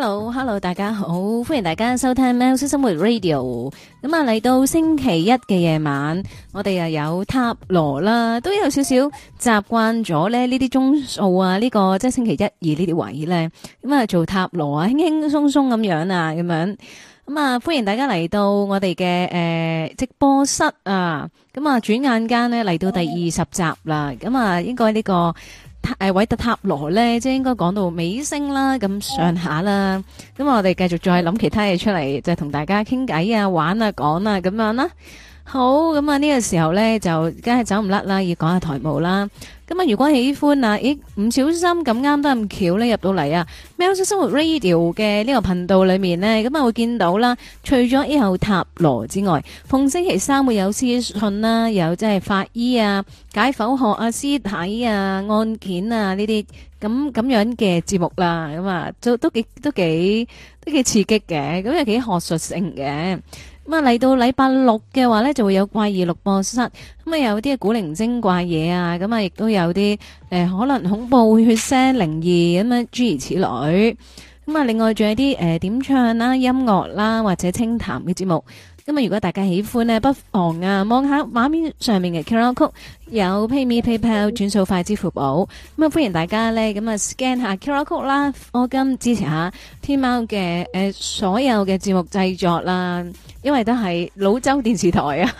hello hello 大家好，歡迎大家收聽《喵式生活 Radio》。咁啊，嚟到星期一嘅夜晚，我哋又有塔羅啦，都有少少習慣咗咧呢啲鐘數啊，呢個即係星期一二呢啲位咧，咁啊做塔羅啊，輕輕鬆鬆咁樣啊，咁樣咁啊，歡迎大家嚟到我哋嘅誒直播室啊，咁啊，轉眼間咧嚟到第二十集啦，咁啊，應該呢個。誒、啊，韋特塔羅咧，即係應該講到尾聲啦，咁上下啦，咁我哋繼續再諗其他嘢出嚟，就係同大家傾偈啊、玩啊、講啊，咁樣啦。好咁啊！呢個時候咧就梗係走唔甩啦，要講下台務啦。咁啊，如果喜歡啊，咦唔小心咁啱得咁巧咧入到嚟啊，喵式生活 radio 嘅呢個頻道裏面咧，咁啊會見到啦。除咗以後塔羅之外，逢星期三會有屍訊啦，有即係法醫啊、解剖學啊、屍體啊、案件啊呢啲咁咁樣嘅節目啦。咁啊，都幾都幾都幾都幾刺激嘅，咁又幾學術性嘅。咁啊，嚟到禮拜六嘅話呢，就會有怪異錄播室，咁啊，有啲古靈精怪嘢啊，咁啊，亦都有啲誒可能恐怖血腥靈異咁樣諸如此類。咁啊，另外仲有啲誒、呃、點唱啦、音樂啦或者清談嘅節目。咁啊！如果大家喜歡咧，不妨啊望下畫面上面嘅 QR 碼，有 PayMe PayPal 轉數快支付寶。咁啊，歡迎大家咧，咁啊，scan 下 QR 碼啦，我今支持下天貓嘅誒所有嘅節目製作啦。因為都係老周電視台啊，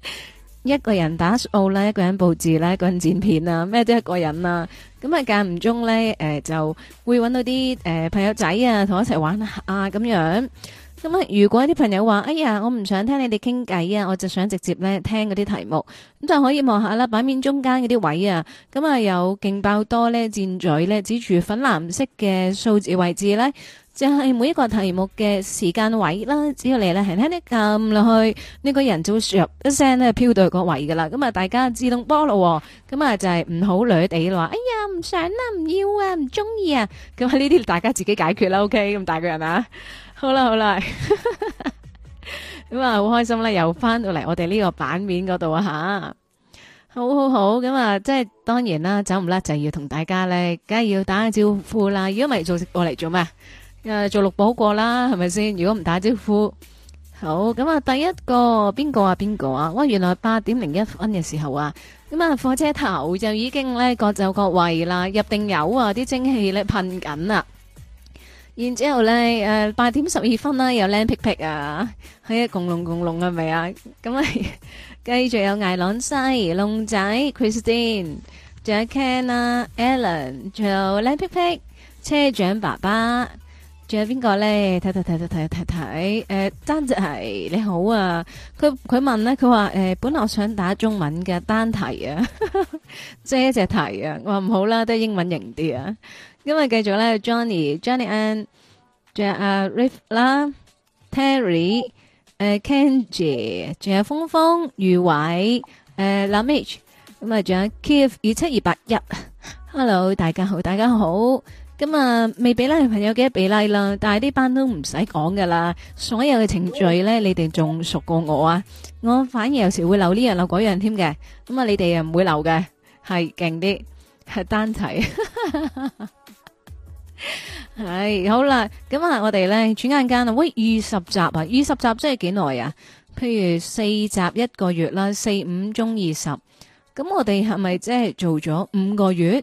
一個人打掃啦，一個人佈置啦，一個人剪片啊，咩都一個人啊。咁、嗯、啊，間唔中咧誒、呃，就會揾到啲誒、呃、朋友仔啊，同我一齊玩下啊咁樣。咁啊！如果啲朋友話：哎呀，我唔想聽你哋傾偈啊，我就想直接咧聽嗰啲題目，咁就可以望下啦。版面中間嗰啲位啊，咁啊有勁爆多咧箭嘴咧指住粉藍色嘅數字位置咧，就係、是、每一個題目嘅時間位啦。只要你咧輕輕啲撳落去，呢、那個人就會入一聲咧飄到個位噶啦。咁啊，大家自動波咯、哦。咁啊，就係唔好嗲地話：哎呀，唔想啊，唔要啊，唔中意啊。咁啊，呢啲大家自己解決啦。OK，咁大個人啊！好啦好啦，咁啊 好開心啦，又翻到嚟我哋呢個版面嗰度啊吓，好好好，咁啊即係當然啦，走唔甩就要同大家咧，梗係要打下招呼啦，如果唔係做直播過嚟做咩？啊，做錄播過啦，係咪先？如果唔打招呼，好咁啊，第一個邊個啊邊個啊？哇，原來八點零一分嘅時候啊，咁啊火車頭就已經咧各就各位啦，入定油啊，啲蒸汽咧噴緊啊！然之後咧，誒、呃，八點十二分啦、啊，有靚皮皮啊，喺、哎、度共隆共隆係咪啊？咁啊，繼續有艾朗西、龍仔、Christine，仲有 Ken 啊、Alan，仲有靚皮皮、車長爸爸。仲有邊個咧？睇睇睇睇睇睇睇，誒、呃、單只係你好啊！佢佢問咧，佢話誒本來我想打中文嘅單題啊，即 係一隻題啊！我話唔好啦，都係英文型啲啊！今日繼續咧，Johnny、Johnny Ann 仲有阿、啊、Riff 啦、Terry、呃、誒 Kenji，仲有峰峰、余偉、誒、呃、Lamich，咁啊仲有 Keith 二七二八一，Hello，大家好，大家好。咁、嗯、啊，未俾啦，朋友幾多俾例啦？但係呢班都唔使講噶啦，所有嘅程序咧，你哋仲熟過我啊！我反而有時會漏呢、這個、樣漏嗰樣添嘅。咁、嗯、啊，你哋又唔會漏嘅，係勁啲，係單齊。係 好啦，咁、嗯、啊，我哋咧轉眼間，喂，二十集啊，二十集即係幾耐啊？譬如四集一個月啦，四五中二十，咁我哋係咪即係做咗五個月？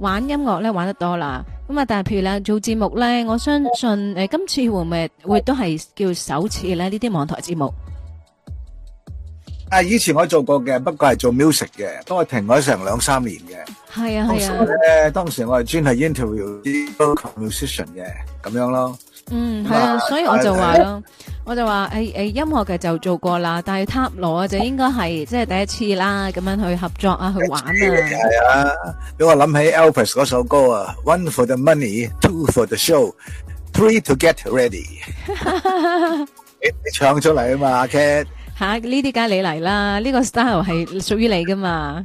玩音樂咧玩得多啦，咁啊但係譬如咧做節目咧，我相信誒今次會唔咪會都係叫首次咧呢啲網台節目。啊，以前我做過嘅，不過係做 music 嘅，都係停咗成兩三年嘅。係啊係啊，當時咧當時我係專係 interview 啲 musician 嘅咁樣咯。嗯，係啊、嗯，所以我就話咯、嗯，我就話誒誒，音樂嘅就做過啦，但係塔 a 就應該係即係第一次啦，咁樣去合作啊，去玩啊，係俾我諗起 Elvis 嗰首歌啊，One for the money，Two for the show，Three to get ready，你唱出嚟啊嘛 k a t 吓呢啲梗你嚟啦，呢、這個 style 係屬於你噶嘛。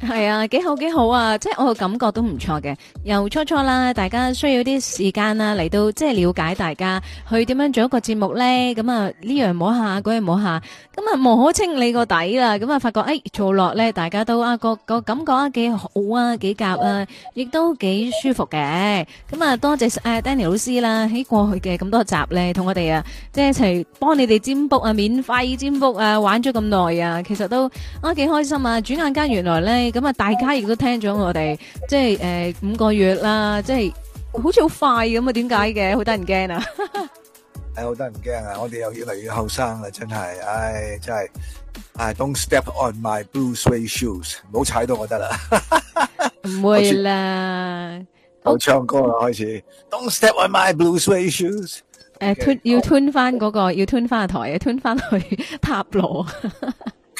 係啊，幾好幾好啊！即係我個感覺都唔錯嘅，又初初啦，大家需要啲時間啦嚟到，即係了解大家，去點樣做一個節目咧？咁啊，呢樣摸下，嗰樣摸下，咁啊，摸清清你個底啦！咁啊，發覺誒、哎，做落咧，大家都啊，個個感覺啊，幾好啊，幾夾啊，亦都幾舒服嘅。咁啊，多謝誒，Danny 老師啦，喺過去嘅咁多集咧，同我哋啊，即係一齊幫你哋占卜啊，免費占卜啊，玩咗咁耐啊，其實都啊幾開心啊！轉眼間原來咧。咁啊，大家亦都聽咗我哋，即係誒五個月啦，即係好似好快咁啊？點解嘅？好得人驚啊！誒好得人驚啊！我哋又越嚟越後生啦，真係，唉，真係，唉，Don't step on my blue suede shoes，唔好踩到我得啦。唔會啦。好唱歌啦，開始。Don't step on my blue suede shoes。誒，吞要吞翻嗰個，要吞翻個台啊，吞翻去塔羅。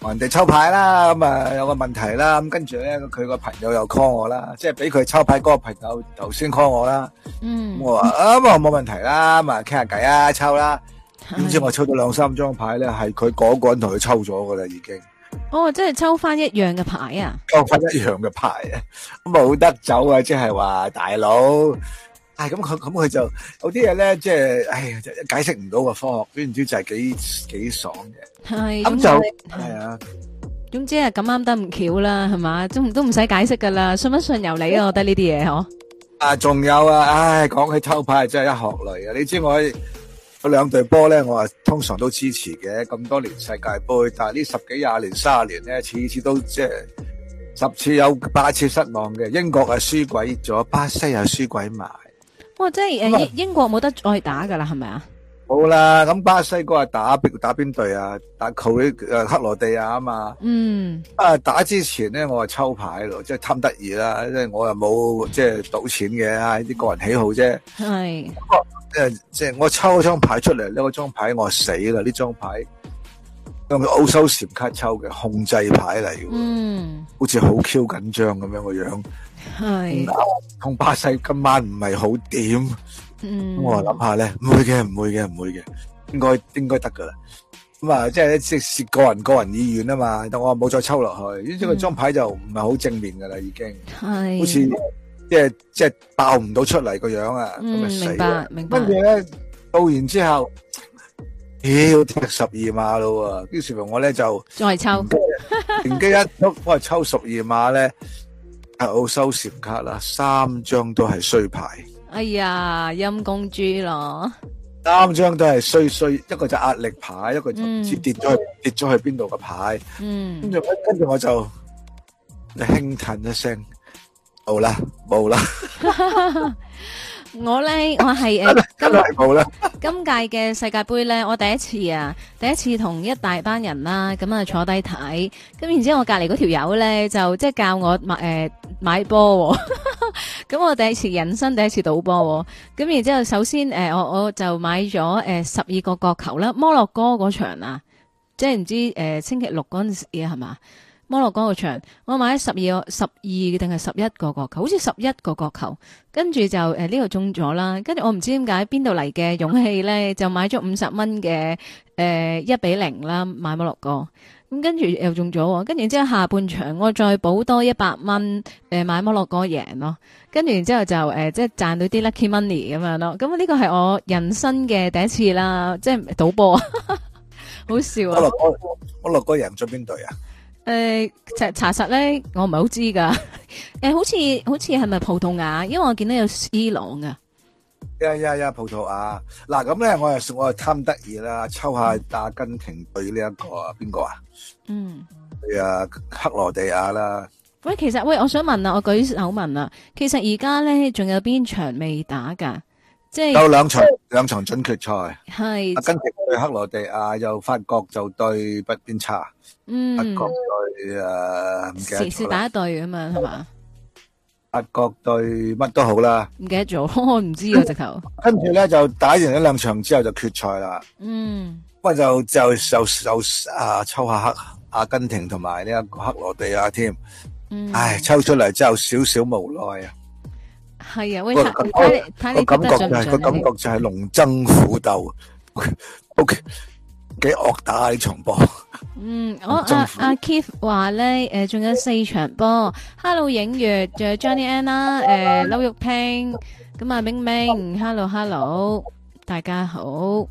人哋抽牌啦，咁啊有個問題啦，咁跟住咧佢個朋友又 call 我啦，即係俾佢抽牌嗰個朋友頭先 call 我啦，嗯我話，我 啊咁啊冇問題啦，咪傾下偈啊，抽啦，點知我抽咗兩三張牌咧，係佢嗰個人同佢抽咗噶啦已經，哦，即係抽翻一樣嘅牌啊，抽返一樣嘅牌啊，冇 得走啊，即係話大佬。係咁，佢咁佢就有啲嘢咧，即係唉，解釋唔到個科學，唔知就係幾幾爽嘅。係咁就係啊。總之啊，咁啱得唔巧啦，係嘛，都唔都唔使解釋噶啦，信不信由你啊。我覺得呢啲嘢嗬。啊，仲有啊，唉，講起抽牌真係一學累啊。你知我兩隊波咧，我係通常都支持嘅。咁多年世界杯，但係呢十幾廿年、卅年咧，次次都即係十次有八次失望嘅。英國係輸鬼咗，巴西又輸鬼埋。哇！即係、啊、誒，英英國冇得再打㗎啦，係咪啊？冇啦！咁巴西哥是打邊隊啊，打打邊隊啊，打佢克誒克羅地亞啊嘛。嗯。啊！打之前咧，我係抽牌咯，即係貪得意啦。即係我又冇即係賭錢嘅，啲個人喜好啫。係。我、呃、即係我抽一張牌出嚟，呢個張牌我死啦！呢張牌用歐洲閃卡抽嘅控制牌嚟嘅，嗯，好似好 Q 緊張咁樣個樣。係同巴西今晚唔係好點，咁、嗯、我諗下咧，唔會嘅，唔會嘅，唔會嘅，應該應該得噶啦。咁、嗯、啊，即係即係個人個人意願啊嘛。但我冇再抽落去，呢、這、張、個、牌就唔係好正面噶啦，已經，好似即係即係爆唔到出嚟個樣啊、嗯。明白，明白。跟住咧，到完之後，屌踢十二碼咯。於是乎，我咧就再抽，隨機 一我係抽十二碼咧。我收閃卡啦，三張都係衰牌。哎呀，陰公豬咯，三張都係衰衰，一個就壓力牌，一個就唔知跌咗去、嗯、跌咗去邊度嘅牌。嗯，跟住我跟住我就就輕嘆一聲，好啦，冇啦。 我咧，我係誒，啊、 是今季啦。今屆嘅世界杯咧，我第一次啊，第一次同一大班人啦、啊，咁啊坐低睇。咁然之後，我隔籬嗰條友咧，就即係教我、呃、買誒買波。咁 我第一次人生，第一次賭波、哦。咁然之後，首先誒，我、呃、我就買咗誒十二個角球啦。摩洛哥嗰場啊，即係唔知誒、呃、星期六嗰陣時係嘛？摩洛哥個場，我買咗十二個、十二定係十一個角球，好似十一個角球，跟住就誒呢、呃這個中咗啦。跟住我唔知點解邊度嚟嘅勇氣咧，就買咗五十蚊嘅誒一比零啦，買摩洛哥，咁跟住又中咗。跟住之後下半場我再補多一百蚊誒買摩洛哥贏咯，跟住然之後就誒即係賺到啲 lucky money 咁樣咯。咁呢個係我人生嘅第一次啦，即係賭波，好笑啊！摩洛哥，摩洛哥贏咗邊隊啊？誒、呃，查查實咧，我唔係好知噶。誒、 呃，好似好似係咪葡萄牙？因為我見到有 C 朗噶。呀呀呀，葡萄牙。嗱、啊，咁咧，我又我又貪得意啦，抽下阿根廷隊呢一個啊，邊、嗯、個啊？嗯。係啊，克羅地亞啦。喂，其實喂，我想問啦，我舉手問啦，其實而家咧仲有邊場未打噶？即係有兩場兩場準決賽，係阿根廷對克羅地亞，又法國就對北邊差，法國對誒，唔記得，時時打一對啊嘛係嘛？法國對乜都好啦，唔記得咗，我唔知個直頭。跟住咧就打完咗兩場之後就決賽啦，嗯，咁就就就就啊抽下克阿根廷同埋呢個克羅地亞添，唉，抽出嚟之後少少無奈啊。係啊，睇你睇你睇你都進唔進嘅。個感覺就係個感覺就係龍爭虎鬥，OK，幾惡打呢場波。嗯，我阿阿 Keith 話咧，誒，仲有四場波，Hello 影月，仲有 Johnny N 啦，誒，Low 玉平，咁啊，明明，Hello Hello，大家好。咁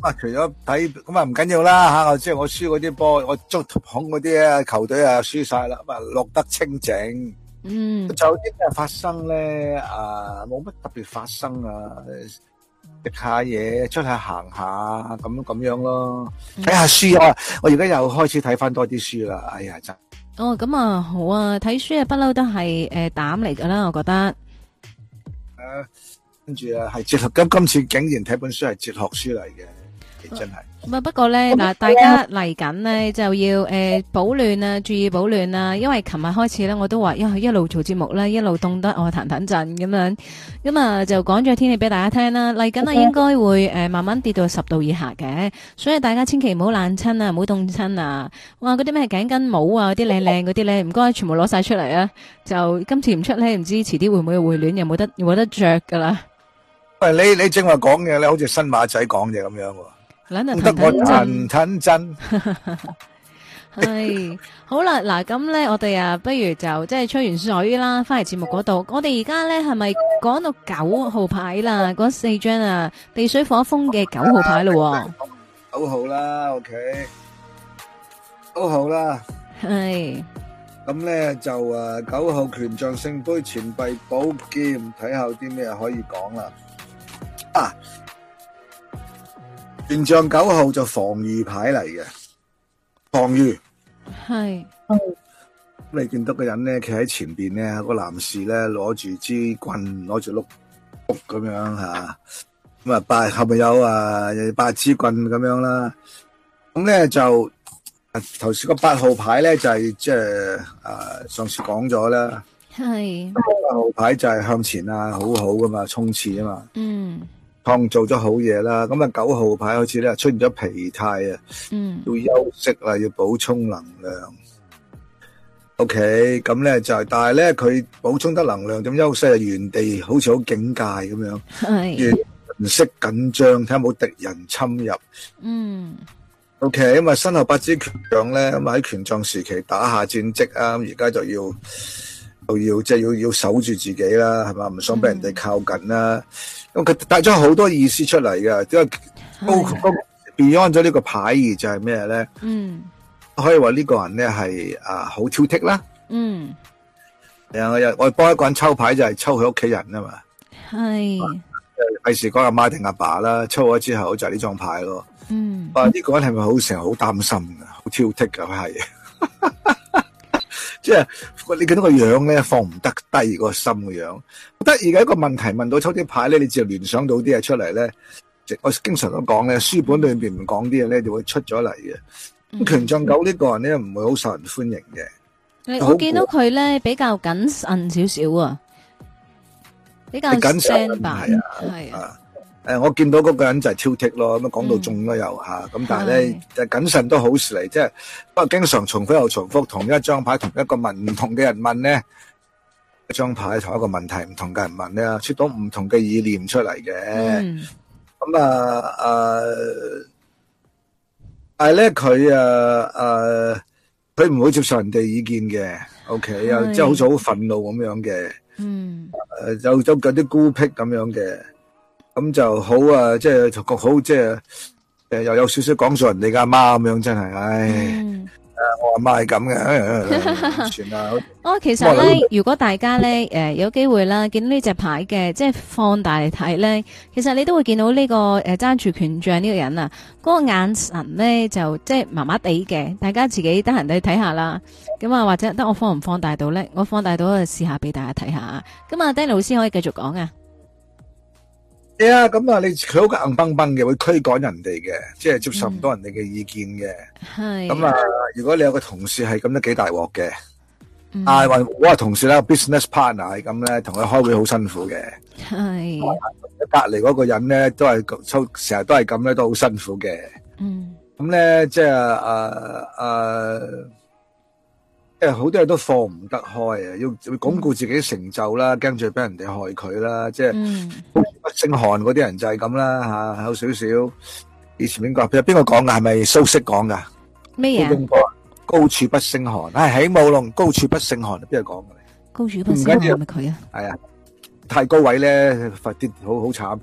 啊，除咗睇，咁啊唔緊要啦吓，即係我輸嗰啲波，我捉空嗰啲啊球隊啊輸晒啦，咁啊落得清靜。嗯，就啲咩發生咧？啊，冇乜特別發生啊，食下嘢，出去行下咁樣咁樣咯。睇下書啊，我而家又開始睇返多啲書啦。哎呀，真。哦，咁啊，好啊，睇書啊，不嬲都係誒膽嚟噶啦，我覺得。誒，跟住啊，係、啊、哲學今今次竟然睇本書係哲學書嚟嘅。真係。啊、哦，不過咧嗱，大家嚟緊呢就要誒、呃、保暖啊，注意保暖啊，因為琴日開始咧，我都話，因為一路做節目咧，一路凍得我彈彈震咁樣，咁啊、嗯、就講咗天氣俾大家聽啦。嚟緊啊，應該會誒慢慢跌到十度以下嘅，所以大家千祈唔好冷親啊，唔好凍親啊。哇，嗰啲咩頸巾帽啊，啲靚靚嗰啲咧，唔該全部攞晒出嚟啊！就今次唔出咧，唔知遲啲會唔會回暖，又冇得冇得着噶啦。喂，你你正話講嘢咧，你好似新馬仔講嘢咁樣。諗到騰騰震，係好啦嗱，咁咧我哋啊，不如就即係吹完水啦，翻嚟節目嗰度。我哋而家咧係咪講到九號牌啦？嗰四張啊，地水火風嘅九號牌咯。九號啦，OK，九號啦，係咁咧就啊，九號權杖、聖杯、錢幣、寶劍，睇下有啲咩可以講啦。啊！形象九號就防禦牌嚟嘅，防御係。咁你見到個人咧，企喺前邊咧，個男士咧，攞住支棍，攞住碌碌咁樣吓。咁啊，八係咪有啊八支棍咁樣啦、啊。咁咧就頭先個八號牌咧就係即係上次講咗啦，係八、那個、號牌就係向前啊，好好噶嘛，衝刺啊嘛。嗯。創造咗好嘢啦，咁啊九號牌好似咧出現咗疲態啊，要休息啦，要補充能量。O K，咁咧就，但係咧佢補充得能量，點休息啊？原地好似好警戒咁樣，越色緊張，睇下有冇敵人侵入。嗯，O K，咁啊身後八支權杖咧，咁啊喺權杖時期打下戰績啊，咁而家就要。又要即係、就是、要要守住自己啦，係嘛？唔想俾人哋靠近啦。咁佢帶咗好多意思出嚟噶，即係包括 Beyond 咗呢個牌，就係咩咧？嗯，可以話呢個人咧係啊好挑剔啦。嗯，誒，我又我幫一個人抽牌就係、是、抽佢屋企人啊嘛。係，第時講阿媽定阿爸啦，抽咗之後就係呢張牌咯。嗯，話、啊、呢、這個人係咪好成日好擔心、好挑剔噶？係。 即係你見到個樣咧，放唔得低，個心嘅樣。得意嘅一個問題問到抽啲牌咧，你就聯想到啲嘢出嚟咧。即我經常都講咧，書本裏邊唔講啲嘢咧，就會出咗嚟嘅。權杖九呢個人咧，唔會好受人歡迎嘅，嗯。我見到佢咧，比較謹慎少少啊，比較謹慎吧，係啊。誒，我見到嗰個人就係挑剔咯，咁啊講到中都又吓，咁但係咧就謹慎都好事嚟，即係不過經常重複又重複同一張牌，同一個問唔同嘅人問咧，一張牌同一個問題唔同嘅人問咧，出到唔同嘅意念出嚟嘅。咁啊誒，但係咧佢誒誒，佢唔會接受人哋意見嘅。O K，又即係好似好憤怒咁樣嘅。嗯。誒，有有有啲孤僻咁樣嘅。咁就好啊！即係就是，好，即係誒，又，呃、有少少講述人哋嘅阿媽咁樣，真係，唉，哎嗯啊，我阿媽係咁嘅。哎， 全啊！哦，其實咧、嗯，如果大家咧，誒、 呃，有機會啦，見呢隻牌嘅，即係放大嚟睇咧，其實你都會見到呢、這個誒揸、呃、住權杖呢個人啊，嗰、那個眼神咧就即係麻麻地嘅。大家自己得閒哋睇下啦。咁啊，或者得我放唔放大到咧，我放大到試下俾大家睇下啊。咁啊，Danny 老師可以繼續講啊。係、yeah，啊，咁啊，你佢好硬崩崩嘅，會驅趕人哋嘅，即係接受唔到人哋嘅意見嘅。係，咁啊，如果你有個同事係咁、mm. mm. 都幾大鑊嘅，啊，話我個同事咧，business partner 係咁咧，同佢開會好辛苦嘅。係，隔籬嗰個人咧，都係抽，成日都係咁咧，都好辛苦嘅。嗯，咁咧，即係誒誒。即係好多人都放唔得開啊！要鞏固自己成就啦，驚住俾人哋害佢啦。即係高處不勝寒嗰啲人就係咁啦，吓有少少。以前邊個？有邊個講噶？係咪蘇軾講噶？咩嘢？高處不勝寒。高處不勝寒。係起舞弄高處不勝寒。邊個講噶？高處不勝寒係咪佢啊？係啊，太高位咧，快跌，好好慘。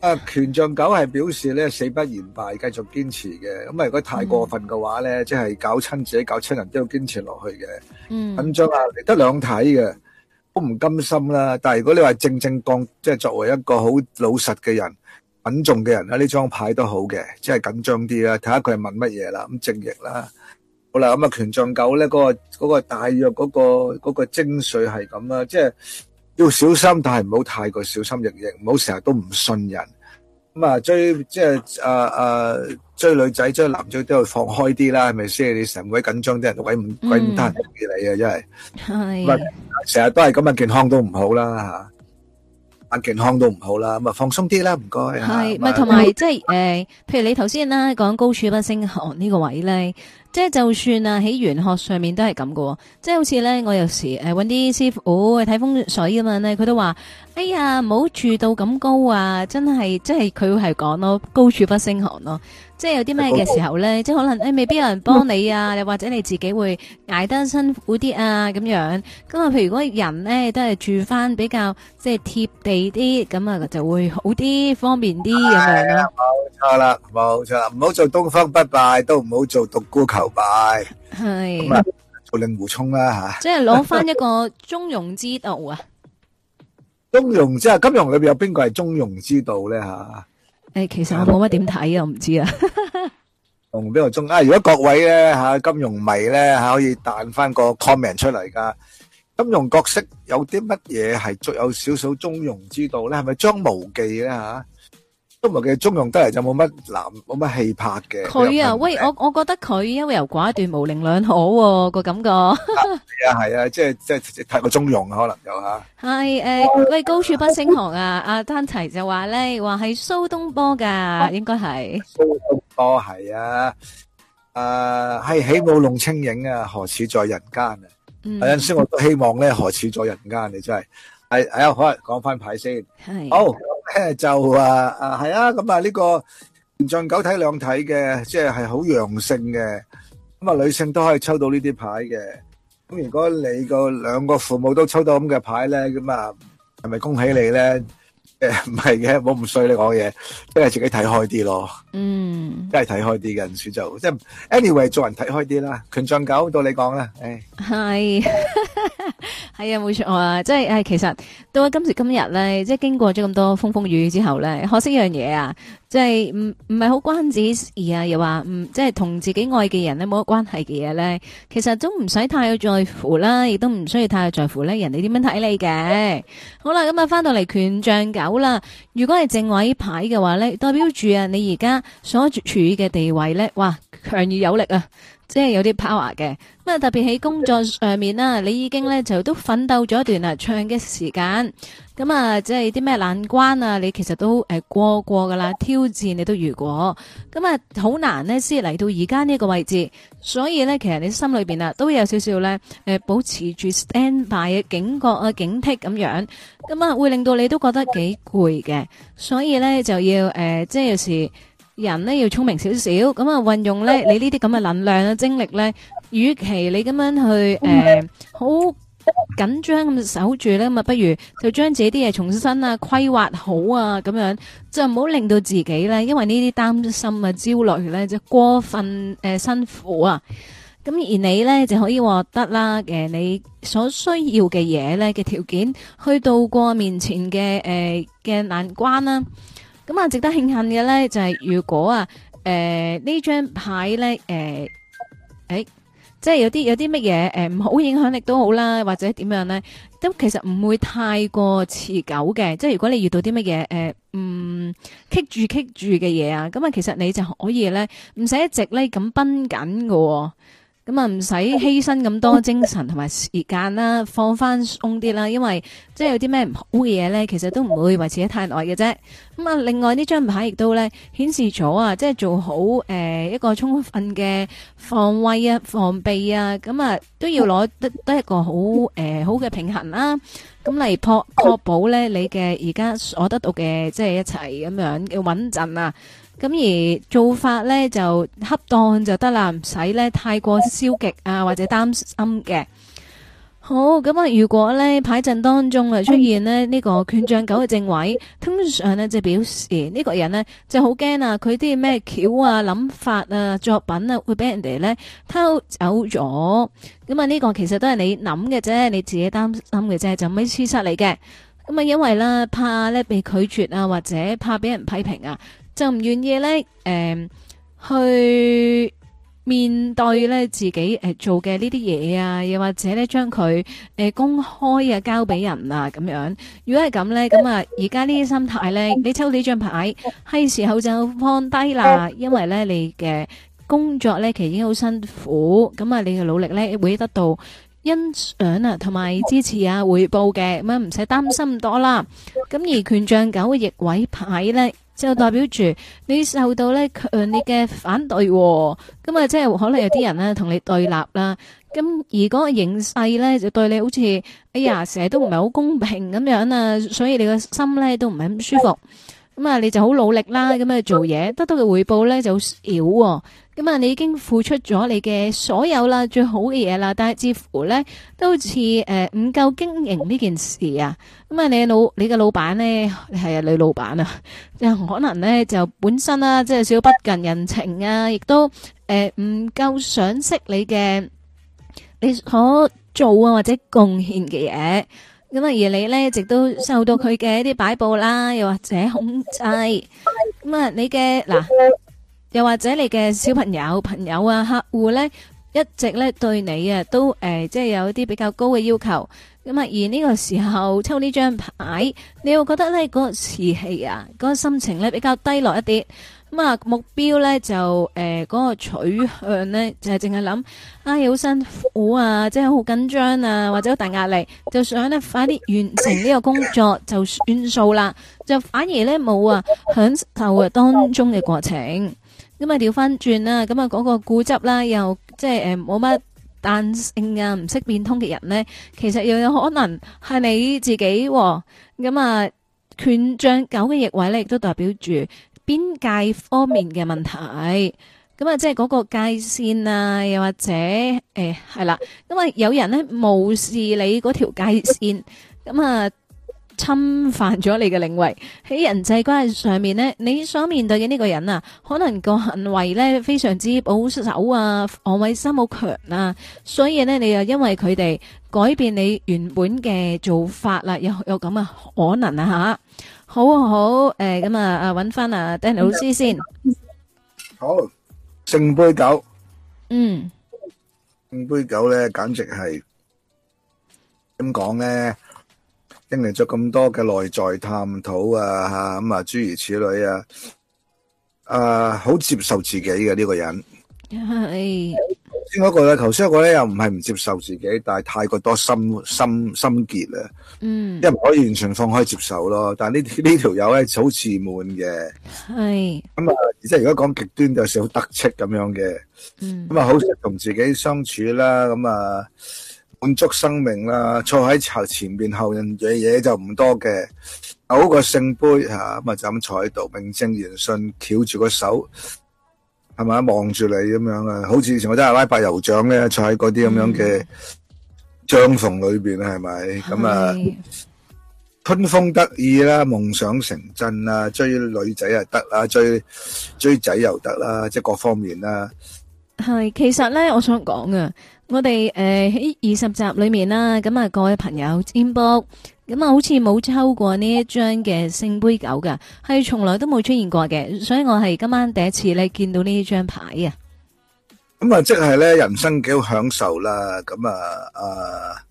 啊！權杖九係表示咧，死不言敗，繼續堅持嘅。咁啊，如果太過分嘅話咧，嗯，即係搞親自己，搞親人都要堅持落去嘅。緊、嗯、張啊，嚟得兩睇嘅，都唔甘心啦。但係如果你話正正講，即係作為一個好老實嘅人，穩重嘅人咧，呢張牌都好嘅，即係緊張啲啦。睇下佢係問乜嘢啦。咁正逆啦，好啦。咁、嗯、啊，權杖九咧，嗰、那個嗰、那個大約嗰、那個嗰、那個精髓係咁啦，即係。要小心，但係唔好太過小心翼翼，唔好成日都唔信人。咁啊，追即係誒誒，追女仔，追男仔都要放開啲啦，係咪先？你成鬼緊張啲人鬼鬼唔貪住你啊，真係。係咁啊，成日都係咁啊，健康都唔好啦吓，啊，健康都唔好啦。咁啊，放鬆啲啦，唔該啊。係咪同埋即係誒？譬如你頭先啦，講高處不勝寒呢個位咧。即係就算啊，喺玄學上面都係咁噶，即係好似咧，我有時誒搵啲師傅去睇，哦、風水咁樣咧，佢都話：哎呀，唔好住到咁高啊！真係，即係佢係講咯，高處不勝寒咯。即係有啲咩嘅時候咧，即係可能、哎、未必有人幫你啊，又或者你自己會捱得辛苦啲啊，咁樣。咁啊，譬如如果人咧都係住翻比較即係貼地啲，咁啊就會好啲，方便啲咁樣咯。冇、哎、錯啦，冇錯啦，唔好做東方不敗，都唔好做獨孤求。拜係做令狐沖啦吓，即係攞翻一個中庸之道啊！中庸即係金庸裏邊有邊個係中庸之道咧吓？誒，其實我冇乜點睇啊，我唔知啊。同邊個中啊？如果各位咧吓，金庸迷咧吓，可以彈翻個 comment 出嚟噶。金庸角色有啲乜嘢係有少少中庸之道咧？係咪張無忌啊？都唔係佢中庸得嚟就冇乜男冇乜氣魄嘅。佢啊，喂，我我覺得佢優柔寡斷，無寧兩可個感覺。係啊，係啊，即係即係太過中庸可能有吓。係誒，喂，高處不勝寒啊！阿丹齊就話咧，話係蘇東坡噶，應該係。蘇東坡係啊，誒，係起舞弄清影啊，何似在人間啊？有陣時我都希望咧，何似在人間？你真係，係啊，好啊，講翻牌先，係好。就啊啊係啊，咁啊呢個現象九體兩體嘅，即係係好陽性嘅，咁啊女性都可以抽到呢啲牌嘅。咁如果你個兩個父母都抽到咁嘅牌咧，咁啊係咪恭喜你咧？誒唔係嘅，冇咁衰你講嘢，即係自己睇開啲咯。嗯，真係睇開啲嘅，人就即係 anyway，做人睇開啲啦。權杖九到你講啦，誒、哎，係、哎、係 啊，冇錯啊，即係誒，其實到咗今時今日咧，即係經過咗咁多風風雨雨之後咧，可惜一樣嘢啊，即係唔唔係好關自己事啊，又話唔即係同自己愛嘅人咧冇乜關係嘅嘢咧，其實都唔使太在乎啦，亦都唔需要太在乎咧人哋點樣睇你嘅、哎。好啦，咁啊翻到嚟權杖九啦，如果係正位牌嘅話咧，代表住啊你而家，所處嘅地位咧，哇，強而有力啊，即係有啲 power 嘅。咁啊，特別喺工作上面啦，你已經咧就都奮鬥咗一段啊長嘅時間。咁啊，即係啲咩難關啊，你其實都誒過過噶啦，挑戰你都如果咁啊，好難呢，先嚟到而家呢個位置。所以咧，其實你心裏邊啊，都會有少少咧誒，保持住 stand by 嘅警覺啊、警惕咁樣。咁啊，會令到你都覺得幾攰嘅，所以咧就要誒、呃，即係有時。人咧要聰明少少，咁啊運用咧你呢啲咁嘅能量啊精力咧，與其你咁樣去誒好緊張咁守住咧，咁啊不如就將自己啲嘢重新啊規劃好啊，咁樣就唔好令到自己咧，因為擔呢啲擔心啊焦慮咧就過分誒、呃、辛苦啊，咁而你咧就可以獲得啦，誒、呃、你所需要嘅嘢咧嘅條件去度過面前嘅誒嘅難關啦、啊。咁啊，值得慶幸嘅咧，就係如果啊，誒呢張牌咧，誒，誒，即係有啲有啲乜嘢，誒唔好影響力都好啦，或者點樣咧，都其實唔會太過持久嘅。即係如果你遇到啲乜嘢，誒，唔棘住棘住嘅嘢啊，咁啊，其實你就可以咧，唔使一直咧咁繃緊喎。咁啊，唔使犧牲咁多精神同埋時間啦，放翻鬆啲啦。因為即係有啲咩唔好嘅嘢咧，其實都唔會維持得太耐嘅啫。咁啊，另外呢張牌亦都咧顯示咗啊，即係做好誒、呃、一個充分嘅防衞啊、防備啊。咁啊，都要攞得得一個、呃、好誒好嘅平衡啦、啊。咁嚟確確保咧，你嘅而家所得到嘅即係一齊咁樣要穩陣啊。咁而做法咧就恰當就得啦，唔使咧太過消極啊，或者擔心嘅。好，咁啊，如果咧牌陣當中啊出現呢呢、嗯這個權杖九嘅正位，通常咧就表示呢、這個人呢就好驚啊，佢啲咩橋啊諗法啊，法啊作品啊會俾人哋咧偷走咗。咁啊呢個其實都係你諗嘅啫，你自己擔心嘅啫，就咪黐失嚟嘅。咁啊因為咧怕咧被拒絕啊，或者怕俾人批評啊。就唔願意咧，誒，去面對咧自己誒做嘅呢啲嘢啊，又或者咧將佢誒公開啊交俾人啊咁樣。如果係咁咧，咁啊而家呢啲心態咧，你抽呢張牌係時候就放低啦，因為咧你嘅工作咧其實已經好辛苦，咁啊你嘅努力咧會得到欣賞啊同埋支持啊回報嘅，咁啊唔使擔心多啦。咁而權杖九逆位牌咧。就代表住你受到咧強烈嘅反對、哦，咁啊即係可能有啲人咧同你對立啦。咁如果形勢咧就對你好似哎呀，成日都唔係好公平咁樣啊，所以你個心咧都唔係咁舒服。咁啊，你就好努力啦，咁去做嘢，得到嘅回報咧就少、哦。咁啊，你已經付出咗你嘅所有啦，最好嘅嘢啦，但係似乎咧都似誒唔夠經營呢件事啊。咁啊，你老你嘅老闆呢，係啊女老闆啊，可能呢就本身啊即係少不近人情啊，亦都誒唔、呃、夠賞識你嘅你所做啊或者貢獻嘅嘢。咁啊，而你咧一直都受到佢嘅一啲擺布啦，又或者控制。咁啊，你嘅嗱，又或者你嘅小朋友、朋友啊、客戶咧，一直咧對你啊，都誒，即係有一啲比較高嘅要求。咁啊，而呢個時候抽呢張牌，你會覺得咧嗰個士氣啊，嗰、嗰個心情咧比較低落一啲。咁啊，目標咧就誒，嗰、呃那個取向咧就係淨係諗啊，有、哎、好辛苦啊，即係好緊張啊，或者好大壓力，就想咧快啲完成呢個工作，就算數啦。就反而咧冇啊享受啊當中嘅過程。咁啊調翻轉啦，咁啊嗰個固執啦，又即係誒冇乜彈性啊，唔識變通嘅人咧，其實又有可能係你自己咁啊。權杖九嘅逆位咧，亦都代表住。邊界方面嘅問題，咁啊，即係嗰個界線啊，又或者誒，係啦，咁啊，有人呢，無視你嗰條界線，咁啊，侵犯咗你嘅領域。喺人際關係上面呢，你所面對嘅呢個人啊，可能個行為呢，非常之保守啊，防衛心好強啊，所以呢，你又因為佢哋改變你原本嘅做法啦、啊，有有咁啊可能啊吓。好好，誒，咁啊，啊，揾翻阿 Danny 老師先。好，聖杯九。嗯，聖杯九咧，簡直係，點講咧？經歷咗咁多嘅內在探討啊，吓咁啊，諸如此類啊，啊，好接受自己嘅呢個人係。先、那、嗰個咧，頭先嗰個咧又唔係唔接受自己，但係太過多心心心結啦。嗯、mm.，因為唔可以完全放開接受咯。但係呢呢條友咧好自滿嘅。係。咁啊，即係如果講極端，就少好得戚咁樣嘅。嗯。咁啊、mm. 嗯，好似同自己相處啦，咁啊滿足生命啦，坐喺朝前面後人嘅嘢，就唔多嘅。有個聖杯吓，咁啊就咁坐喺度，名正言順，翹住個手。係咪望住你咁樣啊，好似以前我真係阿拉伯酋長咧，坐喺嗰啲咁樣嘅帳篷裏邊，係、嗯、咪？咁啊，春風得意啦，夢想成真啦，追女仔又得啦，追追仔又得啦，即係各方面啦。係，其實咧，我想講啊，我哋誒喺二十集裏面啦，咁啊，各位朋友占卜。咁啊，好似冇抽過呢一張嘅聖杯九㗎，係從來都冇出現過嘅，所以我係今晚第一次咧見到呢張牌、嗯嗯、啊！咁啊，即係咧人生幾好享受啦！咁啊啊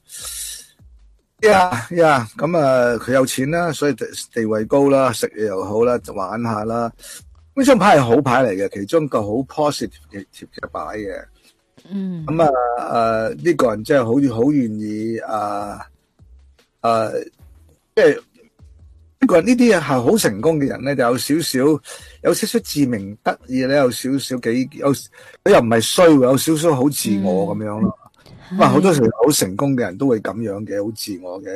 呀呀，咁啊佢有錢啦，所以地位高啦，食嘢又好啦，就玩下啦。呢張牌係好牌嚟嘅，其中一個好 positive 嘅貼嘅牌嘅，嗯。咁啊誒呢、啊這個人真係好似好願意啊！誒、呃，即係呢個人呢啲嘢，係好成功嘅人咧，就有少少，有少少自鳴得意咧，有少少幾有，佢又唔係衰，有少少好自我咁樣咯。咁啊，好多時好成功嘅人都會咁樣嘅，好自我嘅。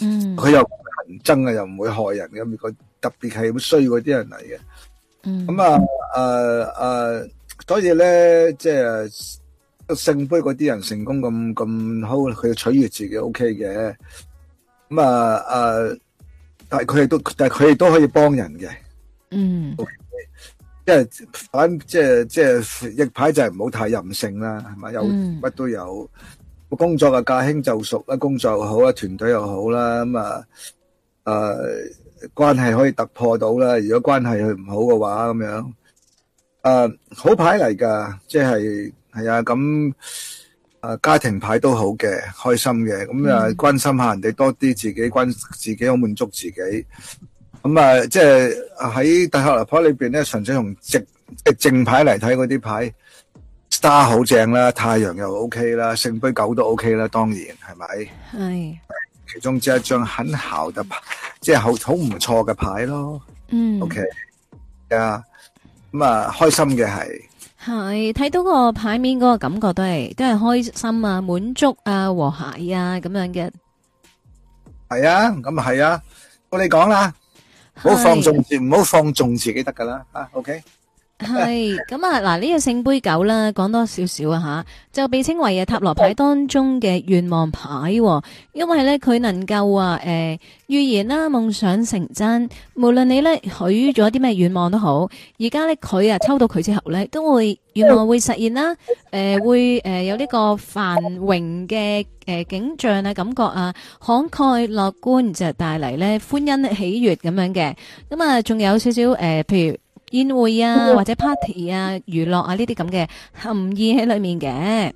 佢、mm -hmm. 又唔憎嘅，又唔會害人嘅。如果特別係咁衰嗰啲人嚟嘅，咁、mm、啊 -hmm. 嗯，誒、呃、誒、呃，所以咧，即係聖杯嗰啲人成功咁咁好佢取悅自己 OK 嘅。咁啊，誒，但係佢哋都，但係佢哋都可以幫人嘅。嗯，即係反，即係即係逆牌就係唔好太任性啦，係嘛，有乜都有。工作啊駕輕就熟啦，工作又好啦，團隊又好啦，咁啊，誒，關係可以突破到啦。如果關係佢唔好嘅話，咁樣，誒，好牌嚟㗎，即係係啊，咁。誒，家庭牌都好嘅，開心嘅，咁、嗯、啊、嗯、關心下人哋多啲，自己關自己好滿足自己。咁、嗯、啊，即係喺大學牛牌裏邊咧，純粹用正即係正牌嚟睇嗰啲牌，Star 好正啦，太陽又 OK 啦，聖杯九都 OK 啦，當然係咪？係其中之一張很姣特牌，即係好好唔錯嘅牌咯。嗯，OK 啊，咁、嗯、啊、嗯嗯，開心嘅係。係睇到個牌面嗰個感覺都係，都係開心啊、滿足啊、和諧啊咁樣嘅。係啊，咁係啊，我、啊、你講啦，唔好放縱，唔好放縱自己得噶啦，啊，OK。係咁啊！嗱，呢、這個聖杯九啦，講多少少啊吓，就被稱為啊塔羅牌當中嘅願望牌，因為咧佢能夠啊，誒、呃、預言啦，夢想成真，無論你咧許咗啲咩願望都好，而家咧佢啊抽到佢之後咧，都會願望會實現啦，誒、呃、會誒、呃、有呢個繁榮嘅誒、呃、景象啊感覺啊慷慨樂觀就帶嚟咧歡欣喜悅咁樣嘅，咁啊仲有少少誒、呃、譬如。宴會啊，或者 party 啊，娛樂啊，呢啲咁嘅含義喺裏面嘅。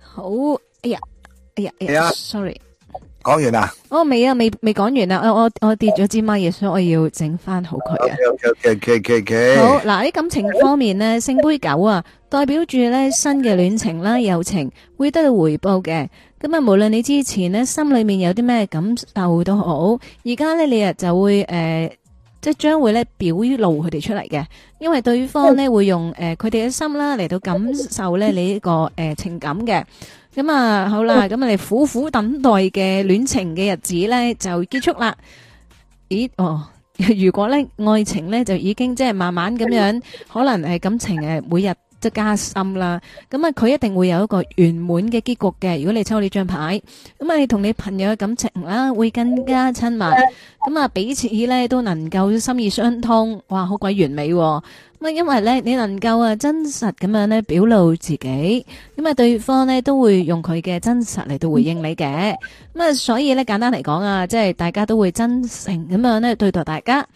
好，哎呀，哎呀，哎呀，sorry，講完啦？哦。我未啊，未未講完啦，我我跌咗支咪，所以我要整翻好佢啊。Okay, okay, okay, okay, okay. 好嗱，喺感情方面呢，聖杯九啊，代表住咧新嘅戀情啦、友情會得到回報嘅。咁啊，無論你之前呢，心裏面有啲咩感受都好，而家咧你啊就會誒。呃即係將會咧表露佢哋出嚟嘅，因為對方咧會用誒佢哋嘅心啦嚟到感受咧你呢個誒情感嘅。咁啊好啦，咁我哋苦苦等待嘅戀情嘅日子咧就結束啦。咦哦，如果咧愛情咧就已經即係慢慢咁樣，可能係感情誒每日。即加深啦，咁啊佢一定會有一個圓滿嘅結局嘅。如果你抽呢張牌，咁啊同你朋友嘅感情啦，會更加親密。咁啊彼此呢都能夠心意相通，哇好鬼完美喎。咁啊因為呢，你能夠啊真實咁樣呢表露自己，咁啊對方呢都會用佢嘅真實嚟到回應你嘅。咁啊所以呢，簡單嚟講啊，即係大家都會真誠咁樣呢對待大家。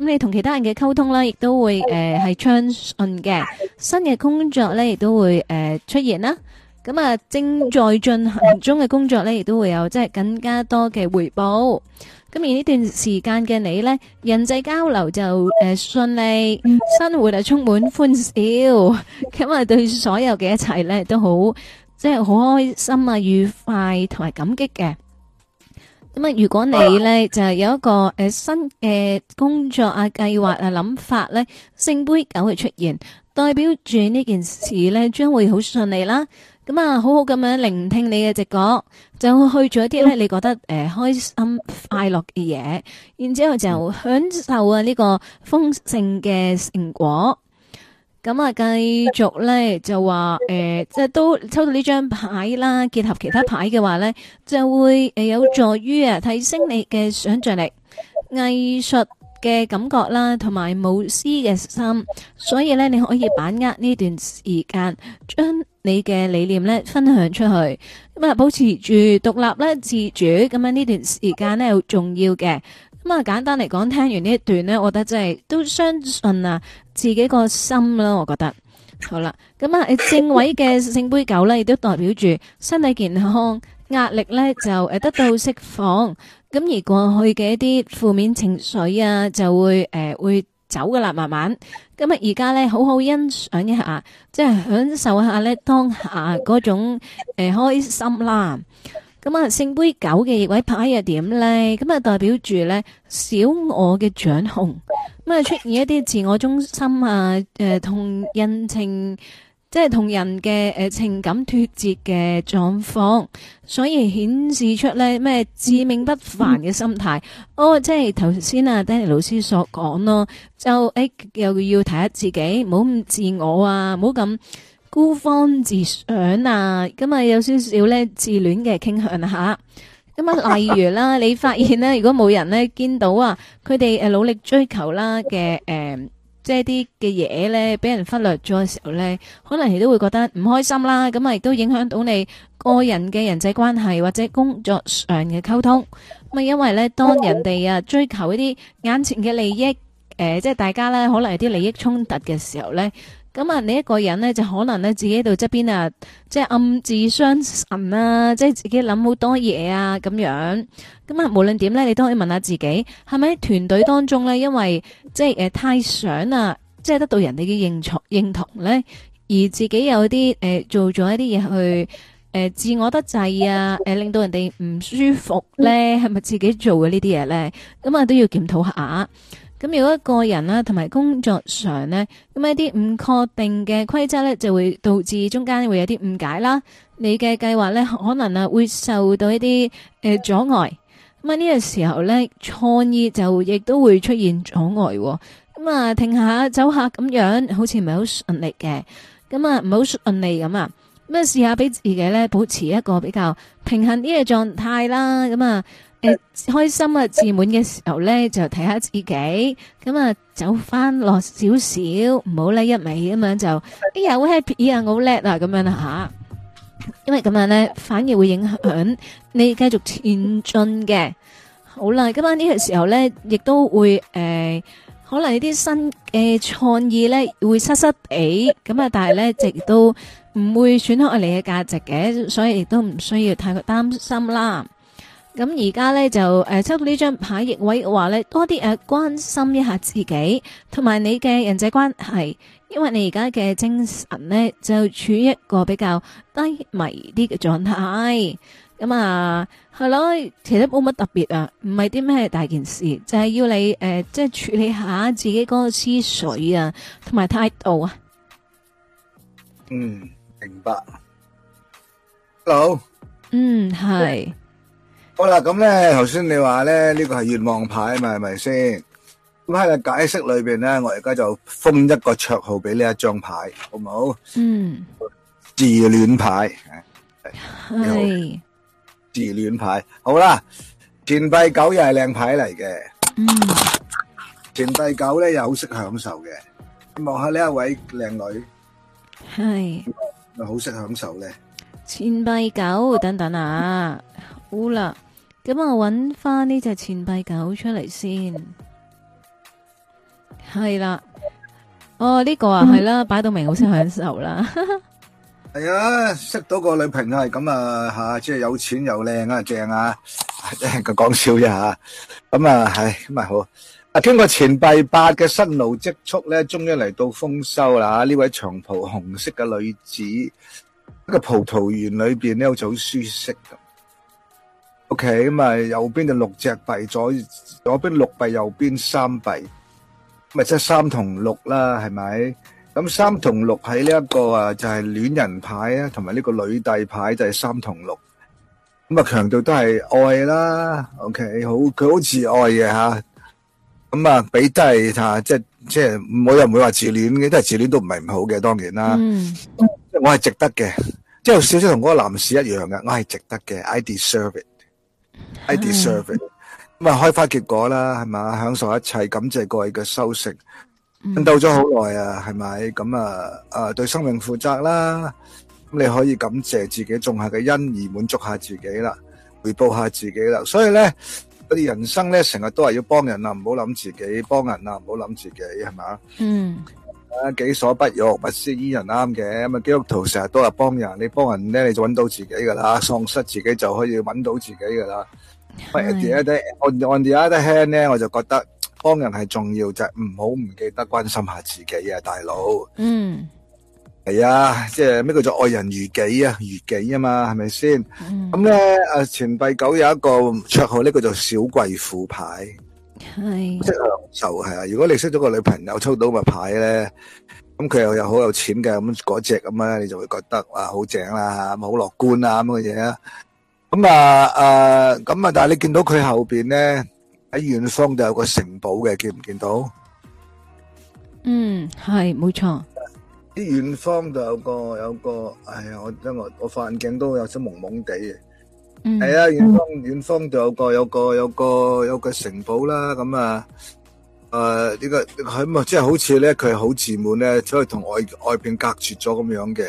咁你同其他人嘅溝通呢，亦都會誒係暢順嘅。新嘅工作咧，亦都會誒、呃、出現啦。咁啊，正在進行中嘅工作咧，亦都會有即係更加多嘅回報。咁而呢段時間嘅你咧，人際交流就誒、呃、順利，生活就充滿歡笑，咁啊對所有嘅一切咧都好，即係好開心啊，愉快同埋感激嘅。咁啊，如果你咧就係有一個誒、呃、新嘅工作啊計劃啊諗法咧，聖杯九嘅出現，代表住呢件事咧將會好順利啦。咁啊，好好咁樣聆聽你嘅直覺，就去做一啲咧你覺得誒、呃、開心快樂嘅嘢，然之後就享受啊呢個豐盛嘅成果。咁啊，繼續咧就話誒，即係都抽到呢張牌啦，結合其他牌嘅話咧，就會誒有助於啊提升你嘅想象力、藝術嘅感覺啦，同埋無私嘅心。所以咧，你可以把握呢段時間，將你嘅理念咧分享出去。咁啊，保持住獨立咧、自主，咁樣呢段時間咧好重要嘅。咁啊，簡單嚟講，聽完呢一段呢，我覺得真係都相信啊自己個心啦，我覺得好啦。咁啊，正位嘅聖杯九呢，亦都代表住身體健康，壓力呢，就誒得到釋放。咁而過去嘅一啲負面情緒啊，就會誒、呃、會走噶啦，慢慢。咁啊，而家呢，好好欣賞一下，即、就、係、是、享受一下呢當下嗰種誒、呃、開心啦。咁、嗯、啊，聖杯九嘅逆位牌又點咧？咁、嗯、啊、嗯，代表住咧小我嘅掌控，咁、嗯、啊出現一啲自我中心啊，誒、呃、同人情，即係同人嘅誒、呃、情感脱節嘅狀況，所以顯示出咧咩自命不凡嘅心態、嗯。哦，即係頭先啊，Danny 老師所講咯，就誒、哎、又要提下自己，唔好咁自我啊，唔好咁孤芳自賞啊，咁啊有少少咧自戀嘅傾向吓。咁啊，例如啦，你發現咧，如果冇人咧見到啊，佢哋誒努力追求啦嘅誒，即係啲嘅嘢咧，俾人忽略咗嘅時候咧，可能你都會覺得唔開心啦。咁啊，亦都影響到你個人嘅人際關係或者工作上嘅溝通。咁啊，因為咧，當人哋啊追求一啲眼前嘅利益，誒，即係大家咧可能有啲利益衝突嘅時候咧。咁啊，你一個人呢，就可能呢，自己喺度側邊啊，即係暗自傷神啊，即係自己諗好多嘢啊，咁樣。咁啊，無論點呢，你都可以問下自己，係咪喺團隊當中呢？因為即係誒太想啊，即係得到人哋嘅認同認同呢，而自己有啲誒、呃、做咗一啲嘢去誒、呃、自我得滯啊，誒、呃、令到人哋唔舒服呢？係咪自己做嘅呢啲嘢呢？咁啊都要檢討下。咁如果個人啦，同埋工作上咧，咁一啲唔確定嘅規則咧，就會導致中間會有啲誤解啦。你嘅計劃咧，可能啊會受到一啲、呃、阻礙。咁啊呢個時候咧，創意就亦都會出現阻礙。咁啊停下走下咁樣，好似唔係好順利嘅。咁啊唔係好順利咁啊，咁啊試下俾自己咧保持一個比較平衡啲嘅狀態啦。咁啊～誒、哎，開心啊，自滿嘅時候咧，就睇下自己，咁、嗯、啊，走翻落少少，唔好咧一味咁樣就，哎呀，好 happy，哎呀，我好叻啊，咁、啊、樣吓、啊，因為咁樣咧，反而會影響你繼續前進嘅。好啦，咁啊呢個時候咧，亦都會誒、呃，可能呢啲新嘅創意咧，會失失地，咁、嗯、啊，但係咧，亦都唔會損害你嘅價值嘅，所以亦都唔需要太過擔心啦。咁而家咧就誒抽到呢張牌逆位嘅話咧，多啲誒關心一下自己，同埋你嘅人際關係，因為你而家嘅精神咧就處於一個比較低迷啲嘅狀態。咁啊，係咯，其實冇乜特別啊，唔係啲咩大件事，就係要你誒即係處理下自己嗰個思緒啊，同埋態度啊。嗯，明白。Hello。嗯，係。好啦，咁咧，頭先你話咧呢個係願望牌嘛，係咪先？咁喺個解釋裏邊咧，我而家就封一個綽號俾呢一張牌，好唔好？嗯。自戀牌。係。自戀牌，好啦，錢幣九又係靚牌嚟嘅。嗯。錢幣九咧又好識享受嘅，望下呢一位靚女。係。啊，好識享受咧。錢幣九等等啊，好啦。咁我揾翻呢隻錢幣九出嚟先，係啦。哦，呢、這個啊係啦，擺、嗯、到明好先享受啦。係 啊，識到個女朋友係咁啊，吓、啊、即係有錢又靚啊，正啊，真係講笑啫吓。咁啊，唉、啊，咁啊、哎、好。啊，經過錢幣八嘅辛勞積蓄咧，終於嚟到豐收啦。呢、啊、位長袍紅色嘅女子，一個葡萄園裏邊咧好似好舒適咁。O.K. 咁啊，右邊就六隻幣，左左邊六幣，右邊三幣，咪即係三同六啦，係咪？咁三同六喺呢一個啊，就係戀人牌啊，同埋呢個女帝牌就係三同六，咁啊，強度都係愛啦。O.K. 好，佢好自愛嘅吓，咁啊，俾低吓，即係即係，我又唔會話自戀嘅，都係自戀都唔係唔好嘅，當然啦。嗯，我係值得嘅，即係有少少同嗰個男士一樣嘅，我係值得嘅，I deserve it。I deserve it。咁啊，開花結果啦，係咪？享受一切，感謝各位嘅收成，奮鬥咗好耐啊，係咪？咁啊，啊，對生命負責啦。咁你可以感謝自己種下嘅恩義，滿足下自己啦，回報下自己啦。所以咧，人生咧，成日都係要幫人啊，唔好諗自己；幫人啊，唔好諗自己，係咪？嗯。啊！己所不欲，勿施於人，啱嘅。咁啊！基督徒成日都係幫人，你幫人咧，你就搵到自己噶啦。喪失自己就可以搵到自己噶啦。on the other hand 咧，我就覺得幫人係重要就係唔好唔記得關心下自己啊，大佬。嗯。係啊，即係咩叫做愛人如己啊？如己啊嘛，係咪先？咁咧，啊，錢幣九有一個綽號，呢個就小貴婦牌。係，即係就係啊！如果你識咗個女朋友抽到咪牌咧，咁佢又有好有錢嘅，咁嗰隻咁樣，你就會覺得哇好正啦，吓，咁好樂觀啊咁嘅嘢啊！咁啊誒，咁啊，但係你見到佢後邊咧，喺遠方就有個城堡嘅，見唔見到？嗯，係，冇錯。啲遠方就有個有個，哎呀，我因為我我眼鏡都有啲蒙蒙地嘅。係、嗯、啊，遠方遠方就有個有個有個有個城堡啦，咁啊，誒、呃這個就是，呢個佢咁啊，即係好似咧佢好自滿咧，所以同外外邊隔絕咗咁樣嘅。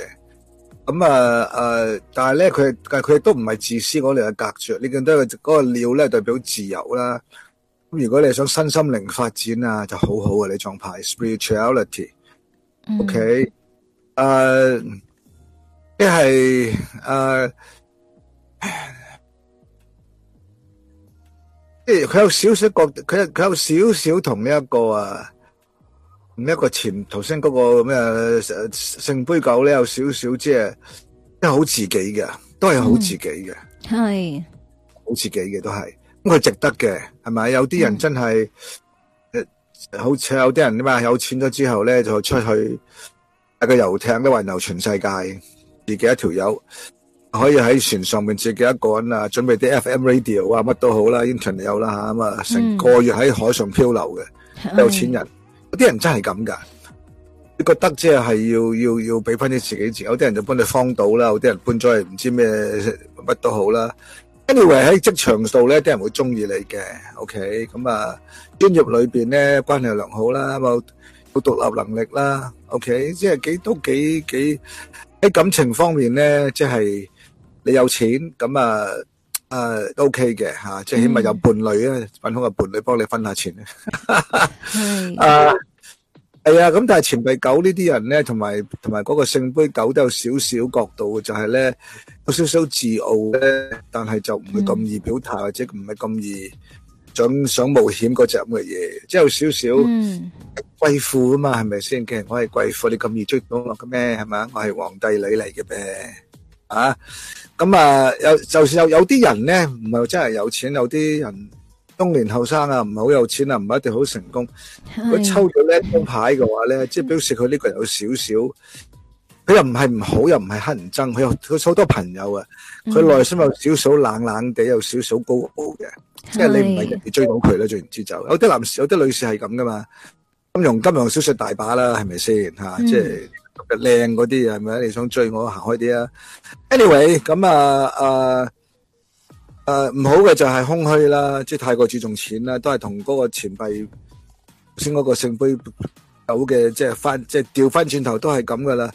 咁啊啊，但係咧佢但係佢都唔係自私，嚟嘅隔絕。你見到佢嗰個鳥咧代表自由啦。咁如果你想身心靈發展啊，就好好啊。呢張牌 spirituality，ok，誒，即係誒。Okay? 呃就是呃佢有少少覺，佢佢有少少同呢一個啊，呢一個前頭先嗰個咩聖杯九咧，有少少即係，即係好自己嘅，都係好自己嘅，係、mm. 好自己嘅都係，咁佢值得嘅，係咪？有啲人真係，mm. 好似有啲人嘛，有，有錢咗之後咧，就出去喺個遊艇都環遊全世界，自己一條友。可以喺船上面自己一個人啊，準備啲 FM radio 啊，乜都好啦，Internet 有啦吓咁啊，成個月喺海上漂流嘅有錢人，有啲人真係咁噶。你覺得即係要要要俾翻啲自己錢，有啲人就搬去荒島啦，有啲人搬咗去唔知咩乜都好啦。Anyway，喺職場度咧，啲人會中意你嘅？OK，咁啊，專業裏邊咧，關係良好啦，冇有獨立能力啦。OK，即係幾都幾幾喺感情方面咧，即係。你有錢咁啊，誒都 OK 嘅吓，即係起碼有伴侶啊，揾好個伴侶幫你分下錢。係啊，係啊，咁但係錢幣狗呢啲人咧，同埋同埋嗰個聖杯狗都有少少角度嘅，就係咧有少少自傲咧，但係就唔係咁易表態，或者唔係咁易想想冒險嗰隻咁嘅嘢，即係有少少貴婦啊嘛，係咪先嘅？我係貴婦，你咁易追到我嘅咩？係咪，我係皇帝女嚟嘅咩？啊！咁啊，有就算有有啲人咧，唔係真係有錢，有啲人中年後生啊，唔係好有錢啊，唔係一定好成功。佢抽到呢張牌嘅話咧，即係表示佢呢個人有少少，佢又唔係唔好，又唔係乞人憎，佢有佢好多朋友嘅，佢內心有少少冷冷地，有少少高傲嘅，即係你唔係人哋追到佢咧，就唔知就。有啲男士，有啲女士係咁噶嘛，金融金融小說大把啦，係咪先吓？即係。靚嗰啲係咪？你想追我行開啲啊？Anyway，咁啊，誒，誒，唔好嘅就係空虛啦，即係太過注重錢啦，都係同嗰個錢幣先嗰個聖杯有嘅，即係翻，即係調翻轉頭都係咁噶啦。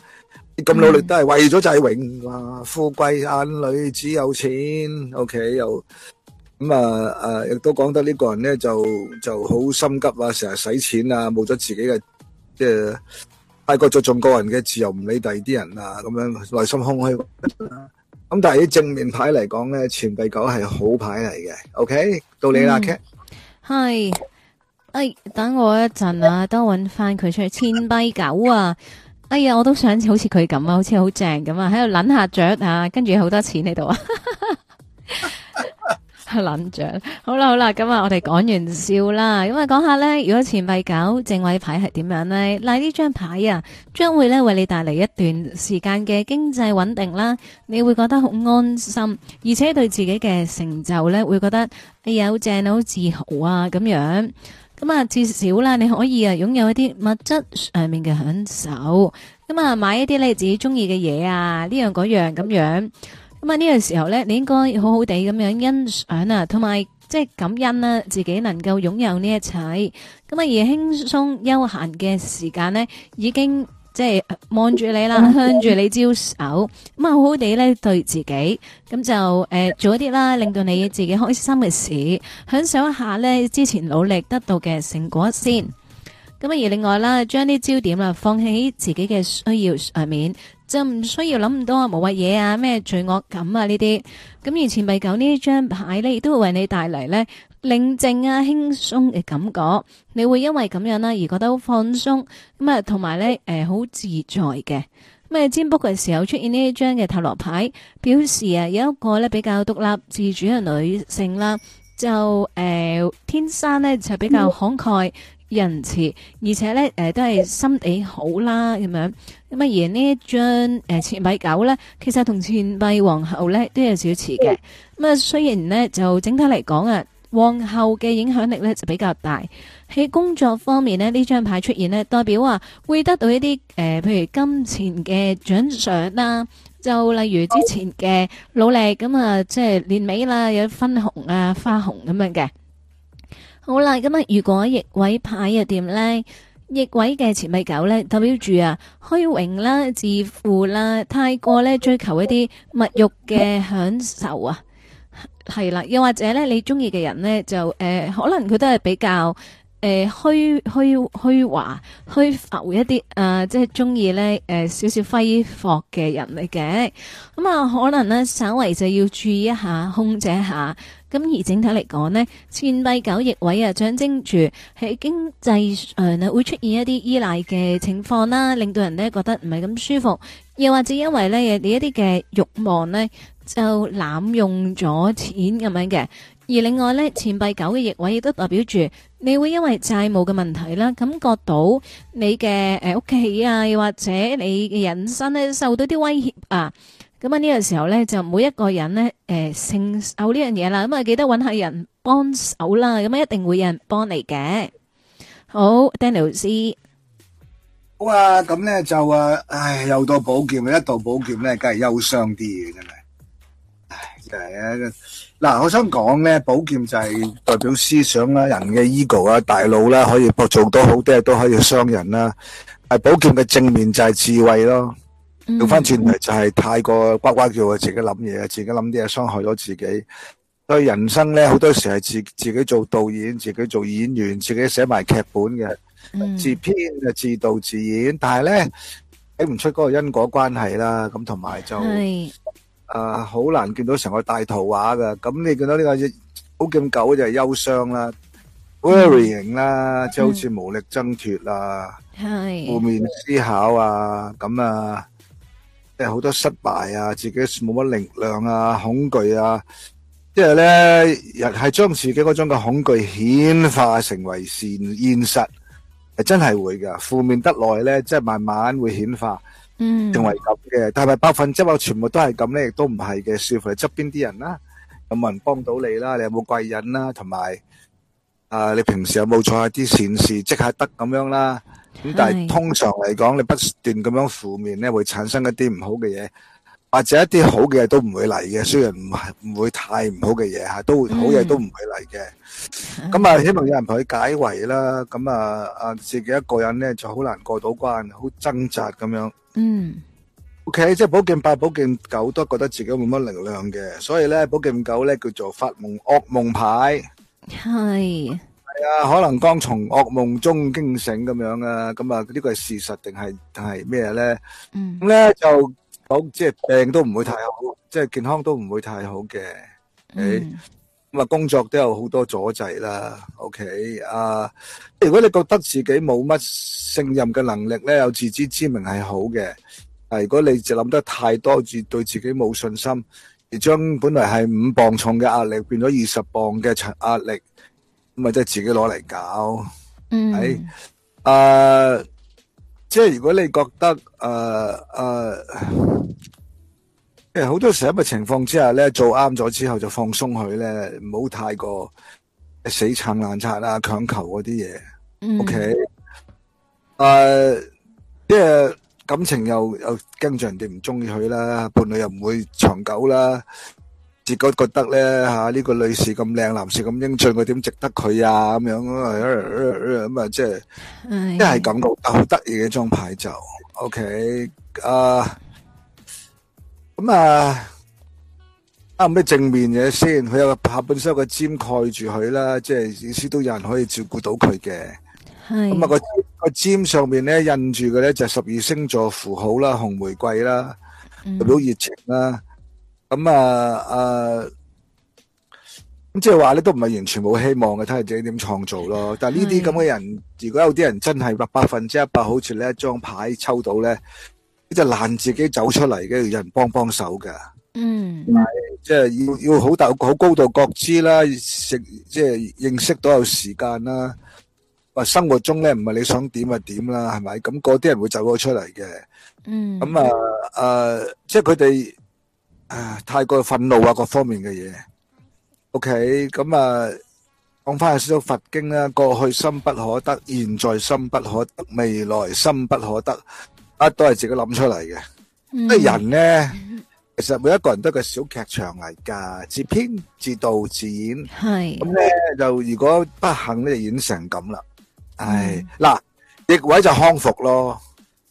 咁努力都係為咗就係榮華富貴，眼裏只有錢。OK，又咁啊，誒，亦都講得呢個人咧，就就好心急啊，成日使錢啊，冇咗自己嘅即係。太過着重個人嘅自由，唔理第二啲人啦，咁樣內心空虛。咁 但係啲正面牌嚟講咧，錢幣九係好牌嚟嘅。OK，到你啦 Kat 係，係、嗯，哎，等我一陣啊，多搵翻佢出去。錢幣九啊，哎呀，我都想好似佢咁啊，好似好正咁啊，喺度捻下雀啊，跟住好多錢喺度啊。 諗著，啊、好啦好啦，咁啊，我哋講完笑啦，咁啊，講下呢，如果錢幣九正位牌係點樣呢？嗱呢張牌啊，將會呢為你帶嚟一段時間嘅經濟穩定啦，你會覺得好安心，而且對自己嘅成就呢，會覺得，哎呀好正好自豪啊咁樣，咁啊至少啦，你可以啊擁有一啲物質上面嘅享受，咁啊買一啲你自己中意嘅嘢啊，呢樣嗰樣咁樣。咁啊呢個時候咧，你應該好好地咁樣欣賞啊，同埋即係感恩啦、啊，自己能夠擁有呢一切。咁啊而輕鬆悠閒嘅時間呢，已經即係望住你啦， 向住你招手。咁啊好好地咧對自己，咁就誒、呃、做一啲啦，令到你自己開心嘅事，享受一下呢之前努力得到嘅成果先。咁啊而另外啦，將啲焦點啦放喺自己嘅需要上面。就唔需要諗咁多啊，冇乜嘢啊，咩罪惡感啊呢啲。咁而錢幣九呢一張牌呢，亦都會為你帶嚟呢寧靜啊輕鬆嘅感覺。你會因為咁樣啦而覺得好放鬆，咁啊同埋呢誒好、呃、自在嘅。咁啊占卜嘅時候出現呢一張嘅塔羅牌，表示啊有一個呢比較獨立自主嘅女性啦，就誒、呃、天生呢，就比較慷慨。嗯仁慈，而且咧、呃、都係心地好啦咁樣。咁啊，而、呃、呢張誒錢幣九咧，其實同錢幣皇后咧都有少似嘅。咁啊，雖然呢，就整體嚟講啊，皇后嘅影響力咧就比較大。喺工作方面呢，呢張牌出現呢，代表啊會得到一啲誒，譬、呃、如金錢嘅獎賞啦。就例如之前嘅努力，咁、嗯、啊、呃、即係年尾啦有分紅啊、花紅咁樣嘅。好啦，咁啊，如果逆位牌又點呢？逆位嘅錢幣九呢，代表住啊虛榮啦、自負啦，太過呢追求一啲物欲嘅享受啊，係啦，又或者呢你中意嘅人呢，就、呃、誒，可能佢都係比較。誒、呃，虛虛虛華，虛浮一啲誒、呃，即係中意咧，誒、呃，少少揮霍嘅人嚟嘅。咁、嗯、啊、呃，可能呢稍微就要注意一下，控制一下。咁而整體嚟講呢錢幣九逆位啊，象徵住喺經濟上呢會出現一啲依賴嘅情況啦，令到人呢覺得唔係咁舒服。又或者因為呢你一啲嘅欲望呢，就濫用咗錢咁樣嘅。而另外咧，錢幣九嘅逆位亦都代表住你會因為債務嘅問題啦，感覺到你嘅誒屋企啊，又或者你嘅人生咧受到啲威脅啊。咁啊呢個時候咧，就每一個人咧誒，承受呢樣嘢啦。咁啊，記得揾下人幫手啦。咁啊，一定會有人幫你嘅。好，Danny 老師。好啊，咁咧就誒，唉，又到寶劍，一到寶劍咧，梗係憂傷啲嘅，真係。唉，真係啊。嗱、啊，我想講咧，寶劍就係代表思想啦、啊，人嘅 ego 啦、啊，大腦啦、啊，可以做多好啲都可以傷人啦、啊。寶劍嘅正面就係智慧咯。用翻轉嚟就係太過呱呱叫啊，自己諗嘢，自己諗啲嘢傷害咗自己。所以人生咧，好多時係自自己做導演，自己做演員，自己寫埋劇本嘅、嗯，自編啊，自導自演。但係咧睇唔出嗰個因果關係啦，咁同埋就。啊，好難見到成個大圖畫噶。咁你見到呢個好勁狗就係憂傷啦，worrying 啦，即係好似無力掙脫啊，負面思考啊，咁啊，即係好多失敗啊，自己冇乜力量啊，恐懼啊，即係咧，係將自己嗰種嘅恐懼顯化成為現實，係真係會噶，負面得耐咧，即係慢慢會顯化。嗯，定係咁嘅，但係百分之百全部都係咁咧，亦都唔係嘅。視乎你側邊啲人啦，有冇人幫到你啦？你有冇貴人啦？同埋，啊，你平時有冇做下啲善事，即係得咁樣啦？咁但係通常嚟講，你不斷咁樣負面咧，會產生一啲唔好嘅嘢，或者一啲好嘅嘢都唔會嚟嘅。雖然唔係唔會太唔好嘅嘢吓，都，好都會好嘢都唔會嚟嘅。咁、嗯、啊，希望有人同佢解圍啦。咁啊，啊自己一個人咧就好難過到關，好掙扎咁樣。嗯、mm.，OK，即係寶劍八、寶劍九都覺得自己冇乜能量嘅，所以咧寶劍九咧叫做發夢、惡夢牌，係係啊，可能剛從惡夢中驚醒咁樣啊，咁啊呢個係事實定係係咩咧？嗯，咁咧、mm. 就好，即係病都唔會太好，即係健康都唔會太好嘅，你、mm. okay？Mm. 咁啊，工作都有好多阻滯啦。O.K. 啊，uh，如果你覺得自己冇乜勝任嘅能力咧，有自知之明係好嘅。如果你就諗得太多，住對自己冇信心，而將本來係五磅重嘅壓力變咗二十磅嘅壓力，咁啊，就自己攞嚟搞。嗯。係啊，即係如果你覺得誒誒。Uh, uh, 其實好多時候嘅情況之下咧，做啱咗之後就放鬆佢咧，唔好太過死撐爛擦啊，強求嗰啲嘢。嗯。O K，誒，即係感情又又跟住人哋唔中意佢啦，伴侶又唔會長久啦，自己覺得咧吓呢個女士咁靚，男士咁英俊，佢點值得佢啊？咁樣咁啊，即係，即係感覺好得意嘅張牌就 O K，誒。咁、嗯、啊，啱、啊、咩正面嘢先。佢有下半身有個尖蓋住佢啦，即係意思都有人可以照顧到佢嘅。咁啊、嗯個個尖上面咧印住嘅咧就係十二星座符號啦，紅玫瑰啦，代表熱情啦。咁、嗯、啊、嗯、啊，咁、啊、即係話咧都唔係完全冇希望嘅，睇下自己點創造咯。但係呢啲咁嘅人，如果有啲人真係百分之一百，好似呢一張牌抽到咧。呢就難自己走出嚟嘅，要有人幫幫手㗎。嗯，係即係要要好大好高度覺知啦，識即係認識到有時間啦。或生活中咧唔係你想點就點啦，係咪？咁嗰啲人會走咗出嚟嘅。嗯，咁啊啊，即係佢哋啊太過憤怒啊，各方面嘅嘢。OK，咁啊講翻少少佛經啦。過去心不可得，現在心不可得，未來心不可得。啊，都係自己諗出嚟嘅。即、嗯、係人咧，其實每一個人都有個小劇場嚟噶，自編自導自演。係咁咧，就如果不幸咧，就演成咁、嗯、啦。係嗱，逆位就康復咯，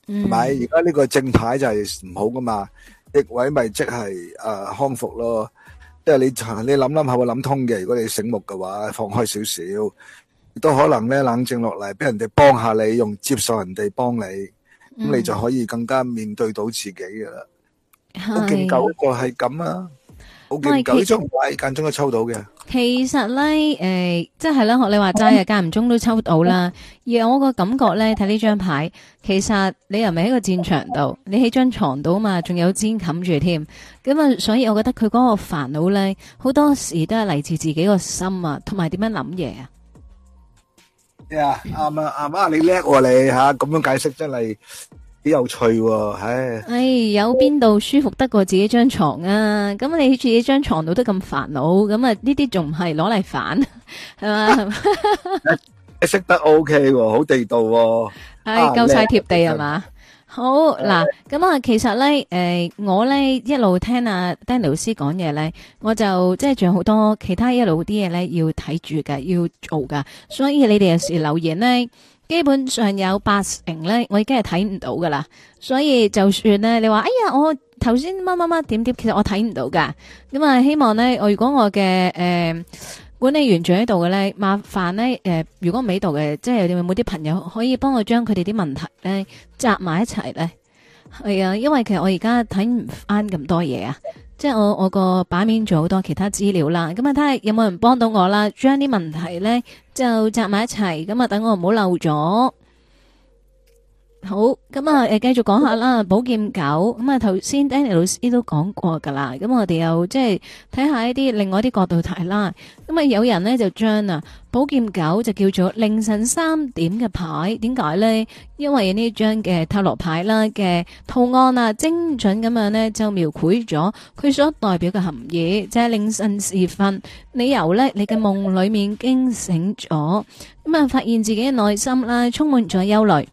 唔係而家呢個正牌就係唔好噶嘛，逆位咪即係誒康復咯。即、就、係、是、你你諗諗下會諗通嘅。如果你醒目嘅話，放開少少，亦都可能咧冷靜落嚟，俾人哋幫下你，用接受人哋幫你。咁、嗯、你就可以更加面對到自己嘅啦，我見九個係咁啊，我見九張牌間中都抽到嘅。其實咧，誒、欸，即係啦學你話齋嘅間唔中都抽到啦。而我個感覺咧，睇呢張牌，其實你又唔係喺個戰場度，你喺張床度啊嘛，仲有氈冚住添。咁啊，所以我覺得佢嗰個煩惱咧，好多時都係嚟自自己個心啊，同埋點樣諗嘢啊。呀，啱啊，阿媽，你叻喎你吓，咁樣解釋真係幾有趣喎，唉，唉，有邊度舒服得過自己張床啊？咁你自己張床度都咁煩惱，咁啊呢啲仲唔係攞嚟煩，係嘛？你識得 OK 喎，好地道喎，唉夠晒貼地係嘛？好嗱，咁啊，其實咧，誒、呃，我咧一路聽阿 Danny 老師講嘢咧，我就即係仲有好多其他一路啲嘢咧要睇住㗎，要做噶，所以你哋有時留言咧，基本上有八成咧，我已經係睇唔到噶啦，所以就算咧，你話哎呀，我頭先乜乜乜點點，其實我睇唔到噶，咁啊，希望咧，我如果我嘅誒。呃管理員仲喺度嘅咧，麻煩咧，誒、呃，如果唔喺度嘅，即係有冇啲朋友可以幫我將佢哋啲問題咧集埋一齊咧？係啊，因為其實我而家睇唔翻咁多嘢啊，即係我我個版面仲好多其他資料啦，咁啊睇下有冇人幫到我啦，將啲問題咧就集埋一齊，咁啊等我唔好漏咗。好咁啊！誒，繼續講下啦。寶劍九咁啊，頭先 Danny 老師都講過噶啦。咁我哋又即係睇下一啲另外啲角度睇啦。咁啊，有人呢就將啊寶劍九就叫做凌晨三點嘅牌，點解呢？因為呢張嘅塔羅牌啦嘅圖案啊，精準咁樣呢，就描繪咗佢所代表嘅含義，即係凌晨時分，你由呢，你嘅夢裏面驚醒咗，咁啊，發現自己嘅內心啦充滿咗憂慮。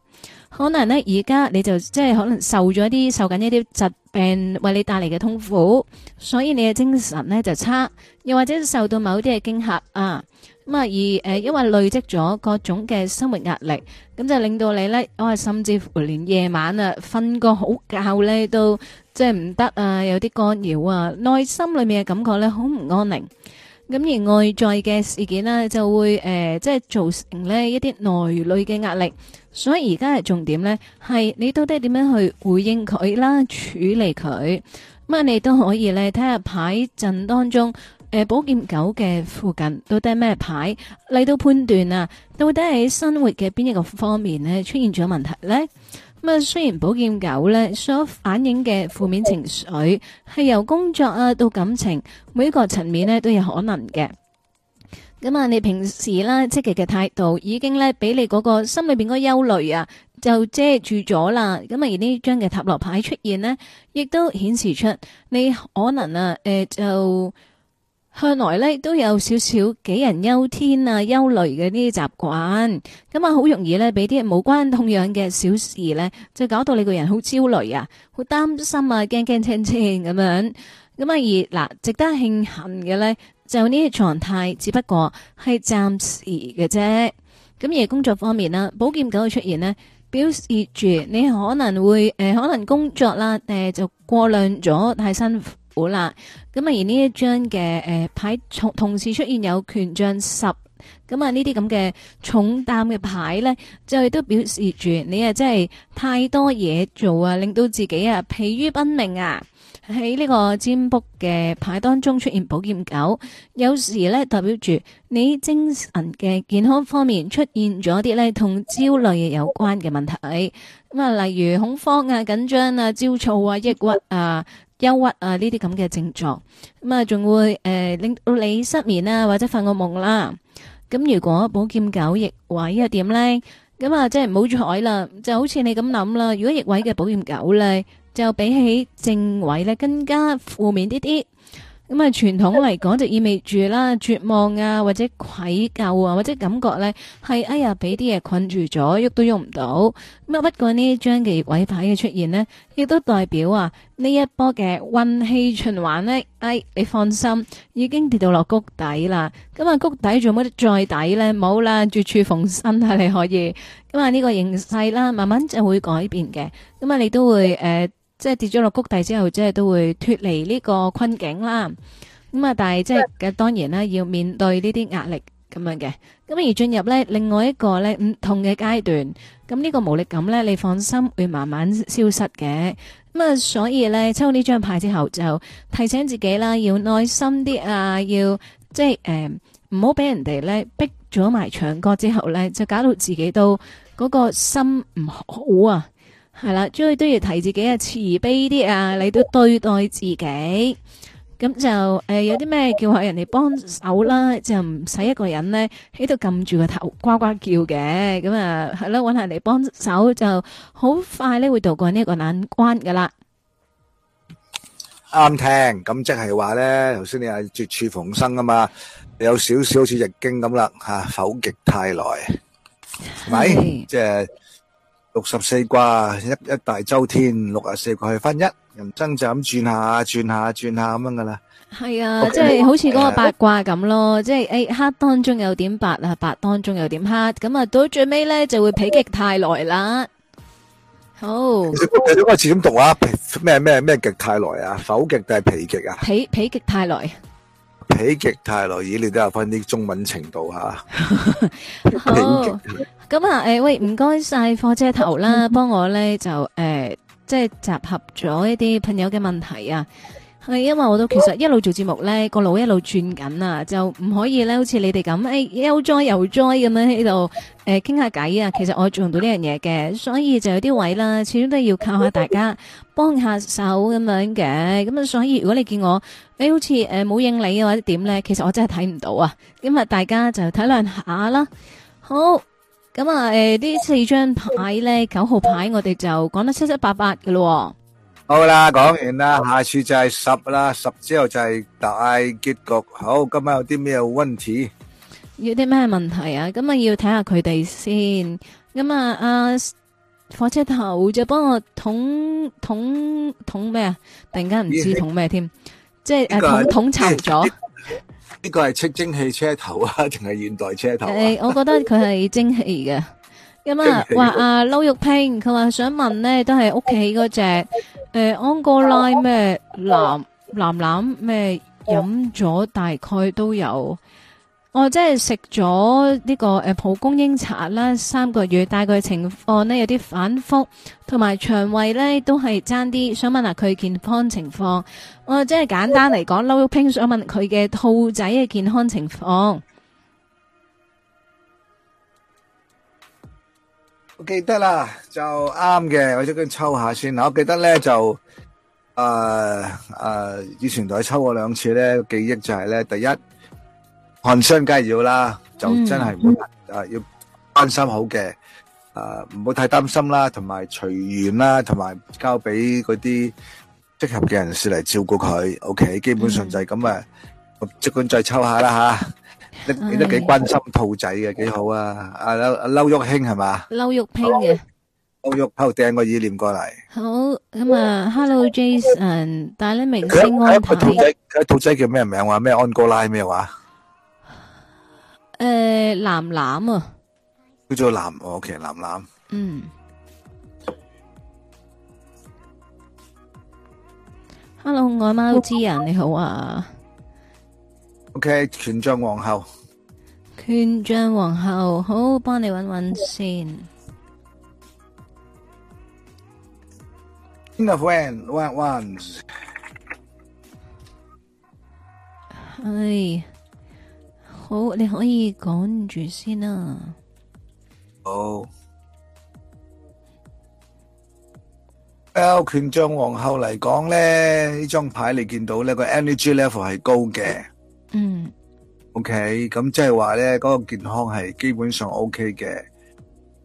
可能呢，而家你就即係可能受咗啲受緊一啲疾病為你帶嚟嘅痛苦，所以你嘅精神呢，就差，又或者受到某啲嘅驚嚇啊。咁啊，而誒、呃，因為累積咗各種嘅生活壓力，咁就令到你呢，我係甚至乎連夜晚啊瞓個好覺呢，都即係唔得啊，有啲干擾啊，內心裏面嘅感覺呢，好唔安寧。咁而外在嘅事件呢，就會誒、呃，即係造成呢一啲內裡嘅壓力。所以而家係重點呢，係你到底點樣去回應佢啦，處理佢。咁啊，你都可以咧睇下牌陣當中，誒、呃，寶劍九嘅附近到底係咩牌嚟到判斷啊？到底喺生活嘅邊一個方面呢，出現咗問題呢？咁啊，雖然寶劍九咧所反映嘅負面情緒係由工作啊到感情每一個層面咧都有可能嘅。咁啊，你平時啦積極嘅態度已經咧俾你嗰個心裡邊嗰個憂慮啊就遮住咗啦。咁啊，而呢張嘅塔羅牌出現呢亦都顯示出你可能啊誒、呃、就。向來咧都有少少杞人憂天啊、憂慮嘅呢啲習慣，咁啊好容易咧俾啲冇關痛癢嘅小事咧，就搞到你個人好焦慮啊、好擔心啊、驚驚青青咁樣。咁啊而嗱，值得慶幸嘅咧，就呢啲狀態只不過係暫時嘅啫。咁而工作方面啦，寶劍九嘅出現呢，表示住你可能會誒、呃、可能工作啦誒、呃、就過量咗、太辛苦。啦，咁啊而呢一張嘅誒牌仲同時出現有權杖十，咁、嗯、啊呢啲咁嘅重擔嘅牌咧，就亦都表示住你啊真係太多嘢做啊，令到自己啊疲於奔命啊。喺呢個占卜嘅牌當中出現寶劍九，有時咧代表住你精神嘅健康方面出現咗啲咧同焦慮有關嘅問題，咁、嗯、啊例如恐慌啊、緊張啊、焦躁啊、抑鬱啊。憂鬱啊，呢啲咁嘅症狀，咁啊，仲會誒令到你失眠啊，或者發噩夢啦。咁如果寶劍九逆位又點咧？咁啊，即係唔好彩啦，就好似你咁諗啦。如果逆位嘅寶劍九咧，就比起正位咧更加負面啲啲。咁 啊，傳統嚟講就意味住啦，絕望啊，或者愧疚啊，或者感覺咧、啊、係哎呀，俾啲嘢困住咗，喐都喐唔到。咁啊，不過呢張嘅鬼牌嘅出現呢，亦都代表啊，呢一波嘅運氣循環咧，哎，你放心，已經跌到落谷底啦。咁啊，谷底做乜再底咧？冇啦，絕處逢生啊，你可以。咁啊，呢個形勢啦，慢慢就會改變嘅。咁啊，你都會誒。呃即係跌咗落谷底之後，即係都會脫離呢個困境啦。咁啊，但係即係嘅當然啦，要面對呢啲壓力咁樣嘅。咁而進入咧另外一個咧唔同嘅階段。咁呢個無力感咧，你放心會慢慢消失嘅。咁啊，所以咧抽呢張牌之後，就提醒自己啦，要耐心啲啊，要即係誒唔好俾人哋咧逼咗埋牆角之後咧，就搞到自己都嗰個心唔好啊。係啦，終於都要提自己啊，慈悲啲啊，你都對待自己，咁就誒，有啲咩叫下人哋幫手啦，就唔使一個人咧喺度撳住個頭呱呱叫嘅，咁啊係啦，搵下人哋幫手就好快咧會度過呢一個難關噶啦。啱聽，咁即係話咧，頭先你係絕處逢生啊嘛，有少少好似《易經》咁啦吓，否極泰來，係咪？即係。六十四卦，一一大周天，六十四卦係分一，人生就咁轉下轉下轉下咁樣噶啦。係啊，即係好似嗰個八卦咁咯，即係誒，黑當中有點白啊，白當中有點黑，咁啊到最尾咧就會否極泰來啦。好，嗰個字點讀啊？咩咩咩極泰來啊？否極定係否極啊？否，否極泰來。喜劇太耐，而你都有翻啲中文程度吓。咁啊，誒 好、 嗯嗯，喂，唔該晒貨車頭啦，幫 我咧就誒、呃，即係集合咗一啲朋友嘅問題啊。係，因為我都其實一路做節目咧，個腦一路轉緊啊，就唔可以咧，好似你哋咁誒悠哉悠哉咁樣喺度誒傾下偈啊。其實我做唔到呢樣嘢嘅，所以就有啲位啦，始終都要靠下大家幫下手咁樣嘅。咁啊，所以如果你見我誒、哎、好似誒冇應你或者點咧，其實我真係睇唔到啊。今日大家就體諒下啦。好，咁啊，誒、呃，呢四張牌咧，九號牌我哋就講得七七八八嘅咯。好啦，講完啦，下次就係十啦，十之後就係大結局。好，今晚有啲咩問題？有啲咩問題啊？咁啊，要睇下佢哋先。咁啊，啊火車頭就幫我捅捅捅咩啊？突然間唔知捅咩添，即係捅捅籌咗。呢個係出蒸汽車頭啊，定係現代車頭啊？我覺得佢係蒸汽嘅。咁、嗯、啊，話阿羅玉萍，佢話想問呢都係屋企嗰隻誒安哥拉咩藍，藍藍藍咩飲咗大概都有，我、哦、即係食咗呢個誒蒲公英茶啦三個月，大概情況呢有啲反復，同埋腸胃呢都係差啲，想問下佢健康情況。我、哦、即係簡單嚟講，羅玉萍想問佢嘅兔仔嘅健康情況。記得啦，就啱嘅，我即管抽下先嗱。我記得咧就誒誒，以前就係抽過兩次咧，記憶就係咧，第一寒傷皆要啦，就真係冇誒要關心好嘅誒，唔好太擔心啦，同埋隨緣啦，同埋交俾嗰啲適合嘅人士嚟照顧佢。O K，基本上就係咁誒，我即管再抽下啦嚇。你你都幾關心兔仔嘅，幾好啊！阿阿阿劉玉興係嘛？劉玉興嘅，劉玉喺度掟個意念過嚟。好咁啊，Hello，Jason，但係咧明星安排。佢係兔仔，佢兔仔叫咩名話？咩安哥拉咩話？誒，藍藍啊，叫做藍哦，其實藍藍。嗯。Hello，愛貓之人你好啊！O K，權杖皇后，權杖皇后，好，幫你搵搵先。Enough when one ones。哎，好，你可以趕住先啊。好。L 權杖皇后嚟講咧，呢張牌你見到呢個 energy level 係高嘅。嗯、mm.，OK，咁即係話咧，嗰、那個健康係基本上 OK 嘅。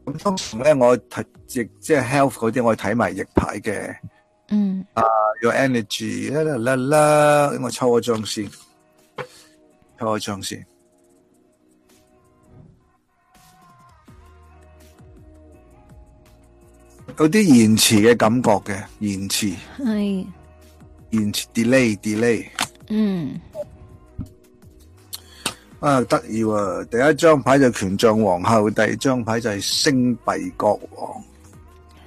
咁通常咧，我睇即即係 health 嗰啲，我睇埋逆牌嘅。嗯。啊，Your energy 啦，啦啦啦，我抽一張先，抽一張先。有啲延遲嘅感覺嘅延遲，係延遲 delay delay。嗯、mm.。啊，得意喎，第一張牌就權杖皇后，第二張牌就係星幣國王，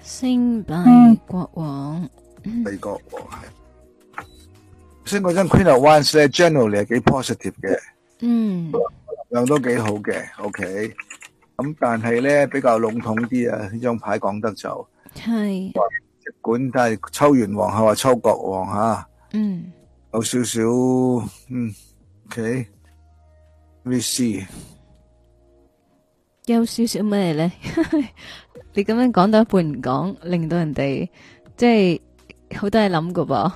星幣國、嗯、國王，星幣國王係。星、嗯、以嗰張 Queen of Wands 咧，Generally 係幾 positive 嘅，嗯，量都幾好嘅。OK，咁但係咧比較籠統啲啊，呢張牌講得就係，即管但係抽完皇后啊，抽國王吓，嗯，有少少，嗯，OK。See. 有呢 你試有少少咩咧？你咁樣講到一半唔講，令到人哋即係好多嘢諗噶噃。誒、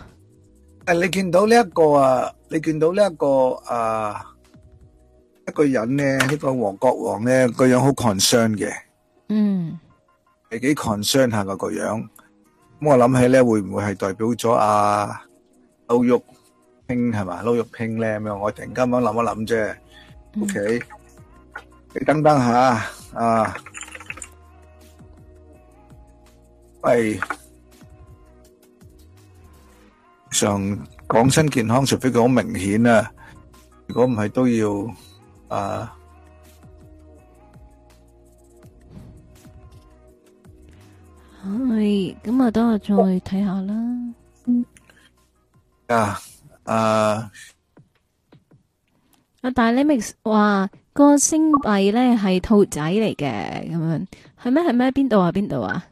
啊，你見到呢一個啊？你見到呢一個啊？一、這個人咧，呢、這個王國王咧個樣好 concern 嘅。嗯，係幾 concern 下個樣。咁我諗起咧，會唔會係代表咗啊？歐玉卿係嘛？歐玉卿咧咁樣，我突然間諗諗一諗啫。O.K.，你，等等下啊，誒，常講身健康，除非佢好明顯啊，如果唔係都要啊，唉，咁啊，等我再睇下啦。嗯。啊，啊。Uh, Dynamics, 那個、啊！但係你咪話個星幣咧係兔仔嚟嘅咁樣，係咩係咩邊度啊邊度啊？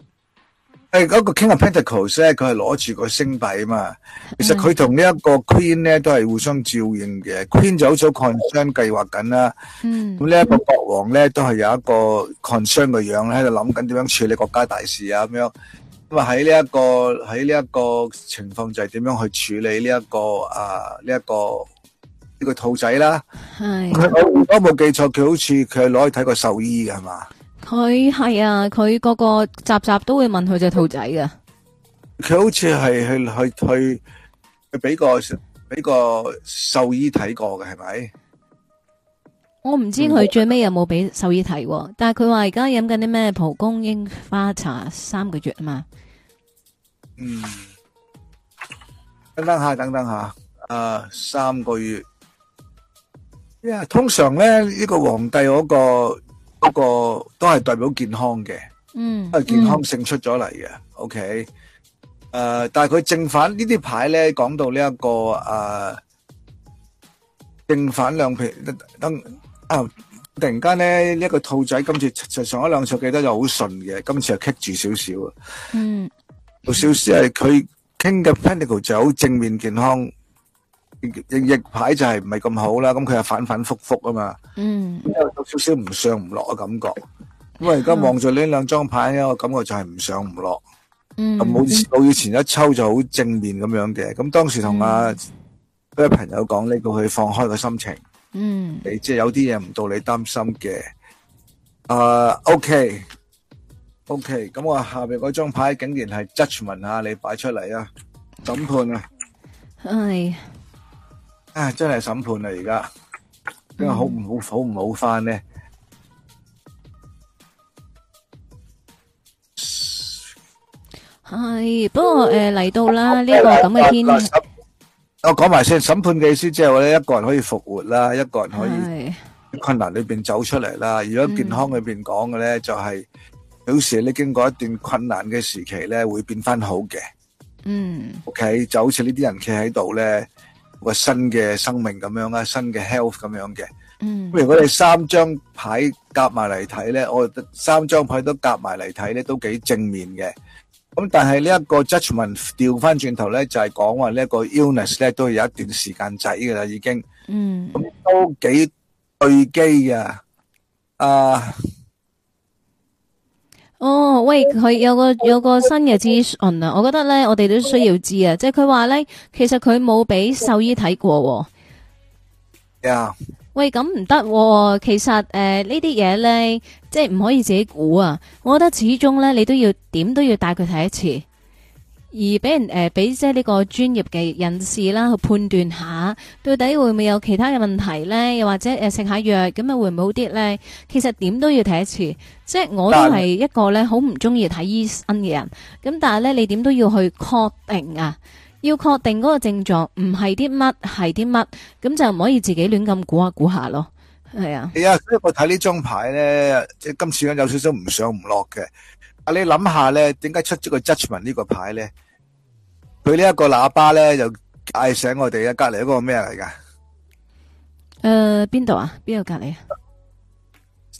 誒嗰個 King of Pentacles 咧，佢係攞住個星幣啊嘛。其實佢同呢一個 Queen 咧都係互相照應嘅、嗯。Queen 就好似 concern 計劃緊啦。嗯。咁呢一個國王咧都係有一個 concern 嘅樣咧喺度諗緊點樣處理國家大事啊咁樣。咁啊喺呢一個喺呢一個情況就係點樣去處理呢一個啊呢一個。啊這個呢、這個兔仔啦，係，我如果冇記錯，佢好似佢係攞去睇個獸醫嘅係嘛？佢係啊，佢個、啊、個個集集都會問佢隻兔仔噶。佢好似係去去去去俾個俾個獸醫睇過嘅係咪？我唔知佢最尾有冇俾獸醫睇、嗯，但係佢話而家飲緊啲咩蒲公英花茶三個月啊嘛。嗯，等等下，等等下，啊、呃，三個月。因為通常咧呢個皇帝嗰個嗰個都係代表健康嘅，嗯，都係健康勝出咗嚟嘅。OK，誒，但係佢正反呢啲牌咧，講到呢一個誒正反兩皮，等啊，突然間咧一個兔仔，今次上上一兩次記得就好順嘅，今次又棘住少少。嗯，少少係佢傾嘅 Pentacle 就好正面健康。逆逆牌就係唔係咁好啦，咁佢又反反复复啊嘛，嗯，有少少唔上唔落嘅感覺，咁我而家望住呢兩張牌咧，我感覺就係唔上唔落，嗯，冇冇以前一抽就好正面咁樣嘅，咁當時同阿嗰個朋友講呢個，佢放開個心情，嗯，你即係有啲嘢唔到你擔心嘅，啊，OK，OK，咁我下邊嗰張牌竟然係 Judgment 啊，你擺出嚟啊，審判啊？唉。啊！真係審判啦，而家因為好唔好好唔好翻咧？係不過誒，嚟到啦，呢個咁嘅天，我講埋先審判嘅意思，即係話咧，一個人可以復活啦，一個人可以困難裏邊走出嚟啦。如果健康裏邊講嘅咧，就係有時你經過一段困難嘅時期咧，會變翻好嘅。嗯。OK，就好似呢啲人企喺度咧。個新嘅生命咁樣啊，新嘅 health 咁樣嘅。嗯，咁如果你三張牌夾埋嚟睇咧，我三張牌都夾埋嚟睇咧，都幾正面嘅。咁但係呢一個 judgement 調翻轉頭咧，就係講話呢一個 illness 咧，都有一段時間仔噶啦，已經。嗯。咁都幾對機嘅。啊。哦，喂，佢有個有個新嘅資訊啊，我覺得咧，我哋都需要知啊，即係佢話咧，其實佢冇俾獸醫睇過。哦，呀、yeah.，喂，咁唔得，其實誒、呃、呢啲嘢咧，即係唔可以自己估啊，我覺得始終咧，你都要點都要帶佢睇一次。而俾人誒俾即係呢個專業嘅人士啦去判斷下，到底會唔會有其他嘅問題咧？又或者誒食、呃、下藥咁啊，會唔好啲咧？其實點都要睇一次，即係我都係一個咧好唔中意睇醫生嘅人。咁但係咧，你點都要去確定啊，要確定嗰個症狀唔係啲乜係啲乜，咁就唔可以自己亂咁估下估下咯。係啊，係、哎、啊，所以我睇呢張牌咧，即係今次咧有少少唔上唔落嘅。啊，你諗下咧，點解出咗個 Judgment 呢個牌咧？佢呢一個喇叭咧，就嗌醒我哋啊！隔籬嗰個咩嚟噶？誒，邊度啊？邊度隔籬啊？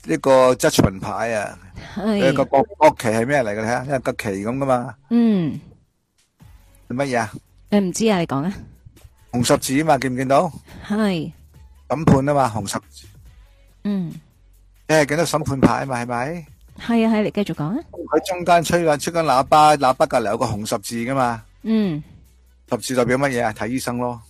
呢個 Judgment 牌啊，佢個國國旗係咩嚟噶？睇下，因為國旗咁噶嘛。嗯。係乜嘢啊？你唔知啊？你講啊。紅十字啊嘛，見唔見到？係。審判啊嘛，紅十字。嗯。誒，見到審判牌啊嘛，係咪？係啊，係你繼續講啊。喺中間吹緊吹緊喇叭，喇叭隔籬有個紅十字噶嘛。嗯，十字代表乜嘢啊？睇醫生咯。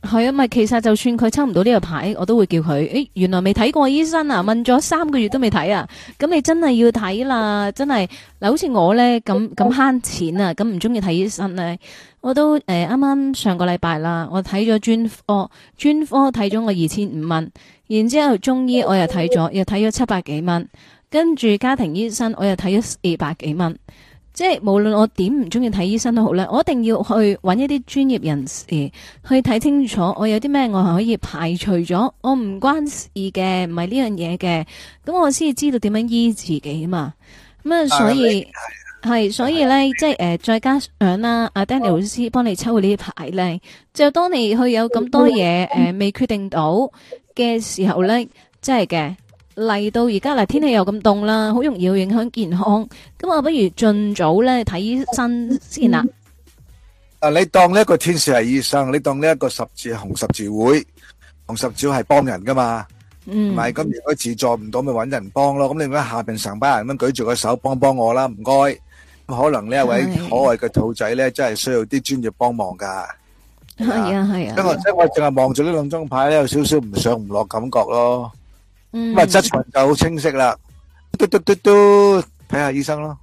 係啊，咪其實就算佢抽唔到呢個牌，我都會叫佢。誒、欸，原來未睇過醫生啊？問咗三個月都未睇啊？咁你真係要睇啦，真係嗱。好似我咧咁咁慳錢啊，咁唔中意睇醫生咧，我都誒，啱、欸、啱上個禮拜啦，我睇咗專科專、哦、科睇咗我二千五蚊，然之後中醫我又睇咗、嗯，又睇咗七百幾蚊。跟住家庭醫生，我又睇咗二百幾蚊，即係無論我點唔中意睇醫生都好咧，我一定要去搵一啲專業人士去睇清楚，我有啲咩我係可以排除咗，我唔關事嘅，唔係呢樣嘢嘅，咁我先至知道點樣醫自己嘛。咁啊、哎，所以係，所以咧，即係誒，再加上啦，阿、啊啊、Danny 老師幫你抽呢啲牌咧，就當你去有咁多嘢誒未決定到嘅時候咧，即係嘅。嚟到而家啦，天氣又咁凍啦，好容易會影響健康。咁我不如盡早咧睇醫生先啦、嗯。啊，你當呢一個天使係醫生，你當呢一個十字紅十字會紅十字會係幫人噶嘛？唔、嗯、係。咁如果自助唔到，咪揾人幫咯。咁你唔該下邊成班人咁舉住個手幫幫我啦，唔該。咁可能呢一位可愛嘅兔仔咧、啊，真係需要啲專業幫忙噶。係啊，係啊。即係、啊、我即係我淨係望住呢兩張牌咧，有少少唔上唔落感覺咯。咁、嗯、啊，質材就好清晰啦，嘟嘟嘟嘟，嘟，睇下醫生咯，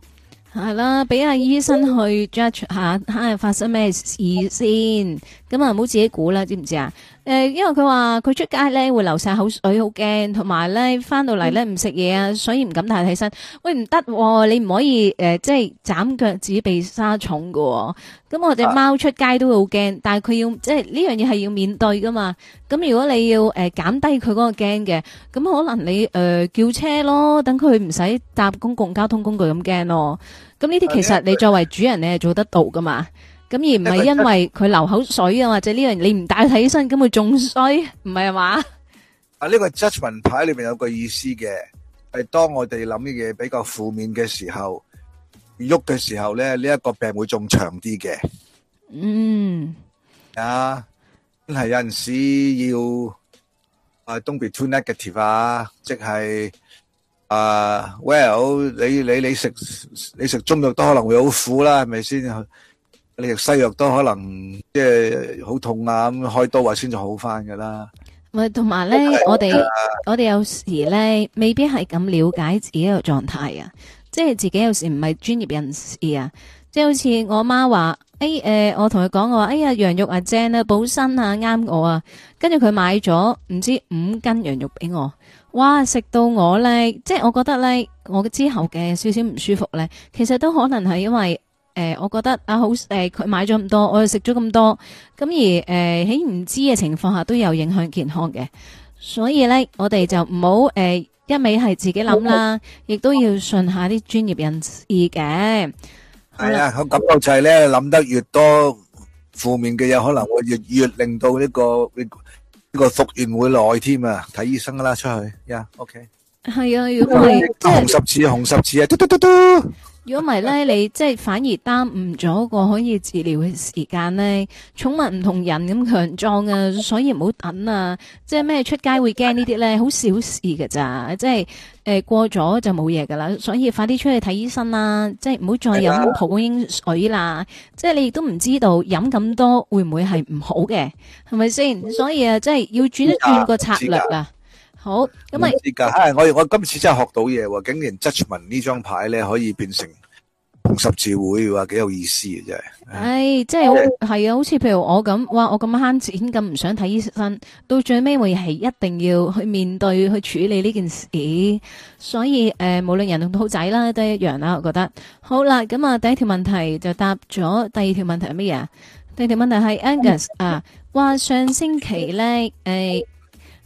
係啦，俾阿醫生去 judge 下，睇下發生咩事先。咁啊，唔好自己估啦，知唔知啊？誒、呃，因為佢話佢出街咧會流晒口水，好驚，同埋咧翻到嚟咧唔食嘢啊，所以唔敢帶佢起身。喂，唔得、哦，你唔可以誒、呃，即係斬腳趾避沙蟲噶、哦。咁我隻貓出街都會好驚，但係佢要即係呢樣嘢係要面對噶嘛。咁如果你要誒減、呃、低佢嗰個驚嘅，咁可能你誒、呃、叫車咯，等佢唔使搭公共交通工具咁驚咯。咁呢啲其實你作為主人你係做得到噶嘛？咁而唔係因為佢流口水啊，或者呢樣你唔戴睇醫生，咁會仲衰，唔係嘛？啊，呢個 Judgement 牌裏邊有個意思嘅，係當我哋諗啲嘢比較負面嘅時候，鬱嘅時候咧，呢一個病會仲長啲嘅。嗯。啊，真係有陣時要啊，don’t be too negative 啊，即係啊，well，你你你食你食中藥都可能會好苦啦，係咪先？你食西藥都可能即係好痛啊，咁開刀話先至好翻噶啦。同埋咧，我哋 我哋有時咧，未必係咁了解自己個狀態啊，即係自己有時唔係專業人士啊。即係好似我媽話，誒、哎、誒、呃，我同佢講我話，哎呀，羊肉啊正啊補身啊，啱我啊。跟住佢買咗唔知五斤羊肉俾我，哇！食到我咧，即係我覺得咧，我之後嘅少少唔舒服咧，其實都可能係因為。誒，我覺得啊，好誒，佢買咗咁多，我又食咗咁多，咁而誒喺唔知嘅情況下都有影響健康嘅，所以咧，我哋就唔好誒一味係自己諗啦，亦都要信下啲專業人士嘅。係啊，好感覺就係咧，諗得越多負面嘅嘢，可能會越越令到呢個呢個復原會耐添啊！睇醫生啦，出去呀，OK。係啊，要紅十字，紅十字，嘟嘟嘟嘟。如果唔係咧，你即係反而耽誤咗個可以治療嘅時間咧。寵物唔同人咁強壯啊，所以唔好等啊。即係咩出街會驚呢啲咧？好小事㗎咋，即係誒過咗就冇嘢噶啦。所以快啲出去睇醫生啦，即係唔好再飲蒲公英水啦。即係你亦都唔知道飲咁多會唔會係唔好嘅，係咪先？所以啊，即係要轉一轉個策略呀。好咁啊！唉、就是哎！我我今次真係學到嘢喎，竟然 Judgement 呢張牌咧可以變成紅十字會，話幾有意思嘅真係。真、哎哎、即係，係、哎、啊，好似譬如我咁，哇！我咁慳錢，咁唔想睇醫生，到最尾我亦係一定要去面對去處理呢件事。所以誒、呃，無論人同兔仔啦，都係一樣啦。我覺得好啦，咁啊，第一條問題就答咗，第二條問題係乜嘢？第二條問題係 Angus 啊，話上星期咧誒。呃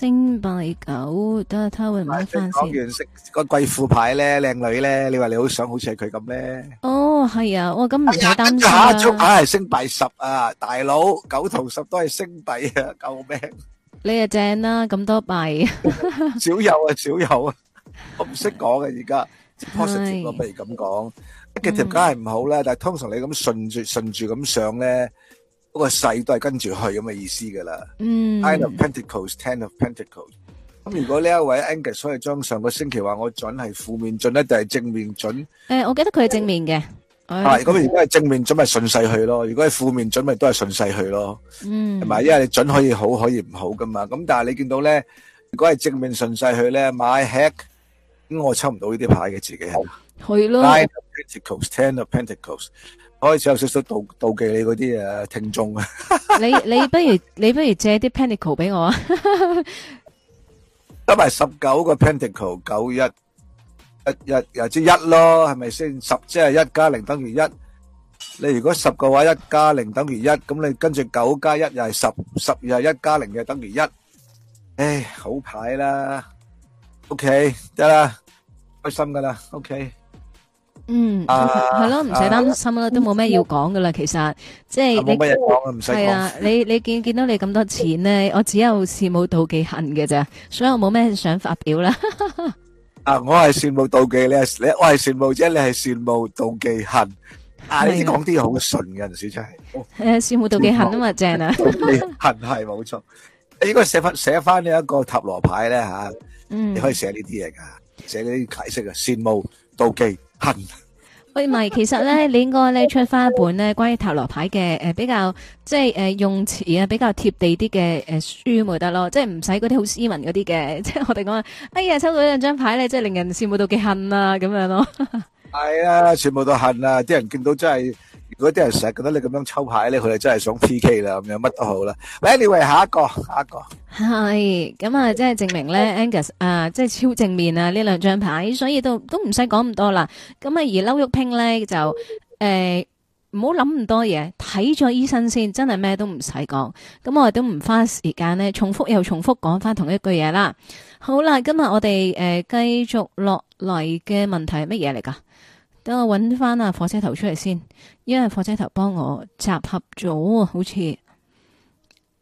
星幣九，等下他會買翻先。講完升個貴婦牌咧，靚女咧，你話你好想好似係佢咁咧？哦，係啊，我咁唔使擔心啦。打足牌係星幣十啊，大佬九同十都係星幣啊，救命！你啊正啦，咁多幣，少有啊，少有啊，我唔識講嘅而家。positive 不如咁講，negative 梗係唔好啦。但係通常你咁順住順住咁上咧。.嗰個勢都係跟住去咁嘅意思噶啦。嗯，Nine of Pentacles, Ten of Pentacles。咁如果呢一位 Angus，所以將上個星期話我準係負面準，定係正面準？誒，我記得佢係正面嘅。係，咁而家係正面準，咪順勢去咯。如果係負面準，咪都係順勢去咯。嗯，係咪？因為你準可以好，可以唔好噶嘛。咁但係你見到咧，如果係正面順勢去咧，買 Hack，咁我抽唔到呢啲牌嘅自己。係咯。Nine of Pentacles, Ten of Pentacles。開始有少少少妒妒忌你嗰啲誒聽眾啊！你你不如你不如借啲 pentacle 俾我啊！得埋十九個 pentacle 九一，一一又知一咯，係咪先？十即係一加零等於一？你如果十嘅話一加零等於一，咁你跟住九加一又係十，十又係一加零又等於一。唉，好牌啦，OK 得啦，開心噶啦，OK。嗯、um, uh,，係咯，唔使擔心啦，都冇咩要講噶啦，其實即係係啊，你你見見到你咁多錢咧，嗯，我只有羨慕妒忌恨嘅啫，所以我冇咩想發表啦 。啊，我係羨慕妒忌，你你，我係羨慕啫，你係羨慕妒忌恨。你講啲好純嘅事出嚟。誒，羨慕妒忌恨啊嘛，正啊，恨係冇錯。你應該寫翻寫翻你一個塔羅牌咧，吓，嗯，你可以寫呢啲嘢噶，寫呢啲解釋啊，羨慕妒忌。恨喂，唔係，其實咧，你應該咧出翻一本咧，關於塔羅牌嘅，誒，比較即係誒用詞啊，比較貼地啲嘅誒書，咪得咯，即係唔使嗰啲好斯文嗰啲嘅，即係我哋講話，哎呀，抽到兩張牌咧，即係令人羨慕到幾恨啊，咁樣咯，係啊，全部都恨啊，啲人見到真係。如果啲人成日覺得你咁樣抽牌咧，佢哋真係想 PK 啦，咁樣乜都好啦。喂、哎，你喂下一個，下一個。係咁啊，即係證明咧，Angus 啊，即係超正面啊！呢兩張牌，所以都都唔使講咁多啦。咁啊，而 Low Yuk Ping 咧就誒，唔好諗咁多嘢，睇咗醫生先，真係咩都唔使講。咁我哋都唔花時間咧，重複又重複講翻同一句嘢啦。好啦，今日我哋誒繼續落嚟嘅問題係乜嘢嚟噶？等我揾翻啊火車頭出嚟先，因為火車頭幫我集合咗，好似誒、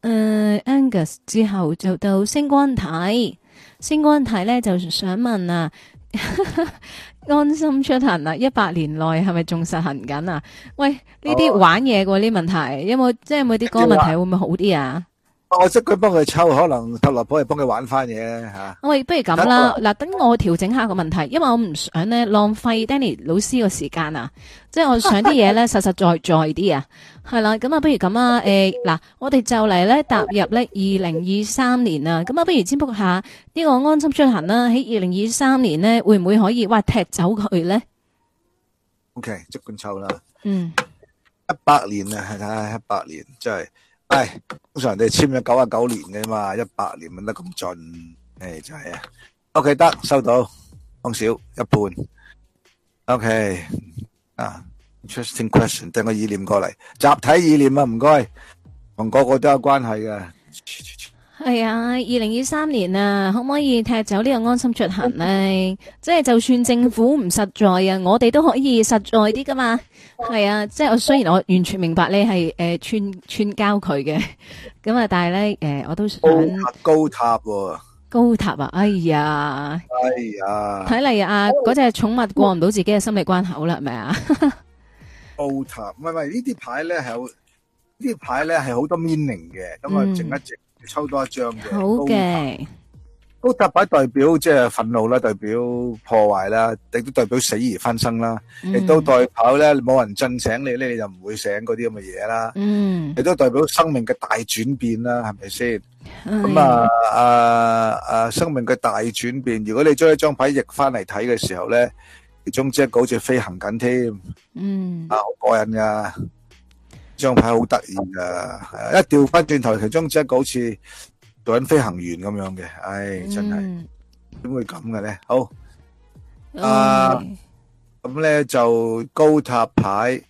呃、Angus 之後就到星光體，星光體咧就想問啊，安 心出行啊，一百年內係咪仲實行緊啊？喂，呢啲玩嘢過呢問題，有冇即係有冇啲歌問題會唔會好啲啊？我即管幫佢抽，可能特朗普嚟幫佢玩翻嘢吓。喂，不如咁啦，嗱，等我調整下個問題，因為我唔想咧浪費 Danny 老師個時間啊，即 係我想啲嘢咧實實在在啲啊，係啦，咁啊，不如咁啊，誒、 欸，嗱，我哋就嚟咧踏入呢二零二三年啊，咁啊，不如先卜下呢、這個安心出行啦，喺二零二三年咧會唔會可以哇踢走佢咧？OK，即管抽啦，嗯，一百年啊，係睇下一百年，即係。係通常人哋簽咗九十九年嘅嘛，一百年唔得咁盡。誒，就係啊。O K 得收到，康少一半。O K 啊，interesting question，掟個意念過嚟，集體意念啊，唔該，同個個都有關係嘅。係啊，二零二三年啊，可唔可以踢走呢個安心出行咧？即係就算政府唔實在啊，我哋都可以實在啲噶嘛。係啊，即係我雖然我完全明白你係誒、呃、串串交佢嘅，咁啊，但係咧誒我都想、呃、高塔高塔喎、啊，高塔啊，哎呀，哎呀，睇嚟阿嗰隻寵物過唔到自己嘅心理關口啦，係咪啊？高塔，唔係係呢啲牌咧係有呢啲牌咧係好多 meaning 嘅，咁啊整一整抽多一張嘅。好嘅。高塔牌代表即係憤怒啦，代表破壞啦，亦都代表死而翻生啦，亦都代表咧，冇人震醒你咧，你就唔會醒嗰啲咁嘅嘢啦。嗯，亦都代表生命嘅大轉變啦，係咪先？咁啊啊啊！生命嘅大轉變，如果你將一張牌逆翻嚟睇嘅時候咧，其中之一個好似飛行緊添。嗯，啊，好過癮噶，呢張牌好得意噶，一掉翻轉頭，其中之一個好似。緊飛行員咁樣嘅，唉，真係點、嗯、會咁嘅咧？好，嗯、啊，咁咧就高塔牌，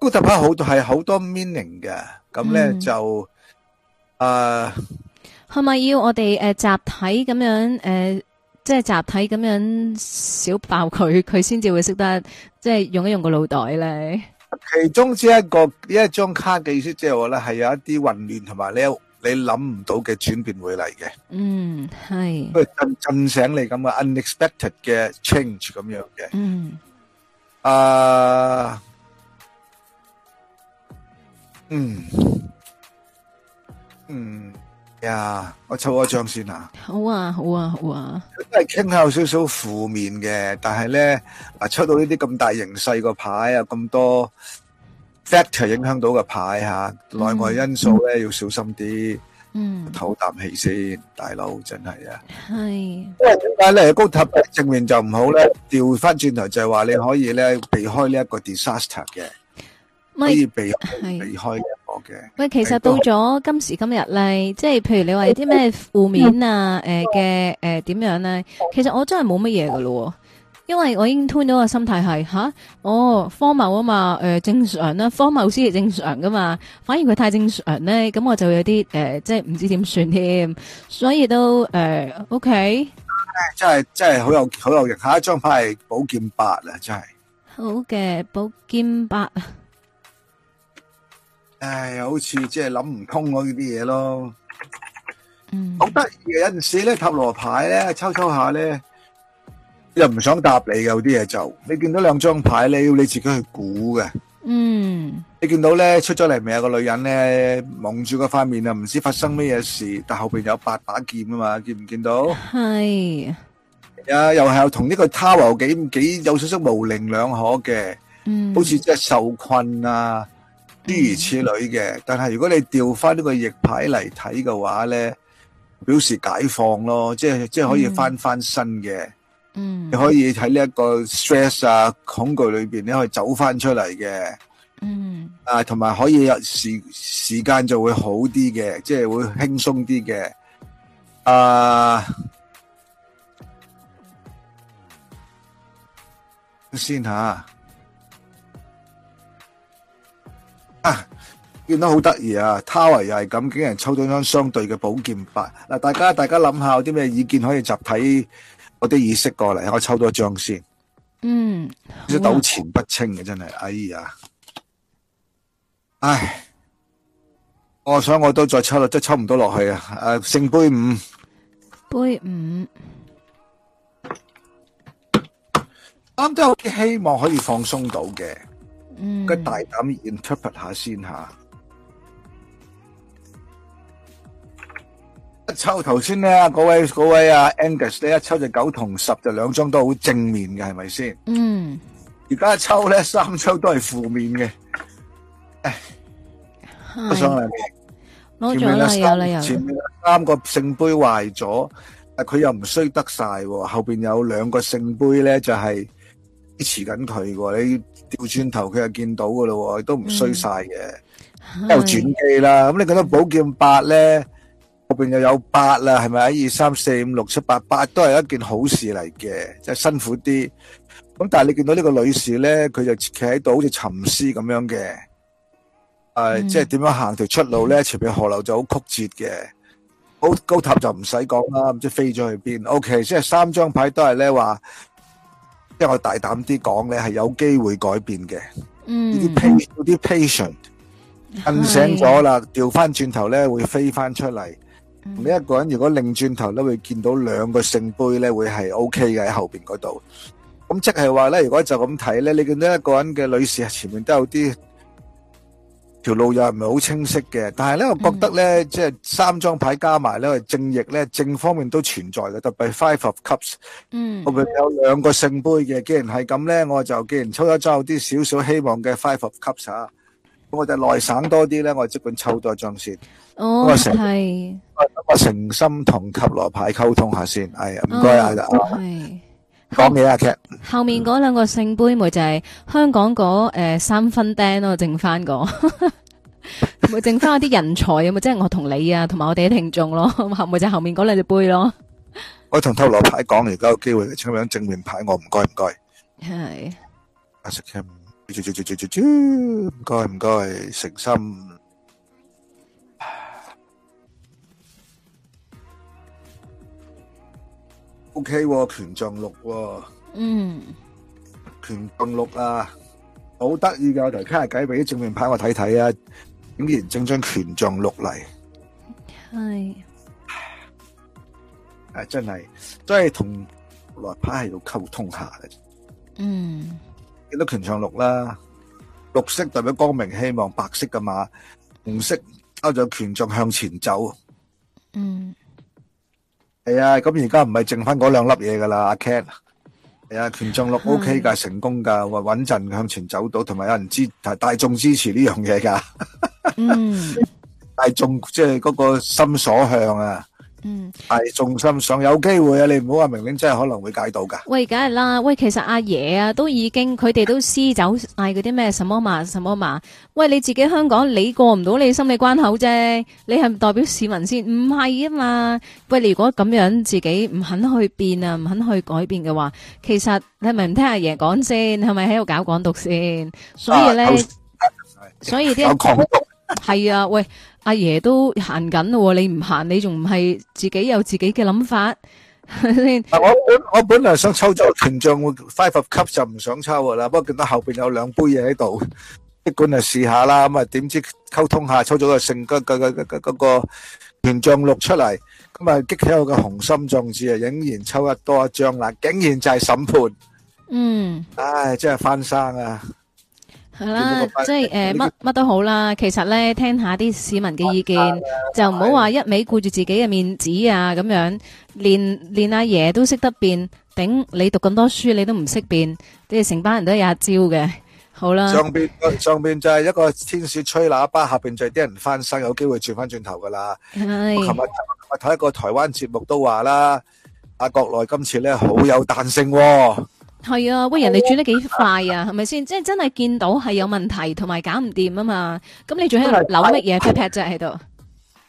高塔牌好係好多 meaning 嘅。咁咧、嗯、就啊，係咪要我哋誒、呃、集體咁樣誒、呃，即係集體咁樣少爆佢，佢先至會識得即係用一用個腦袋咧？其中之一個呢一張卡嘅意思，即係話咧係有一啲混亂同埋你。還有你有你諗唔到嘅轉變會嚟，嘅，嗯係，都係震醒你咁嘅 unexpected 嘅 change 咁樣嘅，嗯，啊，嗯，嗯，呀，我抽一張先啊，好啊，好啊，好啊，都係傾下有少少負面嘅，但係咧，嗱出到呢啲咁大形勢個牌啊，咁多。factor 影響到嘅牌吓，內、嗯、外因素咧、嗯、要小心啲。嗯，唞啖氣先，大佬真係啊。係。因為點解咧？高塔正面就唔好咧，調翻轉頭就係話你可以咧避開呢一個 disaster 嘅，可以避開避開我嘅。喂，其實到咗今時今日咧，即、就、係、是、譬如你話有啲咩負面啊？誒嘅誒點樣咧？其實我真係冇乜嘢噶咯。因為我已經推到個心態係吓，哦，荒謬啊嘛，誒、呃，正常啦，荒謬啲係正常噶嘛，反而佢太正常咧，咁我就有啲誒，即係唔知點算添，所以都誒，O K，真係真係好有好有型，下一張牌係寶劍八啦，真係，好嘅，寶劍八，唉，好似即係諗唔通嗰啲嘢咯，嗯，好得意嘅有陣時咧，塔羅牌咧，抽抽下咧。又唔想答你嘅，有啲嘢就你見到兩張牌咧，要你自己去估嘅。嗯，你見到咧出咗嚟，咪有個女人咧蒙住個塊面啊，唔知發生咩嘢事，但後邊有八把劍啊嘛，見唔見到？係啊，又係同呢個塔羅幾幾有少少模棱兩可嘅，嗯，好似即係受困啊，諸如此類嘅。但係如果你調翻呢個逆牌嚟睇嘅話咧，表示解放咯，即係即係可以翻翻身嘅。嗯、啊，你可以喺呢一個 stress 啊恐懼裏邊咧，可以走翻出嚟嘅。嗯，啊，同埋可以有時時間就會好啲嘅，即係會輕鬆啲嘅。啊，先吓，啊，見到好得意啊，他維又係咁，竟然抽到張相對嘅寶劍牌。嗱，大家大家諗下有啲咩意見可以集體。我啲意識過嚟，我抽多一張先。嗯，啲糾纏不清嘅真係，哎呀，唉，我想我都再抽啦，即係抽唔到落去啊！誒，聖杯五，杯五，啱真係好似希望可以放鬆到嘅。嗯，佢大膽 interpret 下先吓。抽頭先咧，嗰位嗰位阿、啊、Angus 咧，一抽只九同十就兩張都好正面嘅，係咪先？嗯、mm.，而家抽咧三抽都係負面嘅。唔上嚟，前面有，前面有三個聖杯壞咗，但佢又唔衰得晒。後邊有兩個聖杯咧，就係、是、支持緊佢嘅。你調轉頭，佢又見到噶咯，都唔衰晒嘅，mm. 又轉機啦。咁你覺得寶劍八咧？後邊又有八啦，係咪？一二三四五六七八八都係一件好事嚟嘅，即係辛苦啲。咁但係你見到呢個女士咧，佢就企喺度，好似沉思咁樣嘅。誒、mm. 呃，即係點樣行條出路咧？前面河流就好曲折嘅，高高塔就唔使講啦，唔知飛咗去邊。O K，即係三張牌都係咧話，即係我大膽啲講咧，係有機會改變嘅。嗯、mm.，呢啲 patient，瞓醒咗啦，調翻轉頭咧會飛翻出嚟。你、嗯、一、這個人如果擰轉，轉頭咧，會見到兩個聖杯咧，會係 O K 嘅，喺後邊嗰度。咁即係話咧，如果就咁睇咧，你見到一個人嘅女士啊，前面都有啲條路又係唔係好清晰嘅。但係咧，我覺得咧、嗯，即係三張牌加埋咧，正逆咧，正方面都存在嘅。特別 Five of Cups，嗯，我哋有兩個聖杯嘅。既然係咁咧，我就既然抽咗，張有啲少少希望嘅 Five of Cups 啊，咁我就內省多啲咧，我即管抽多一張先。哦，係，我誠心同塔羅牌溝通下先，係唔該啊，講嘢啊，Jack，後面嗰兩個聖杯咪就係香港嗰誒三分釘咯，剩翻個，咪剩翻啲人才啊，咪即係我同你啊，同埋我哋啲聽眾咯，後咪就後面嗰兩隻杯咯，我同塔羅牌講，而家有機會，請問正面牌，我唔該唔該，係，阿 Jack，唔該唔該，誠心。O K，權杖六，嗯，權杖六、哦 mm. 啊，好得意㗎，我台聽下偈，俾啲正面牌我睇睇啊，竟然正張權杖六嚟，係，誒真係，都係同老牌喺度溝通下嘅，嗯，見到權杖六啦、啊，綠色代表光明希望，白色嘅馬，紅色勾咗權杖向前走，嗯、mm.。係、哎、啊，咁而家唔係剩翻嗰兩粒嘢噶啦，阿 Ken，係啊、哎，權杖六 OK 噶、嗯，成功噶，穩陣向前走到，同埋有，有人支，大眾支持呢樣嘢噶， 大眾即係嗰個心所向啊。嗯，係重心上有機會啊！你唔好話明明真係可能會解到噶。喂，梗係啦。喂，其實阿爺啊，都已經佢哋都撕走嗌嗰啲咩什麼嘛，什麼嘛。喂，你自己香港，你過唔到你心理關口啫。你係代表市民先，唔係啊嘛。喂，你如果咁樣自己唔肯去變啊，唔肯去改變嘅話，其實你係咪唔聽阿爺講先？係咪喺度搞港獨先？所以咧、啊，所以啲係啊，喂。阿爺都行緊咯，你唔行，你仲唔係自己有自己嘅諗法？我本我本來想抽咗個權杖，five 級就唔想抽噶啦，不過見到後邊有兩杯嘢喺度，即管嚟試下啦。咁啊，點知溝通下，抽咗個成個個個個個個權杖六出嚟，咁啊激起我嘅雄心壯志啊，仍然抽得多一張啦，竟然就係審判。嗯，唉，真係翻生啊！係啦，即係誒，乜、呃、乜都好啦。其實咧，聽下啲市民嘅意見，就唔好話一味顧住自己嘅面子啊。咁樣連連阿爺都識得變，頂你讀咁多書，你都唔識變。你哋成班人都有招嘅。好啦，上邊上邊就係一個天使吹喇叭，下邊就係啲人翻身，有機會轉翻轉頭噶啦。我琴日睇一個台灣節目都話啦，阿國內今次咧好有彈性喎。係啊，喂！人哋轉得幾快啊，係咪先？即係真係見到係有問題，同埋搞唔掂啊嘛。咁你仲喺度扭乜嘢 pat pat 啫喺度？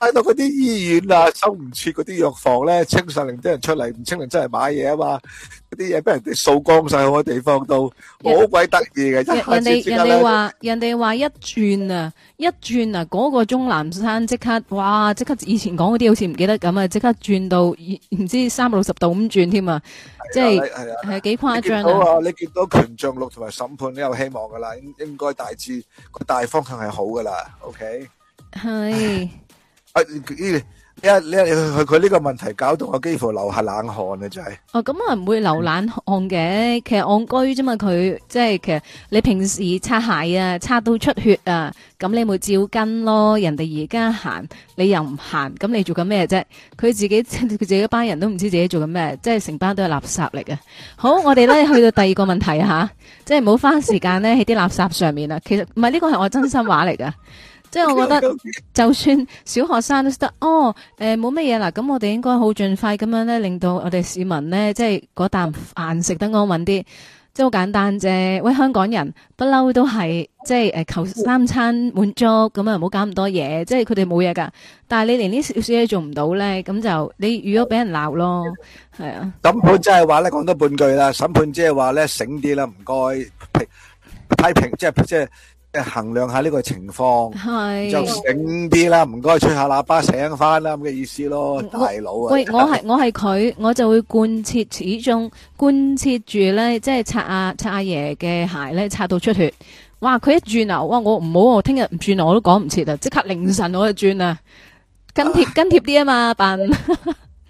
睇到嗰啲醫院啊，收唔切嗰啲藥房咧，清零令啲人出嚟，唔清零真係買嘢啊嘛！嗰啲嘢俾人哋掃光晒，我地方度好鬼得意嘅。人哋人哋話，人哋話一轉啊，一轉啊，嗰個鍾南山即刻，哇！即刻以前講嗰啲好似唔記得咁啊，即刻轉到唔知三百六十度咁轉添啊！即係係幾誇張啊！你見到權杖六同埋審判你有希望噶啦，應應該大致個大方向係好噶啦。OK，係。啊！你啊你佢、啊、呢、啊啊這個問題搞到我幾乎流下冷汗啊！就係哦，咁啊唔會流冷汗嘅，其實戇居啫嘛，佢即係其實你平時擦鞋啊，擦到出血啊，咁你咪照跟咯。人哋而家行，你又唔行，咁你做緊咩啫？佢自己，佢 自己班人都唔知自己做緊咩，即係成班都係垃圾嚟嘅。好，我哋咧去到第二個問題吓，即係唔好花時間咧喺啲垃圾上面啦。其實唔係，呢個係我真心話嚟噶。即係我覺得，就算小學生都識得，哦，誒冇乜嘢啦，咁我哋應該好盡快咁樣咧，令到我哋市民咧，即係嗰啖飯食得安穩啲，即係好簡單啫。喂，香港人不嬲都係即係求三餐滿足咁啊，唔好搞咁多嘢。即係佢哋冇嘢㗎，但係你連呢少少嘢做唔到咧，咁就你如果俾人鬧咯，係啊本呢多半句。審判即係話咧，講多半句啦。審判即係話咧，醒啲啦，唔該批批評，即係即係。衡量下呢個情況，就醒啲啦。唔該，吹下喇叭醒翻啦，咁嘅意思咯，大佬。喂，我係我係佢，我就會貫徹始終，貫徹住咧，即係擦阿擦阿爺嘅鞋咧，擦到出血。哇，佢一轉流，哇，我唔好，我聽日唔轉流，我都講唔切啊！即刻凌晨我就轉啊，跟貼跟貼啲啊嘛，笨。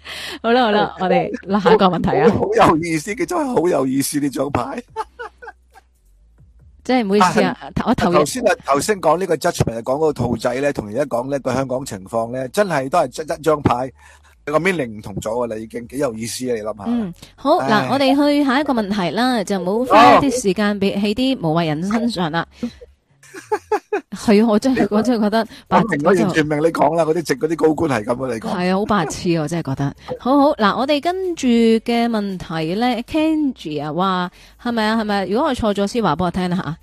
好啦好啦， 我哋嗱，下一個問題啊。好有意思嘅，真係好有意思呢張牌。即係唔好意思啊！我頭先啊，頭先講呢個 Judgement 講個兔仔咧，同而家講呢個香港情況咧，真係都係一一張牌，個 meaning 唔同咗啦，你已經幾有意思啊！你諗下。嗯，好嗱，我哋去下一個問題啦，就唔好花一啲時間俾喺啲無謂人身上啦。哦係。 我真係我真係覺， 覺得，我明我完全明你講啦，嗰啲直嗰啲高官係咁樣嚟講。係啊，好白痴啊，真係覺得。好好嗱，我哋跟住嘅問題咧，Kenji 啊，話係咪啊，係咪？如果我錯咗，先話俾我聽啦吓。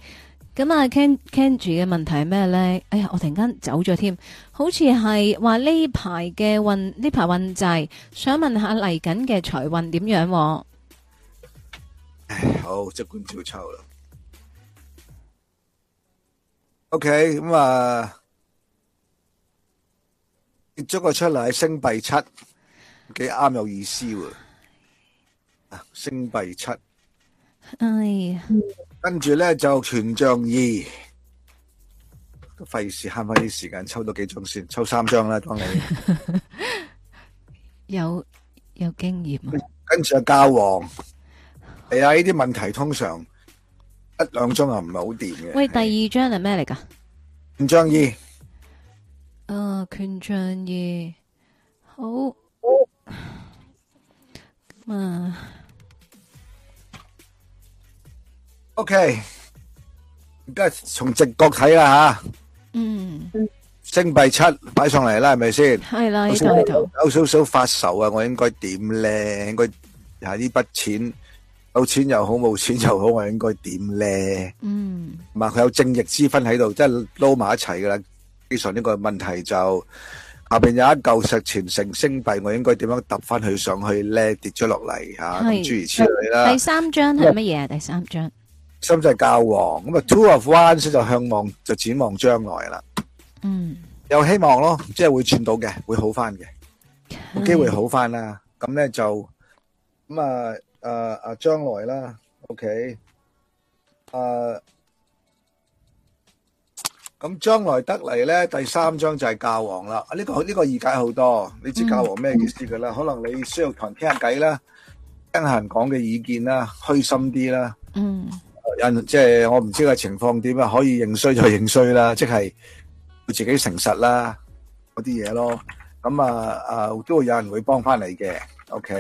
咁啊，Ken Kenji 嘅問題係咩咧？哎呀，我突然間走咗添，好似係話呢排嘅運，呢排運滯，想問下嚟緊嘅財運點樣？唉，好即管照抽啦。O K，咁啊，結咗個出嚟，星幣七，幾啱有意思喎，啊，星幣七，哎，跟住咧就權杖二，費事慳翻啲時間，抽多幾張先，抽三張啦，當你有有經驗，跟住就教皇，係啊，呢啲問題通常。一兩張又唔係好掂嘅。喂，第二張係咩嚟噶？權杖二。誒，權杖二，好，嗯，OK。而家從直覺睇啦吓。嗯。星幣七擺上嚟啦，係咪先？係啦，喺度。有少少發愁啊，我應該點咧？應該係呢筆錢。有錢又好，冇錢又好，我應該點咧？嗯，嘛，佢有正逆之分喺度，即係撈埋一齊噶啦。基本上呢個問題就下邊有一嚿石，全成星幣，我應該點樣揼翻佢上去咧？跌咗落嚟吓，諸如此類啦。第三張係乜嘢？第三張，先就教皇咁啊，Two of Wands 先就向往，就展望將來啦。嗯，有希望咯，即係會轉到嘅，會好翻嘅，機會好翻啦。咁咧就咁啊。誒誒，將來啦，OK，誒，咁將來得嚟咧，第三張就係教皇啦。啊，呢個呢個意解好多，你知教皇咩意思噶啦？可能你需要同人傾下偈啦，聽下人講嘅意見啦，虛心啲啦。嗯。人即係我唔知個情況點啊，可以認衰就認衰啦，即係自己誠實啦，嗰啲嘢咯。咁啊啊，都會有人會幫翻你嘅，OK。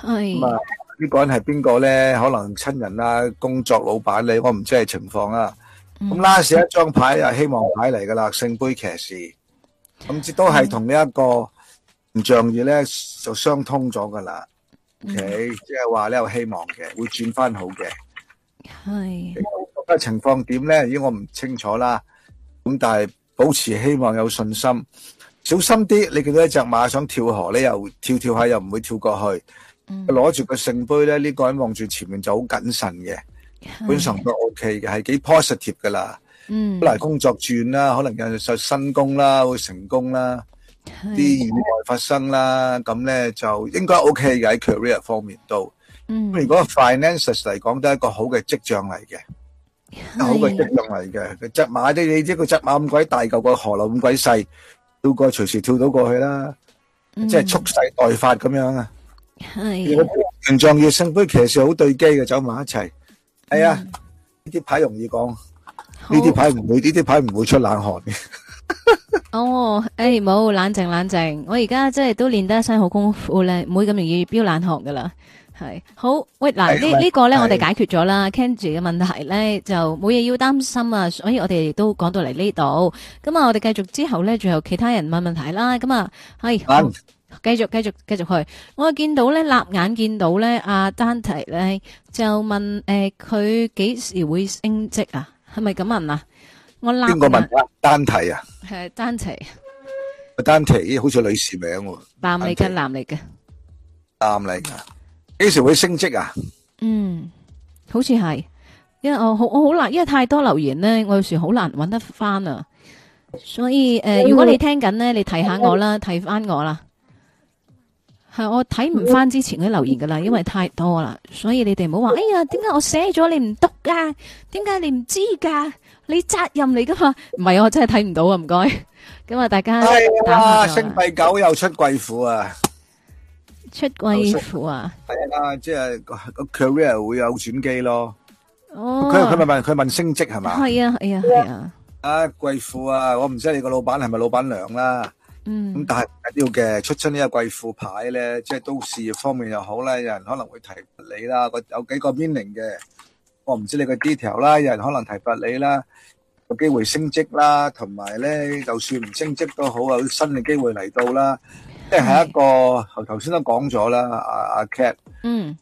係。咁啊。呢、這個人係邊個咧？可能親人啦、啊，工作老闆你，我唔知係情況啦、啊。咁 last 一張牌又希望牌嚟噶啦，聖杯騎士。咁、mm、至 -hmm. 都係同呢一個象意咧，就相通咗噶啦。OK，、mm -hmm. 即係話你有希望嘅，會轉翻好嘅。係。而家情況點咧？咦，我唔清楚啦。咁但係保持希望，有信心，小心啲。你見到一隻馬想跳河，你又跳跳下，又唔會跳過去。攞住個聖杯咧，呢個人望住前面就好謹慎嘅，本身都 O K 嘅，係幾 positive 噶啦。嗯，可能工作轉啦，可能有隻新工啦，會成功啦，啲意外發生啦，咁咧就應該 O K 嘅喺 career 方面都。咁如果 financial 嚟講都係一個好嘅跡象嚟嘅，好嘅跡象嚟嘅。隻馬啲你知個隻馬咁鬼大嚿，個河流咁鬼細，跳過隨時跳到過去啦，即係蓄勢待發咁樣啊！形象要生，不過其實好對機嘅，走埋一齊。係、嗯、啊，呢、哎、啲牌容易講，呢啲牌唔會，呢、哦、啲牌唔會出冷汗嘅。 哦，誒、哎，冇冷靜冷靜，我而家即係都練得一身好功夫咧，唔會咁容易飆冷汗嘅啦。係好，喂，嗱、這個、呢呢個咧，我哋解決咗啦。Kenji 嘅問題咧，就冇嘢要擔心啊。所以我哋都講到嚟呢度，咁啊，我哋繼續之後咧，仲有其他人問問題啦。咁啊，係、哎。繼續繼續繼續去，我見到咧，立眼見到咧，阿丹提咧就問誒，佢、呃、幾時會升職啊？係咪咁問啊？我立眼。邊個問？丹提啊？係丹提。丹提好似女士名、啊。男嚟嘅，男嚟嘅。男嚟嘅。幾時會升職啊？嗯，好似係，因為我好我好，好難，因為太多留言咧，我有時好難揾得翻啊。所以誒、呃嗯，如果你聽緊咧，你睇下我啦，睇、嗯、翻我啦。係我睇唔翻之前嗰啲留言噶啦，因為太多啦，所以你哋唔好話，哎呀，點解我寫咗你唔讀噶、啊？點解你唔知噶？你責任嚟噶嘛？唔係我真係睇唔到啊，唔該。咁啊大家打開心扉，星幣九又出貴婦啊！出貴婦啊！係啊，即係個 career 會有轉機咯。哦，佢佢問問佢問升職係嘛？係啊係啊係啊！啊貴婦啊，我唔知你個老闆係咪老闆娘啦。嗯，咁但係要嘅，出親呢個貴婦牌咧，即係都市方面又好咧，有人可能會提拔你啦，個有幾個 meaning 嘅，我唔知你個 detail 啦，有人可能提拔你啦，有機會升職啦，同埋咧就算唔升職都好，有新嘅機會嚟到啦，即係係一個頭頭先都講咗啦，阿阿 Cat 嗯。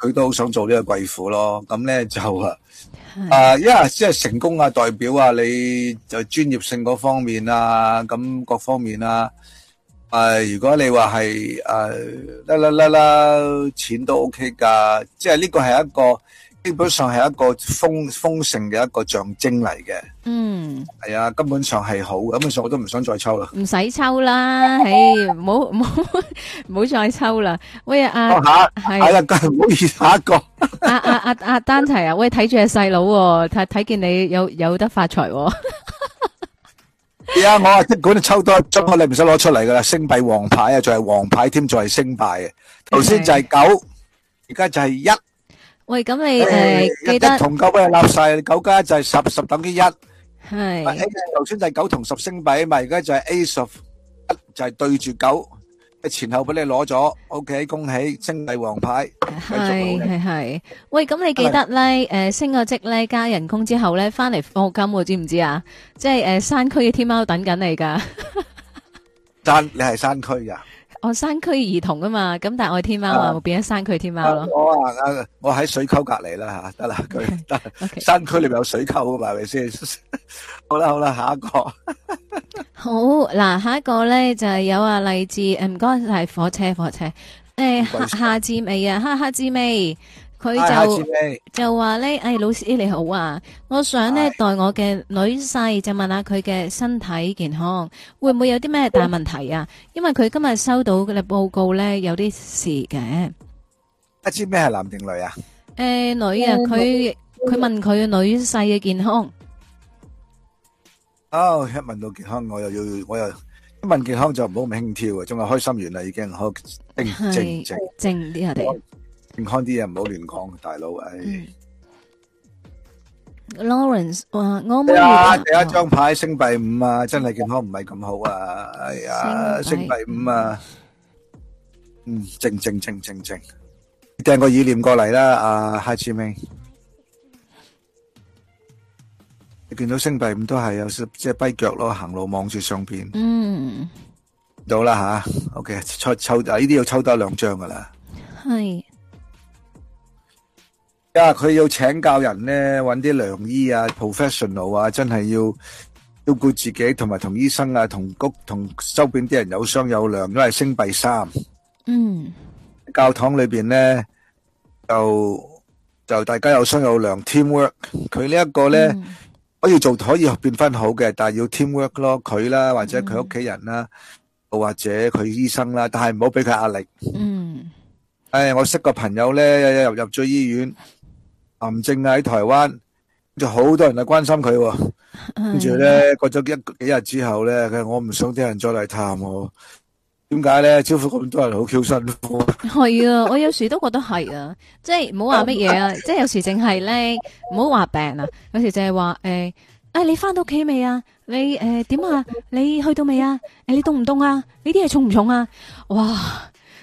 佢都好想做呢個貴婦咯，咁咧就啊，啊，因為即係成功啊，代表啊，你就專業性嗰方面啊，咁各方面啊，誒，如果你話係誒啦啦啦啦，錢都 OK 噶，即係呢個係一個。基本上係一個豐豐盛嘅一個象徵嚟嘅，嗯，係啊，根本上係好，根本上我都唔想再抽啦，唔使抽啦，唉，唔好唔好唔好再抽啦，喂啊，係，係啊，唔好意思，下一個，阿阿阿阿 Danny 啊，喂，睇住係細佬，睇睇見你有有得發財，係啊，我啊，不管抽多，一張你唔使攞出嚟噶啦，星幣王牌啊，仲係王牌添，仲係星幣嘅，頭先就係九，而家就係一。喂，咁你誒記得同九嘅立晒，九加一就係十，十等於一。係頭先就係九同十星幣，咪而家就係 A 十就係對住九，前後俾你攞咗，OK，恭喜星幣王牌。係係係，喂，咁你記得咧？誒，升個職咧，加人工之後咧，翻嚟課金，知唔知啊？即係誒，山區嘅天喵等緊你噶。山，你係山區噶。我山區兒童啊嘛，咁但係我天貓啊，會變咗山區天貓咯。我我喺水溝隔籬啦吓，得啦佢，okay, okay. 山區裏面有水溝，啊嘛，係咪先？好啦好啦，下一個。 好嗱，下一個咧就係、是、有啊，勵志誒，唔該係火車火車誒、哎，夏夏至未啊，哈夏至未。佢就就話咧，哎，老師你好啊，我想咧代我嘅女婿就問下佢嘅身體健康，會唔會有啲咩大問題啊？因為佢今日收到嘅報告咧有啲事嘅，不知咩係男定女啊？誒，女啊，佢佢問佢女婿嘅健康。哦，一問到健康，我又要我又一問健康就唔好咁輕佻啊！仲有開心完啦，已經好靜靜靜啲下哋。健康啲嘢唔好亂講，大佬。Lawrence 話我冇。第一張牌星幣五啊，真係健康唔係咁好啊！哎呀，星幣五啊，嗯，正正正正正，掟個意念過嚟啦，阿 Hi Jimmy。你見到星幣五都係有少少，即係跛腳咯，行路望住上邊。嗯，到啦吓，OK，抽抽啊，呢啲要抽多兩張噶啦。係。佢要請教人呢，揾啲良醫啊，professional 啊，真係要照顧自己，同埋同醫生啊，同谷同周邊啲人有商有量，都係星幣三。嗯、mm. 教堂裏邊呢，就就大家有商有量，teamwork。佢呢一個呢，mm. 可以做可以變翻好嘅，但係要 teamwork 咯，佢啦，或者佢屋企人啦，又、mm. 或者佢醫生啦，但係唔好俾佢壓力。嗯。誒，我識個朋友呢，入入咗醫院。癌症啊喺台灣就好多人啊關心佢，跟住咧，過咗一幾日之後咧，佢話我唔想啲人再嚟探我，點解咧？招呼咁多人好 Q 辛苦。係啊，我有時都覺得係啊，即係唔好話乜嘢啊，即係有時淨係咧唔好話病啊，有時淨係話誒，哎你翻到屋企未啊？你誒點啊？你去到未啊？誒你凍唔凍啊？呢啲嘢重唔重啊？哇！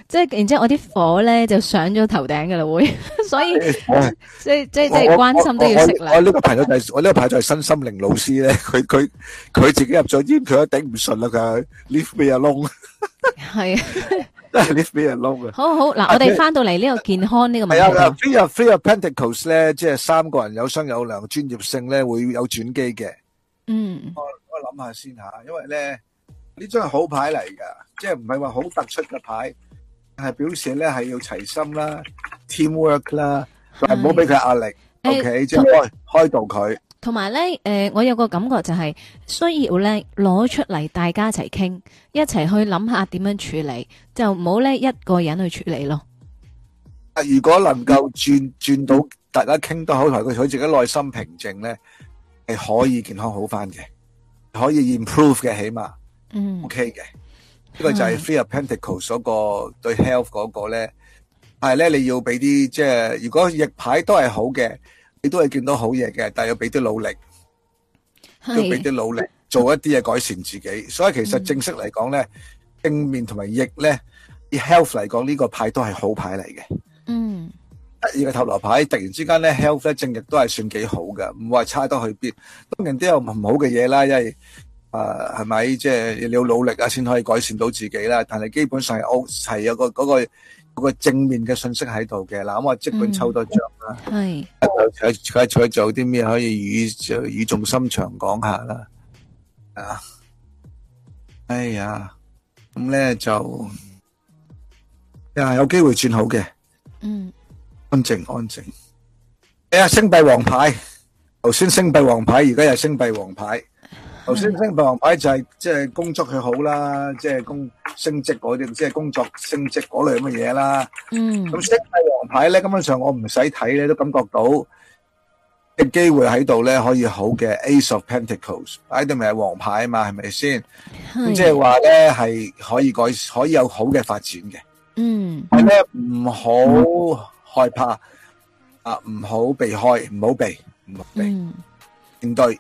即係，然之後我啲火咧就上咗頭頂噶啦會，所以即係即係即係關心都要食糧。我呢個牌就係我呢個牌就係身心靈老師咧，佢佢佢自己入咗煙，佢都頂唔順啦，佢 Leave me alone，係啊，都係 Leave me alone 嘅。好好嗱，我哋翻到嚟呢個健康呢個問題。係啊，Three of，Three of Pentacles 咧，即係三個人有商有量，專業性咧會有轉機嘅。嗯，我我諗下先吓，因為咧呢張係好牌嚟噶，即係唔係話好突出嘅牌。係表示咧，係要齊心啦，teamwork 啦，唔好俾佢壓力、欸、，OK，即係開開導佢。同埋咧，誒、呃，我有個感覺就係、是、需要咧攞出嚟，大家一齊傾，一齊去諗下點樣處理，就唔好咧一個人去處理咯。如果能夠轉轉到大家傾得好，同佢自己內心平靜咧，係可以健康好返嘅，可以 improve 嘅，起碼，嗯，OK 嘅。呢、這個就係 free Pentacle 嗰個對 health 嗰、嗰個咧，係咧你要俾啲即係，如果逆牌都係好嘅，你都係見到好嘢嘅，但係要俾啲努力，要俾啲努力做一啲嘢改善自己。所以其實正式嚟講咧，正面同埋逆咧，以 health 嚟講呢個牌都係好牌嚟嘅。嗯，呢個個塔羅牌突然之間咧，health 咧正逆都係算幾好嘅，唔會係差得去邊。當然都有唔好嘅嘢啦，因為。啊，係咪即係你要努力啊，先可以改善到自己啦？但係基本上係屋係有個嗰個嗰個正面嘅信息喺度嘅嗱，咁我即管抽多張啦，係，睇睇在做啲咩可以語就語重心長講下啦，啊，哎呀，咁咧就又係有機會轉好嘅，嗯，安靜安靜，啊，星幣王牌，頭先星幣王牌，而家又星幣王牌。頭先升王牌就係即係工作佢好啦，即係工升職嗰啲，即係工作升職嗰類咁嘅嘢啦。嗯。咁升牌王牌咧，根本上我唔使睇咧，都感覺到嘅機會喺度咧，可以好嘅 Ace of Pentacles，I 定咪係王牌啊嘛，係咪先？係。即係話咧，係可以改，可以有好嘅發展嘅。嗯。係咩，唔好害怕，啊，唔好避開，唔好避，唔好避，面對。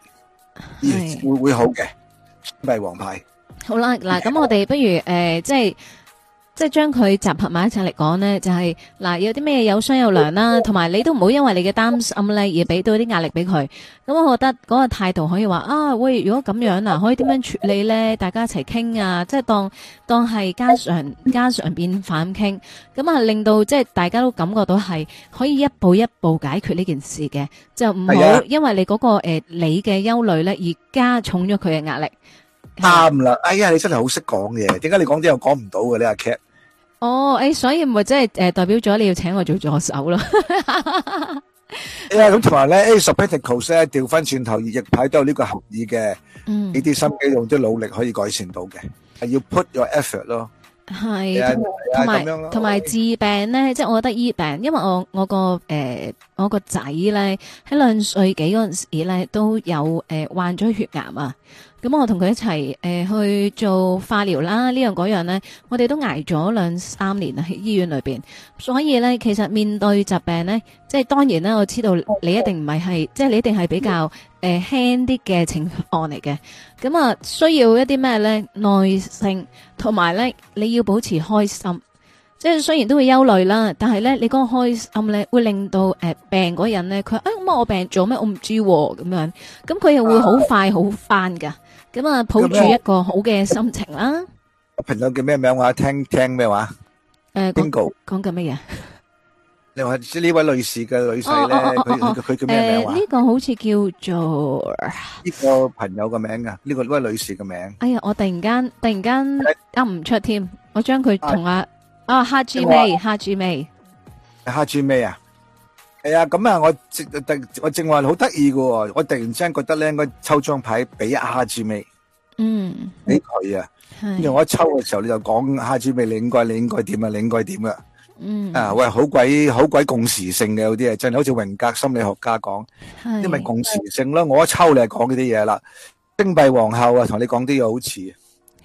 會會好嘅，係王牌。好啦，嗱，咁我哋不如誒、呃，即係。即係將佢集合埋一齊嚟講呢，就係、是、嗱，有啲咩有商有量啦、啊，同埋你都唔好因為你嘅擔心咧而俾到啲壓力俾佢。咁、嗯、我覺得嗰個態度可以話啊，喂，如果咁樣啊，可以點樣處理呢？大家一齊傾啊，即係當當係家常家常便飯傾。咁、嗯、啊，令到即係大家都感覺到係可以一步一步解決呢件事嘅，就唔好因為你嗰、那個誒、呃、你嘅憂慮呢而加重咗佢嘅壓力。啱、哎、啦，哎呀，你真係好識講嘢，點解你講啲又講唔到嘅？你阿、啊哦，誒，所以咪即係誒，代表咗你要請我做助手咯 、yeah, 有。咁同埋咧 expecting cause 咧，調翻轉頭而逆牌都有呢個含義嘅。嗯，呢啲心機用啲努力可以改善到嘅，係要 put your effort 咯。係，同埋同埋治病咧、哎，即係我覺得醫病，因為我我個誒、呃、我個仔咧喺兩歲幾嗰陣時咧都有誒、呃、患咗血癌啊。咁我同佢一齊誒、呃、去做化療啦，樣樣呢樣嗰樣咧，我哋都挨咗兩三年啦喺醫院裏邊。所以咧，其實面對疾病咧，即係當然啦，我知道你一定唔係係，即係你一定係比較誒輕啲嘅情況嚟嘅。咁、嗯、啊，需要一啲咩咧？耐性同埋咧，你要保持開心。即係雖然都會憂慮啦，但係咧，你嗰個開心咧，會令到誒、呃、病嗰人咧，佢誒咁我病咗咩？我唔知咁、啊、樣。咁佢又會好快好翻噶。咁啊，抱住一個好嘅心情啦！個朋友叫咩名？話聽聽咩話？誒，講講緊乜嘢？你話呢位女士嘅女婿咧，佢佢叫咩名啊？誒，呢個好似叫做呢個朋友嘅名啊，呢個呢位女士嘅名。哎呀，我突然間突然間噏唔出添，我將佢同阿阿哈志美，哈志美，哈志美啊！係、哎、啊，咁啊，我正得我正話好得意噶，我突然間覺得咧，應該抽張牌俾阿哈志美，嗯，俾佢啊。咁我一抽嘅時候，你就講哈志美，你應該你應該點啊，你應該點啊。嗯，啊喂，好鬼好鬼共時性嘅有啲啊，真係好似榮格心理學家講，因為共時性咯。我一抽你係講呢啲嘢啦，星幣皇后啊，同你講啲嘢好似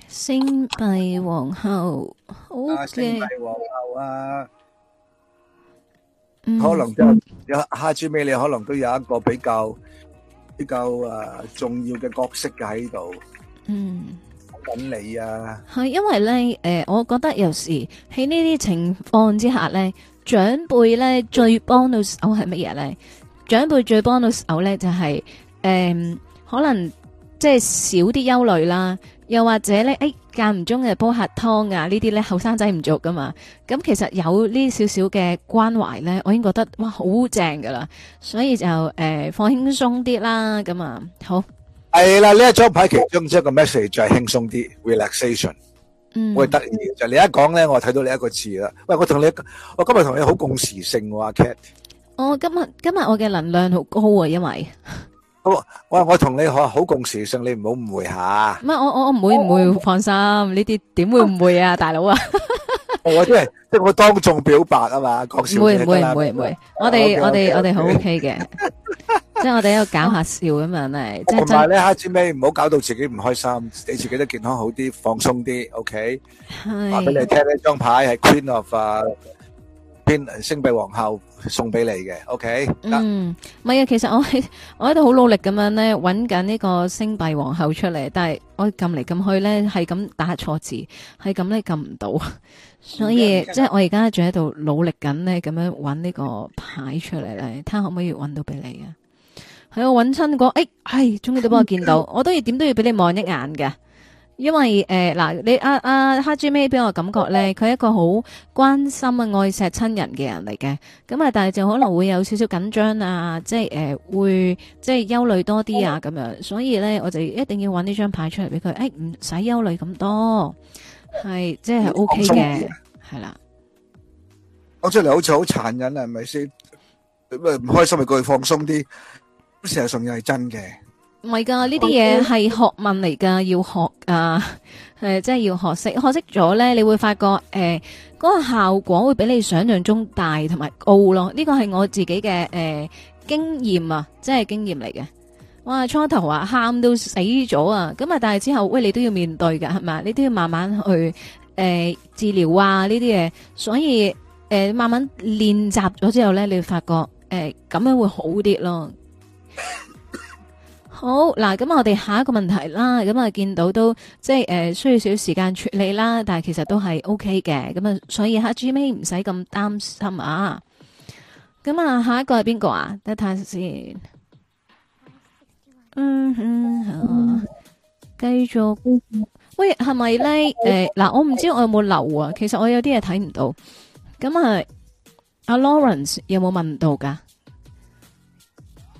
星幣皇后，好嘅、啊，星幣皇后啊。可能就有、嗯嗯、下次尾，你可能都有一個比較比較誒、啊、重要嘅角色嘅喺度。嗯，等你啊。係因為咧，誒、呃，我覺得有時喺呢啲情況之下咧，長輩咧最幫到手係乜嘢咧？長輩最幫到手咧就係、是、誒、呃，可能即係少啲憂慮啦，又或者咧，誒、哎。間唔中嘅煲下湯啊，呢啲咧後生仔唔做噶嘛，咁其實有呢少少嘅關懷咧，我已經覺得哇好正噶啦，所以就誒放輕鬆啲啦，咁啊好。係啦，呢一張牌其中之一個 message，再輕鬆啲，relaxation。嗯，我係得意就你一講咧，我睇到你一個字啦。喂，我同你，我今日同你好共時性喎，阿 Cat。哦，今日今日我嘅能量好高啊，因為。咁我我同你好好共時性，你唔好誤會下。唔係我我我唔會唔、oh, 會放心呢啲點會唔會啊 大佬哥啊！ 我即係即係我當眾表白嘛的啊嘛講笑會、啊、會會會，我哋、okay, 我哋、okay, okay、我哋好 OK 嘅， 即係我哋喺度搞下笑咁樣同埋咧，次尾唔好搞到自己唔開心，你自己都健康好啲，放鬆啲。OK，話俾你聽呢張牌係 Queen of 偏、uh, 星幣皇后。送俾你嘅，OK。嗯，唔係啊，其實我我喺度好努力咁樣咧，揾緊呢個星幣皇后出嚟，但係我撳嚟撳去咧，係咁打錯字，係咁咧撳唔到，所以即係我而家仲喺度努力緊咧，咁樣揾呢個牌出嚟，睇下可唔可以揾到俾你嘅係、哎、我揾親、那個，哎，係、哎、終於都幫我見到， 我都要點都要俾你望一眼嘅。因為誒嗱、呃，你阿阿黑豬尾俾我感覺咧，佢係一個好關心啊、愛錫親人嘅人嚟嘅。咁啊，但係就可能會有少少緊張啊，即係誒、呃、會即係憂慮多啲啊咁樣。所以咧，我就一定要搵呢張牌出嚟俾佢。誒、哎，唔使憂慮咁多，係即係 O K 嘅，係啦。講出嚟好似好殘忍啊，係咪先？唔開心咪過去放鬆啲，成日仲要係真嘅。唔係噶，呢啲嘢係學問嚟噶，要學啊，即係要學識，學識咗呢，你會發覺誒，嗰個效果會比你想象中大同埋高咯。呢個係我自己嘅，誒經驗啊，即係經驗嚟嘅。哇，初頭啊，喊到死咗啊，咁啊，但係之後喂，你都要面對噶，係嘛？你都要慢慢去誒治療啊，呢啲嘢。所以誒，慢慢練習咗之後呢，你會發覺誒，咁樣會好啲咯。 好嗱，咁我哋下一個問題啦，咁啊，見到都即係誒、呃，需要少少時間處理啦，但係其實都係 O K 嘅，咁啊，所以吓最尾唔使咁擔心啊。咁啊，下一個係邊個啊？等睇下先。 嗯哼，繼、啊、續。喂，係咪咧？誒，嗱、 呃，我唔知我有冇留啊。其實我有啲嘢睇唔到。咁啊，阿 Lawrence 有冇問到噶？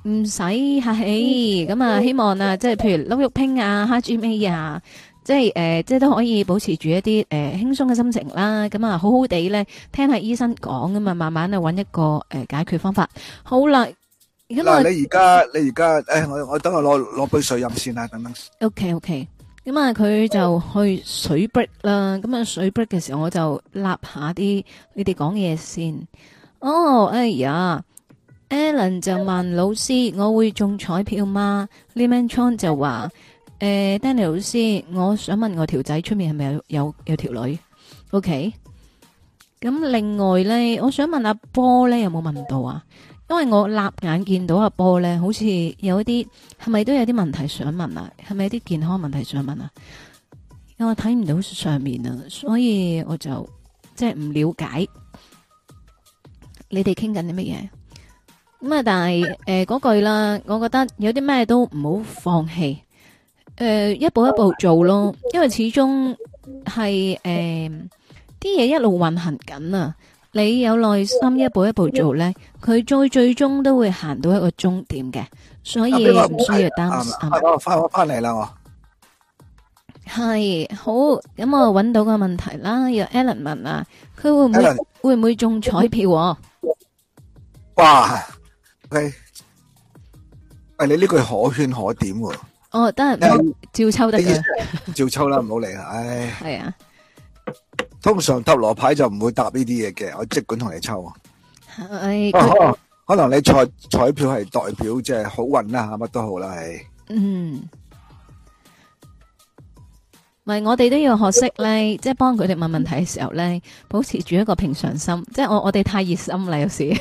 唔使客氣，咁、嗯、啊、嗯嗯嗯嗯、希望啊，啊，啊，即係譬如溜玉拼啊、哈 G A 啊，即係誒，即係都可以保持住一啲誒輕鬆嘅心情啦。咁啊，好好地咧聽下醫生講啊嘛，慢慢啊搵一個誒、呃、解決方法。好啦，咁啊，你而家、嗯、你而家誒，我我等我攞攞杯水飲先啦，等等。O K O K，咁啊佢就去水 break 啦。咁、嗯、啊水 break 嘅時候，我就立下啲你哋講嘢先。哦，哎呀。Alan 就問老師：我會中彩票嗎？Lee Man Chun 就話：誒，呃，Danny 老師，我想問我條仔出面係咪有有有條女？OK。咁另外咧，我想問阿波咧有冇問到啊？因為我立眼見到阿波咧，好似有一啲，係咪都有啲問題想問啊？係咪有啲健康問題想問啊？因為我睇唔到上面啊，所以我就即係唔了解 你哋傾緊啲乜嘢。咁啊！但係誒嗰句啦，我覺得有啲咩都唔好放棄，誒、呃、一步一步做咯，因為始終係誒啲嘢一路運行緊啊！你有耐心一步一步做咧，佢最最終都會行到一個終點嘅，所以唔需要擔心。回回我翻返翻嚟啦，我係好咁我揾到個問題啦，有 Alan 問啊，佢會唔會會唔會中彩票啊？哇！喂，okay. 哎，你呢句可圈可點喎。哦，得、哎，照抽得嘅，照抽啦，唔好理啦，唉、哎。係啊，通常塔羅牌就唔會答呢啲嘢嘅，我即管同你抽、哎、啊。可能你彩彩票係代表即係、就是、好運啦，乜都好啦，係。嗯，唔係我哋都要學識咧，即係幫佢哋問問題嘅時候咧，保持住一個平常心，即、就、係、是、我我哋太熱心啦有時。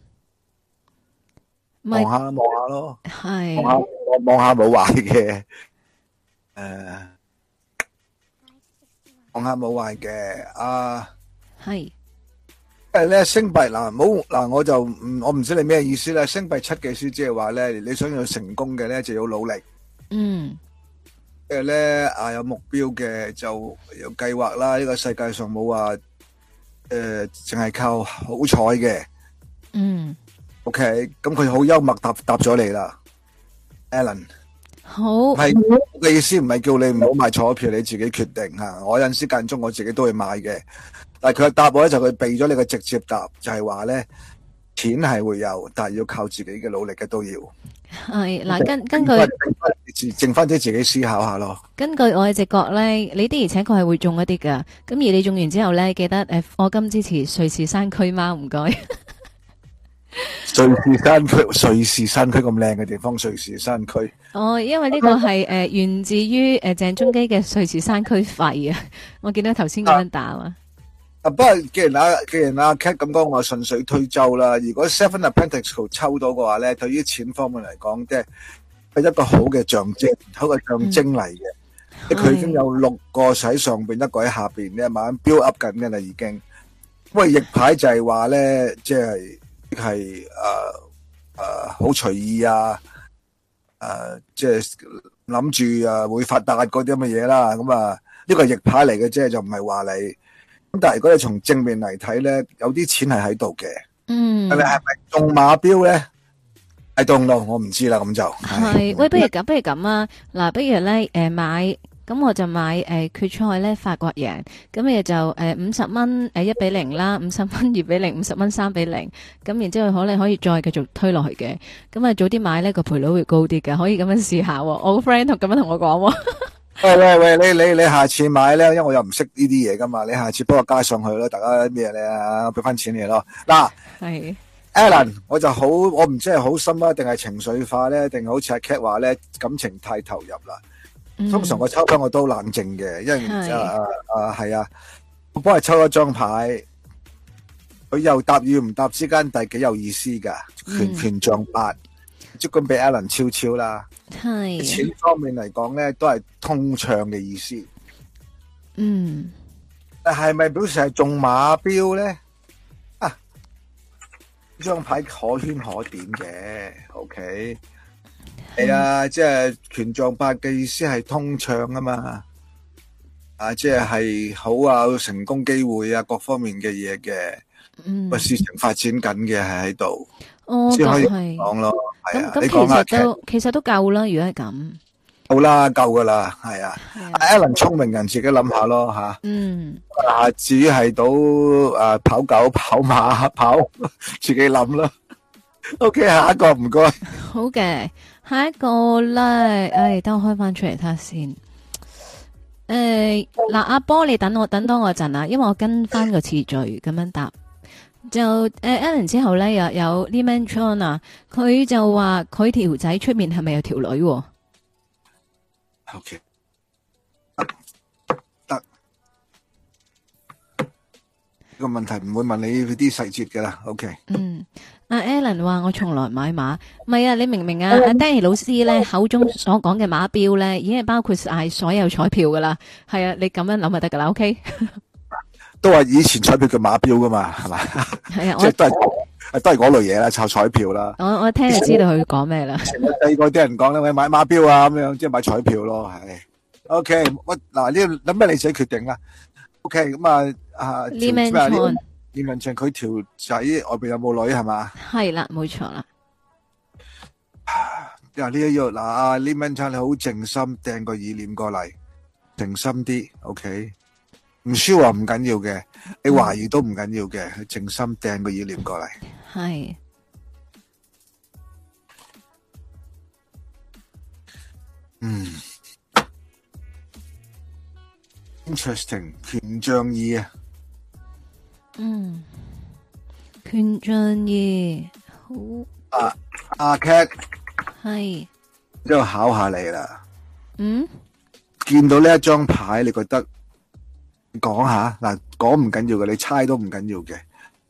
望下啦，望下咯，望下，望望下冇壞嘅，誒，望下冇壞嘅，阿係，誒咧，星幣嗱，唔好嗱，我就唔，我唔知你咩意思啦。星幣七嘅書即係話咧，你想要成功嘅咧，就要努力，嗯，誒咧，啊有目標嘅就有計劃啦。呢個世界上冇話，誒，淨係靠好彩嘅，嗯。OK，咁佢好幽默答答咗你啦，Alan。好，係你嘅意思唔係叫你唔好買彩票，你自己決定啊！我有陣時間中，我自己都會買嘅。但係佢嘅答案咧就佢、是、避咗你嘅直接答，就係話咧錢係會有，但係要靠自己嘅努力嘅都要。係嗱，根根據剩翻啲自己思考下咯。根據我嘅直覺咧，你的而且確係會中一啲㗎。咁而你中完之後咧，記得誒，課金支持瑞士山區貓，唔該。瑞士山區，瑞士山區咁靚嘅地方，瑞士山區。哦，因為呢個係誒、啊、源自於誒鄭中基嘅瑞士山區肺看啊。我見到頭先咁樣打啊。不過既然阿、啊、既然阿 Cat 咁講，我順水推舟啦。如果 Seven of Pentacles 抽到嘅話咧，對於錢方面嚟講，即、就、係、是、一個好嘅象徵、嗯，好嘅象徵嚟嘅。即、啊、佢已經有六個喺上邊，一個喺下邊，慢慢 build up 緊嘅啦，已經。因為逆牌就係話咧，即、就、係、是。係誒誒，好隨意啊！誒，即係諗住誒會發達嗰啲咁嘅嘢啦。咁啊，呢個係逆牌嚟嘅啫，就唔係話你。咁但係如果你從正面嚟睇咧，有啲錢係喺度嘅。嗯。係咪係咪動馬標咧？係動唔動？我唔知啦。咁就係喂，不如咁，不如咁啊！嗱，不如咧，誒買。咁我就買誒、呃、決賽咧，法國贏，咁、呃呃、你就誒五十蚊誒一比零啦，五十蚊二比零，五十蚊三比零，咁然之後你可以再繼續推落去嘅，咁啊早啲買呢個賠率會高啲嘅，可以咁樣試下、哦。我個 friend 同咁樣同我講、哦，喂喂喂，你你你下次買咧，因為我又唔識呢啲嘢噶嘛，你下次幫我加上去咯，大家咩嘢俾翻錢你咯。嗱，係 Alan、嗯、我就好，我唔知係好深啊，定係情緒化咧，定係好似阿 Cat 話咧，感情太投入啦。通常我抽牌我都冷靜嘅，因為啊啊係啊，我幫佢抽咗張牌，佢又答與唔答之間，但係有意思噶？權權象八，即管俾 Alan 超超啦。係錢方面嚟講咧，都係通暢嘅意思。嗯，係咪表示係中馬標咧？啊，呢張牌可圈可點嘅，OK。係啊，即係權杖八嘅意思係通暢啊嘛，啊即係係好啊，成功機會啊，各方面嘅嘢嘅，嗯，個事情發展緊嘅係喺度，哦，可以講咯，係啊，你講下劇，其實都夠啦，如果係咁，好啦，夠噶啦，係啊，阿 Alan 聰明人自己諗下咯吓，嗯，啊至於係到啊跑狗跑馬跑，自己諗咯，OK，下一個唔該，好嘅。下一個咧，誒、哎，等我開翻出嚟睇下先。誒、哎，嗱，阿波你等我等多我陣啊，因為我跟翻個次序咁樣答。就誒，Alan、啊、之後咧有有 Lemon Chua 嗱，佢就話佢條仔出面係咪有條女？OK，得，呢、啊這個問題唔會問你佢啲細節噶啦。OK，嗯。阿 Allen 話：我從來買馬，唔係啊！你明唔明啊 Danny 老師咧、uh, 口中所講嘅馬標咧，已經係包括晒所有彩票噶啦，係啊！你咁樣諗就得噶啦。O K，都話以前彩票叫馬標噶嘛，係嘛？係 啊，即係 都係都係嗰類嘢啦，炒彩票啦。我我聽就知道佢講咩啦。 第二個啲人講咧，我買馬標啊，咁樣即係買彩票咯。係 O K，我嗱，你諗咩你自己決定啊？O K，咁啊啊，啊。李文祥佢條仔外邊有冇女係嘛？係啦，冇錯啦。你話呢一樣嗱，李文祥你好靜心，掟個意念過嚟，靜心啲。OK，唔說話唔緊要嘅，你懷疑都唔緊要嘅，靜心掟個意念過嚟。係。嗯。Interesting，權杖二啊。嗯，權杖二好。啊啊，K 係，之後考下你啦。嗯，見到呢一張牌，你覺得講下嗱，講唔緊要嘅，你猜都唔緊要嘅，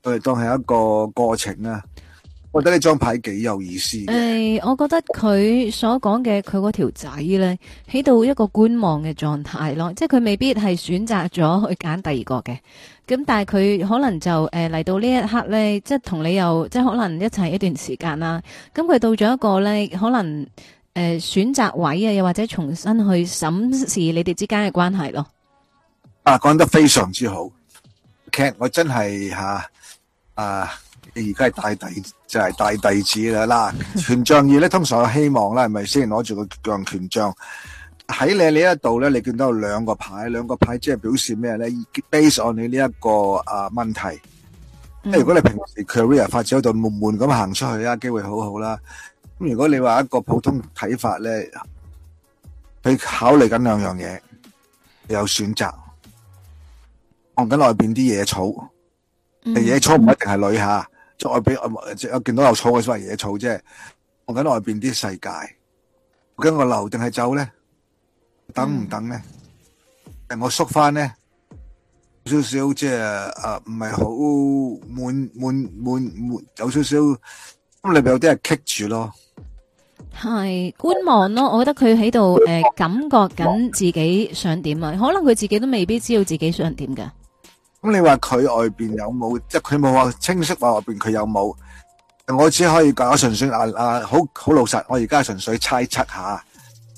我哋當係一個過程啊。我覺得呢張牌幾有意思。誒、哎，我覺得佢所講嘅佢嗰條仔呢，起到一個觀望嘅狀態咯，即係佢未必係選擇咗去揀第二個嘅。咁但係佢可能就誒嚟、呃、到呢一刻呢，即係同你又即係可能一齊一段時間啦。咁佢到咗一個呢，可能誒、呃、選擇位啊，又或者重新去審視你哋之間嘅關係咯。啊，講得非常之好，Okay，我真係吓啊！啊你而家係大弟就係大弟子啦。嗱，權杖二咧，通常有希望啦，係咪先權杖？攞住個權杖喺你呢一度咧，你見到有兩個牌，兩個牌即係表示咩咧？Based on 你呢、這、一個啊問題，即、嗯、如果你平時 career 發展喺度，悶悶咁行出去啦，機會好好啦。咁如果你話一個普通睇法咧，你考慮緊兩樣嘢，有選擇，望緊外邊啲野草，啲、嗯、野草唔一定係女下外邊，我見到有草嘅，所謂野草啫。望緊外邊啲世界，究竟我留定係走咧？等唔等咧？係、嗯、我縮翻咧，有少少即係誒，唔係好滿滿滿滿，有少少咁，裏面有啲人棘住咯。係觀望咯，我覺得佢喺度誒，感覺緊自己想點啊？可能佢自己都未必知道自己想點噶。咁、嗯、你話佢外邊有冇？即係佢冇話清晰話外邊佢有冇？我只可以講，我純粹啊啊，好、啊、好老實。我而家純粹猜測一下，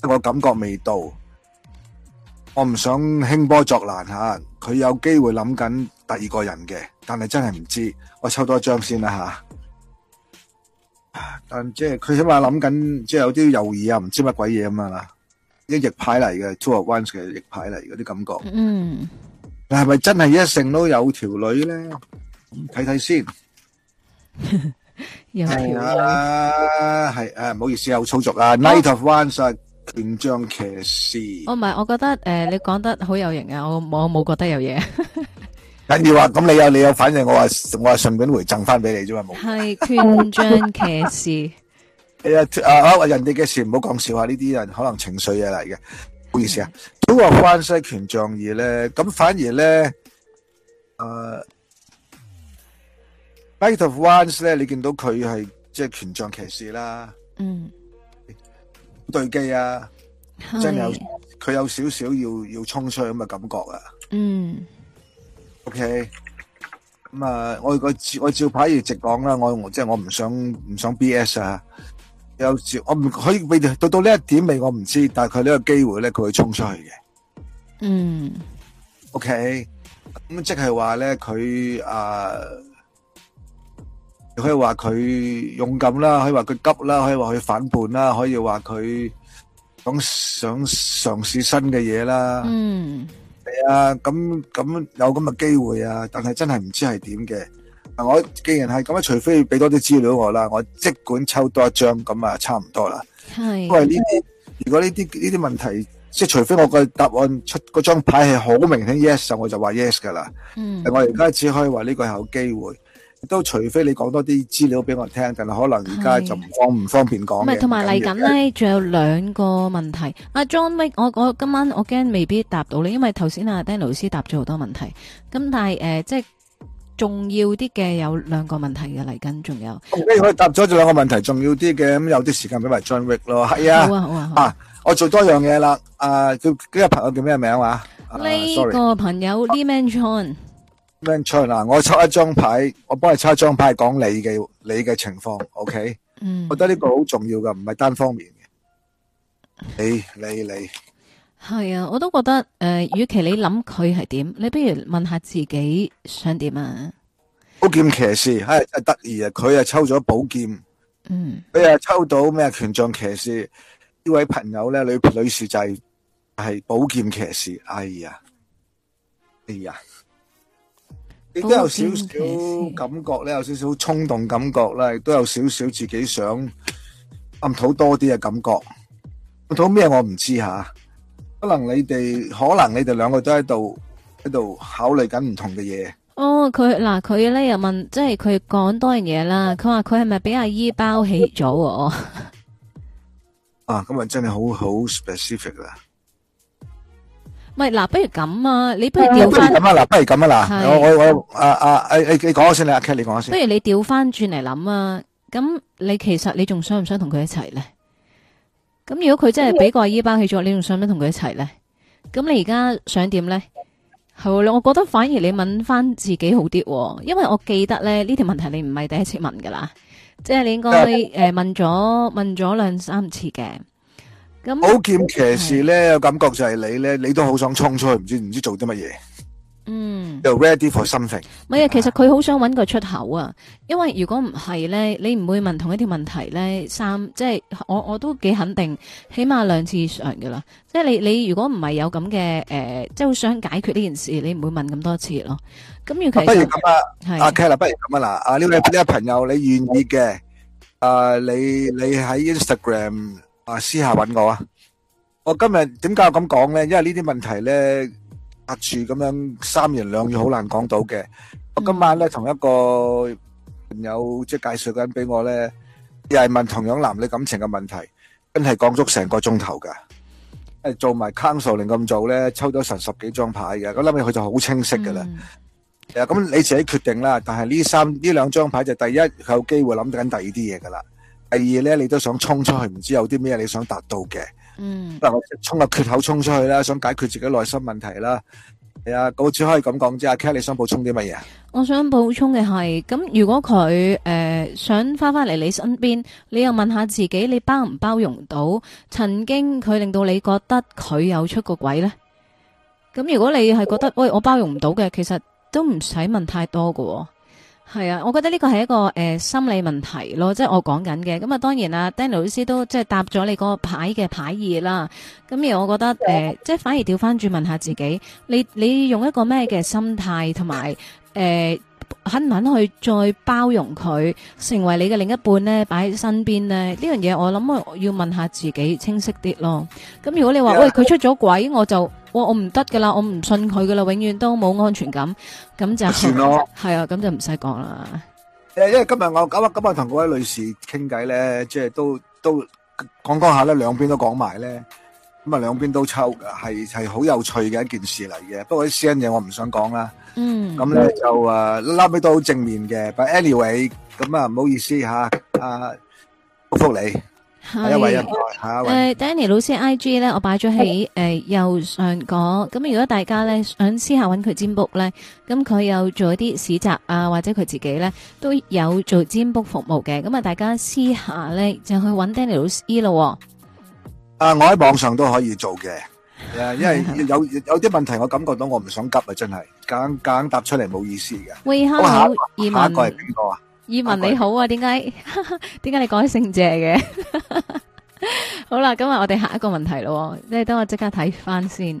我感覺未到。我唔想興波作浪吓，佢有機會諗緊第二個人嘅，但係真係唔知。我抽多張先啦吓。但即係佢起碼諗緊，即係有啲猶豫啊，唔知乜鬼嘢咁樣啦一逆牌嚟嘅 Two of Wands 嘅逆牌嚟，嗰啲感覺。嗯。係咪真係一成都有條女咧？咁睇睇先。又係啊，係誒，唔好意思，有操作啊。Knight of Wands，權杖騎士。哦，唔係，我覺得誒，你講得好有型啊，我我冇覺得有嘢。人哋話咁，你有你有，反應我話我話，順便回贈翻俾你啫嘛。冇。係權杖騎士。誒呀，啊啊！人哋嘅事唔好講笑啊，呢啲人可能情緒嘢嚟嘅。唔好意思啊，嗯、如果話彎西權杖二咧，咁反而咧，誒 Knight of Wands 咧，你見到佢係即係權杖騎士啦，嗯，對機啊，真係有佢有少少要要衝出咁嘅感覺啊，嗯，ok，咁啊、嗯，我我我照牌而直講啦，我、就是、我即係我唔想唔想 BS 啊。有時我唔可以未到到呢一點未，我唔知。但係佢呢個機會咧，佢會衝出去嘅。嗯。OK，咁即係話咧，佢啊，可以話佢勇敢啦，可以話佢急啦，可以話佢反叛啦，可以話佢想想嘗試新嘅嘢啦。嗯。係啊，咁咁有咁嘅機會啊，但係真係唔知係點嘅。我既然係咁啊，除非俾多啲資料我啦，我即管抽多一張咁啊，就差唔多啦。係，因為呢啲如果呢啲呢啲問題，即係除非我個答案出嗰張牌係好明顯 yes，就我就話 yes 噶啦。嗯，但我而家只可以話呢個係有機會，都除非你講多啲資料俾我聽，但係可能而家就唔方唔方便講唔係，同埋嚟緊咧，仲有兩個問題。阿 John，喂，我我今晚我驚未必答到你，因為頭先阿 Danny 老師答咗好多問題，咁但係誒、呃、即係。重要啲嘅有兩個問題嘅嚟緊，仲有，如、okay, 嗯、我答咗就兩個問題，重要啲嘅，咁有啲時間俾埋 John Yuk 咯，係啊，好啊好啊，好啊，啊，我做多樣嘢啦，啊，叫今日朋友叫咩名話？呢、啊這個朋友、啊，Lee Man Chun，Man Chun 嗱，Manchon, 我抽一張牌，我幫你抽一張牌講你嘅，你嘅情況，OK，嗯，我覺得呢個好重要㗎，唔係單方面嘅，你你你。你係啊，我都覺得誒，與、呃、其你諗佢係點，你不如問下自己想點啊。寶劍騎士，係得意啊！佢啊抽咗寶劍，嗯，佢啊抽到咩？權杖騎士呢位朋友咧女女士就係係寶劍騎士，哎呀，哎呀，亦都有少少感覺咧，有少少衝動感覺啦，亦都有少少自己想暗討多啲嘅感覺。暗討咩我唔知吓、啊。可能你哋，可能你哋兩個都喺度喺度考慮緊唔同嘅嘢。哦，佢嗱佢咧又問，即係佢講多樣嘢啦。佢話佢係咪俾阿姨包起咗喎？哦，啊，咁啊真係好好 specific 啦。唔係嗱，不如咁啊，你不如調翻。咁啊嗱、啊，不如咁啊嗱、啊啊，我我阿阿誒誒，你講下先啦，阿、啊、K 你講下先。不如你調翻轉嚟諗啊，咁你其實你仲想唔想同佢一齊咧？咁如果佢真係俾個阿姨包起咗，你仲想唔想同佢一齊咧？咁你而家想點咧？好喎，我覺得反而你問翻自己好啲，因為我記得咧，呢條問題你唔係第一次問噶啦，即係你應該誒問咗、uh, 問咗兩三次嘅。咁，劍騎士咧，我感覺就係你咧，你都好想沖出去，唔知唔知做啲乜嘢。嗯，就 ready for something，唔係啊，其實佢好想揾個出口啊。因為如果唔係咧，你唔會問同一啲問題咧。三，即係我我都幾肯定，起碼兩次以上噶啦。即係你你如果唔係有咁嘅誒，即係好想解決呢件事，你唔會問咁多次咯。咁與其不如咁啊，阿 Kelly，啊、不如咁啊嗱，啊呢呢位朋友，你願意嘅，誒、啊，你你喺 Instagram 啊私下揾我啊。我今日點解我咁講咧？因為呢啲問題咧。隔住咁樣三言兩語好難講到嘅。我、okay. 今晚咧同一個朋友即係介紹緊俾我咧，又係問同樣男女感情嘅問題，真係講足成個鐘頭噶。誒，做埋 counseling 咁做咧，抽咗成十幾張牌嘅，咁諗起佢就好清晰噶啦。誒、mm. 嗯，咁你自己決定啦。但係呢三呢兩張牌就第一，佢有機會諗緊第二啲嘢噶啦。第二咧，你都想衝出去，唔知有啲咩你想達到嘅。嗯，不如我衝個缺口衝出去啦，想解決自己內心問題啦。係啊，我只可以咁講啫。阿 K 你想補充啲乜嘢啊？我想補充嘅係，咁如果佢誒、呃、想翻翻嚟你身邊，你又問下自己，你包唔包容到曾經佢令到你覺得佢有出過軌呢？」咁如果你係覺得喂我包容唔到嘅，其實都唔使問太多噶、哦。係啊，我覺得呢個係一個誒、呃、心理問題咯，即係我講緊嘅。咁啊，當然啊，Danny 老師都即係答咗你個牌嘅牌意啦。咁而我覺得誒、呃，即係反而調翻轉問下自己，你你用一個咩嘅心態同埋誒，肯唔肯去再包容佢，成為你嘅另一半咧，擺喺身邊咧？呢樣嘢我諗我要問下自己清晰啲咯。咁如果你話喂佢出咗軌，我就……」我我唔得噶啦，我唔信佢噶啦，永遠都冇安全感，咁就係啊，咁就唔使講啦。誒，因為今日我今日今日同嗰位女士傾偈咧，即係都都講講下咧，兩邊都講埋咧，咁啊兩邊都抽，係係好有趣嘅一件事嚟嘅。不過啲私隱嘢我唔想講啦。嗯。咁咧就誒，拉尾都好正面嘅。但係 anyway，咁啊唔好意思吓，啊，祝福你。下一位下一位吓，誒，Danny 老師 IG 咧，我擺咗喺誒右上角。咁如果大家咧想私下揾佢占卜咧，咁佢有做一啲市集啊，或者佢自己咧都有做占卜服務嘅。咁啊，大家私下咧就去揾 Danny 老師咯。啊，我喺網上都可以做嘅，因為有有啲問題我感覺到我唔想急啊，真係簡簡答出嚟冇意思嘅。喂，Hello，二位。下一個係邊個啊？以文你好啊，點解點解你改姓謝嘅？ 好啦，今日我哋下一個問題咯，哦，即係等我即刻睇返先。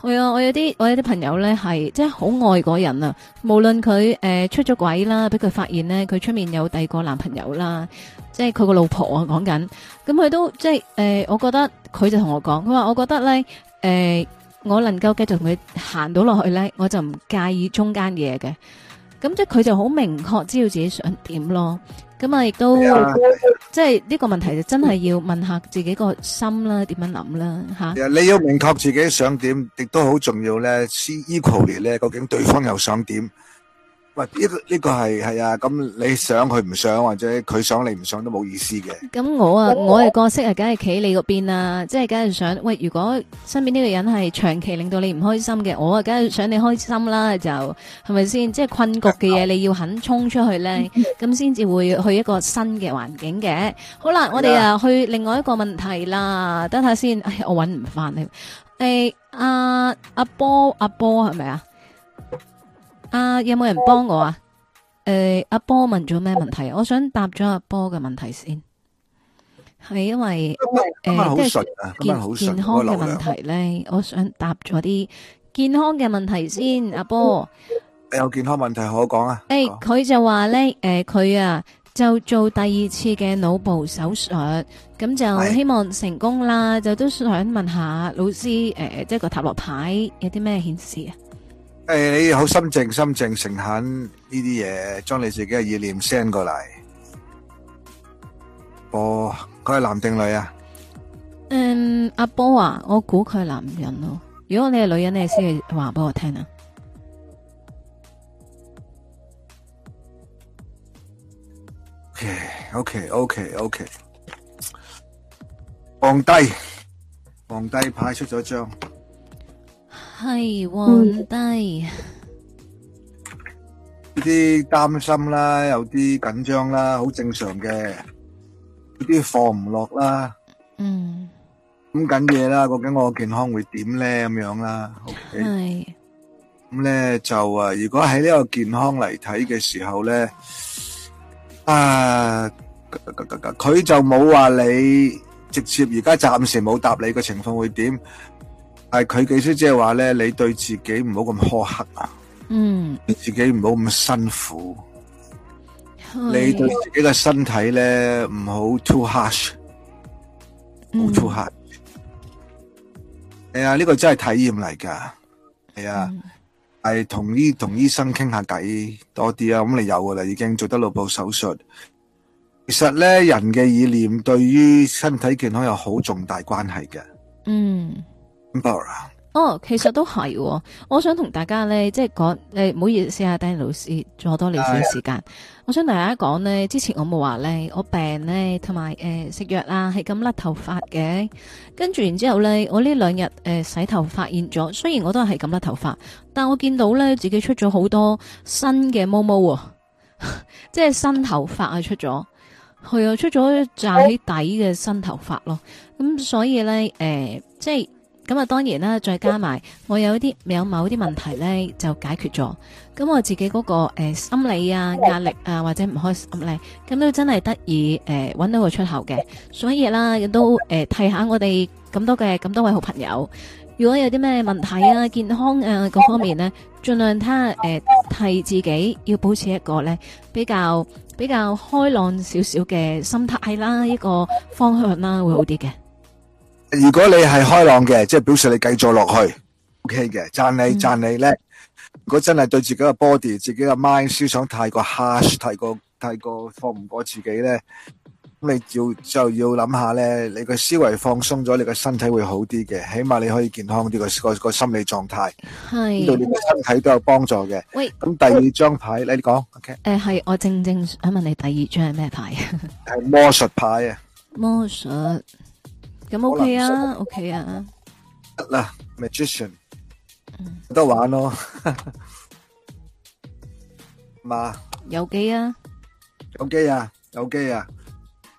係啊，我有啲我有啲朋友咧，係即係好愛嗰人啊，無論佢誒出咗軌啦，俾佢發現咧，佢出面有第二個男朋友啦，即係佢個老婆啊講緊，咁佢都即係誒、呃，我覺得佢就同我講，佢話我覺得咧誒、呃，我能夠繼續同佢行到落去咧，我就唔介意中間嘢嘅。咁即係佢就好明確知道自己想點咯，咁啊亦都 yeah, yeah. 即係呢個問題就真係要問下自己個心啦，點樣諗啦吓？Yeah, 你要明確自己想點，亦都好重要咧。C equally 咧，究竟對方又想點？喂，呢個呢個係係啊，咁你想佢唔想，或者佢想你唔想都冇意思嘅。咁我啊，我嘅角色係梗係企你嗰邊啦，即係梗係想。喂，如果身邊呢個人係長期令到你唔開心嘅，我啊梗係想你開心啦，就係咪先？即係困局嘅嘢，你要肯衝出去咧，咁先至會去一個新嘅環境嘅。好啦，我哋啊去另外一個問題啦，等下先，我搵唔翻你，誒阿阿波阿波係咪啊？啊！有冇人幫我啊？誒，阿波問咗咩問題？我想答咗阿波嘅問題先。係因為誒，健健康嘅問題咧，我想答咗啲健康嘅問題先。阿波你有健康問題可講啊？誒，佢就話咧，誒，佢啊就做第二次嘅腦部手術，咁就希望成功啦。就都想問下老師，誒，即係個塔羅牌有啲咩顯示啊？誒、哎，你好，心靜、心靜、誠懇呢啲嘢，將你自己嘅意念 send 過嚟。哦，佢係男定女啊？嗯、um，阿波啊，我估佢係男人咯。如果你係女人，你先至話俾我聽啊。Okay，okay，okay，okay okay, okay, okay。皇帝、皇帝派出咗張。係皇帝，呢啲擔心啦，有啲緊張啦，好正常嘅，有啲放唔落啦，嗯，諗緊嘢啦，究竟我健康會點咧咁樣啦，OK，係，咁咧就啊，如果喺呢個健康嚟睇嘅時候咧，啊，佢就冇話你直接而家暫時冇答你嘅情況會點。但係佢解釋，即係話咧，你對自己唔好咁苛刻啊，嗯，你自己唔好咁辛苦，你對自己嘅身體咧唔好 too harsh，唔 too harsh。係啊，呢個真係體驗嚟噶。係啊，係同醫同醫生傾下偈多啲啊。咁你有噶啦，已經做得腦部手術。其實咧，人嘅意念對於身體健康有好重大關係嘅。嗯。哦，其實都係、哦，我想同大家咧，即係講誒，唔、欸、好意思啊，Danny 老師，坐多你少時間、啊。我想同大家講呢，之前我冇話咧，我病咧，同埋誒食藥啊，係咁甩頭髮嘅。跟住然之後咧，我呢兩日誒洗頭髮，發現咗，雖然我都係咁甩頭髮，但我見到咧自己出咗好多新嘅毛毛喎、哦 啊啊嗯呃，即係新頭髮啊出咗，係啊出咗扎起底嘅新頭髮咯。咁所以咧，誒即係。咁啊，當然啦，再加埋我有啲有某啲問題呢，就解決咗。咁我自己嗰、那個誒、呃、心理啊、壓力啊或者唔開心呢，咁都真係得以誒揾到個出口嘅。所以啦，亦都誒提、呃、下我哋咁多嘅咁多位好朋友，如果有啲咩問題啊、健康啊各方面呢，盡量睇誒替自己要保持一個呢比較比較開朗少少嘅心態啦，一個方向啦會好啲嘅。如果你係開朗嘅，即係表示你繼續落去，OK 嘅，讚你，嗯，讚你叻。如果真係對自己個 body、自己個 mind 思想太過 harsh，太過太過放唔過自己咧，咁你要就要諗下咧，你個思維放鬆咗，你個身體會好啲嘅，起碼你可以健康啲個個心理狀態，對你個身體都有幫助嘅。喂，咁第二張牌你講，OK。誒，係，呃，我正正想問你，第二張係咩牌啊？係魔術牌啊。魔術。咁 OK 啊，OK 啊，得啦，Magician，得玩咯，係嘛？有機啊，有機啊，有機啊！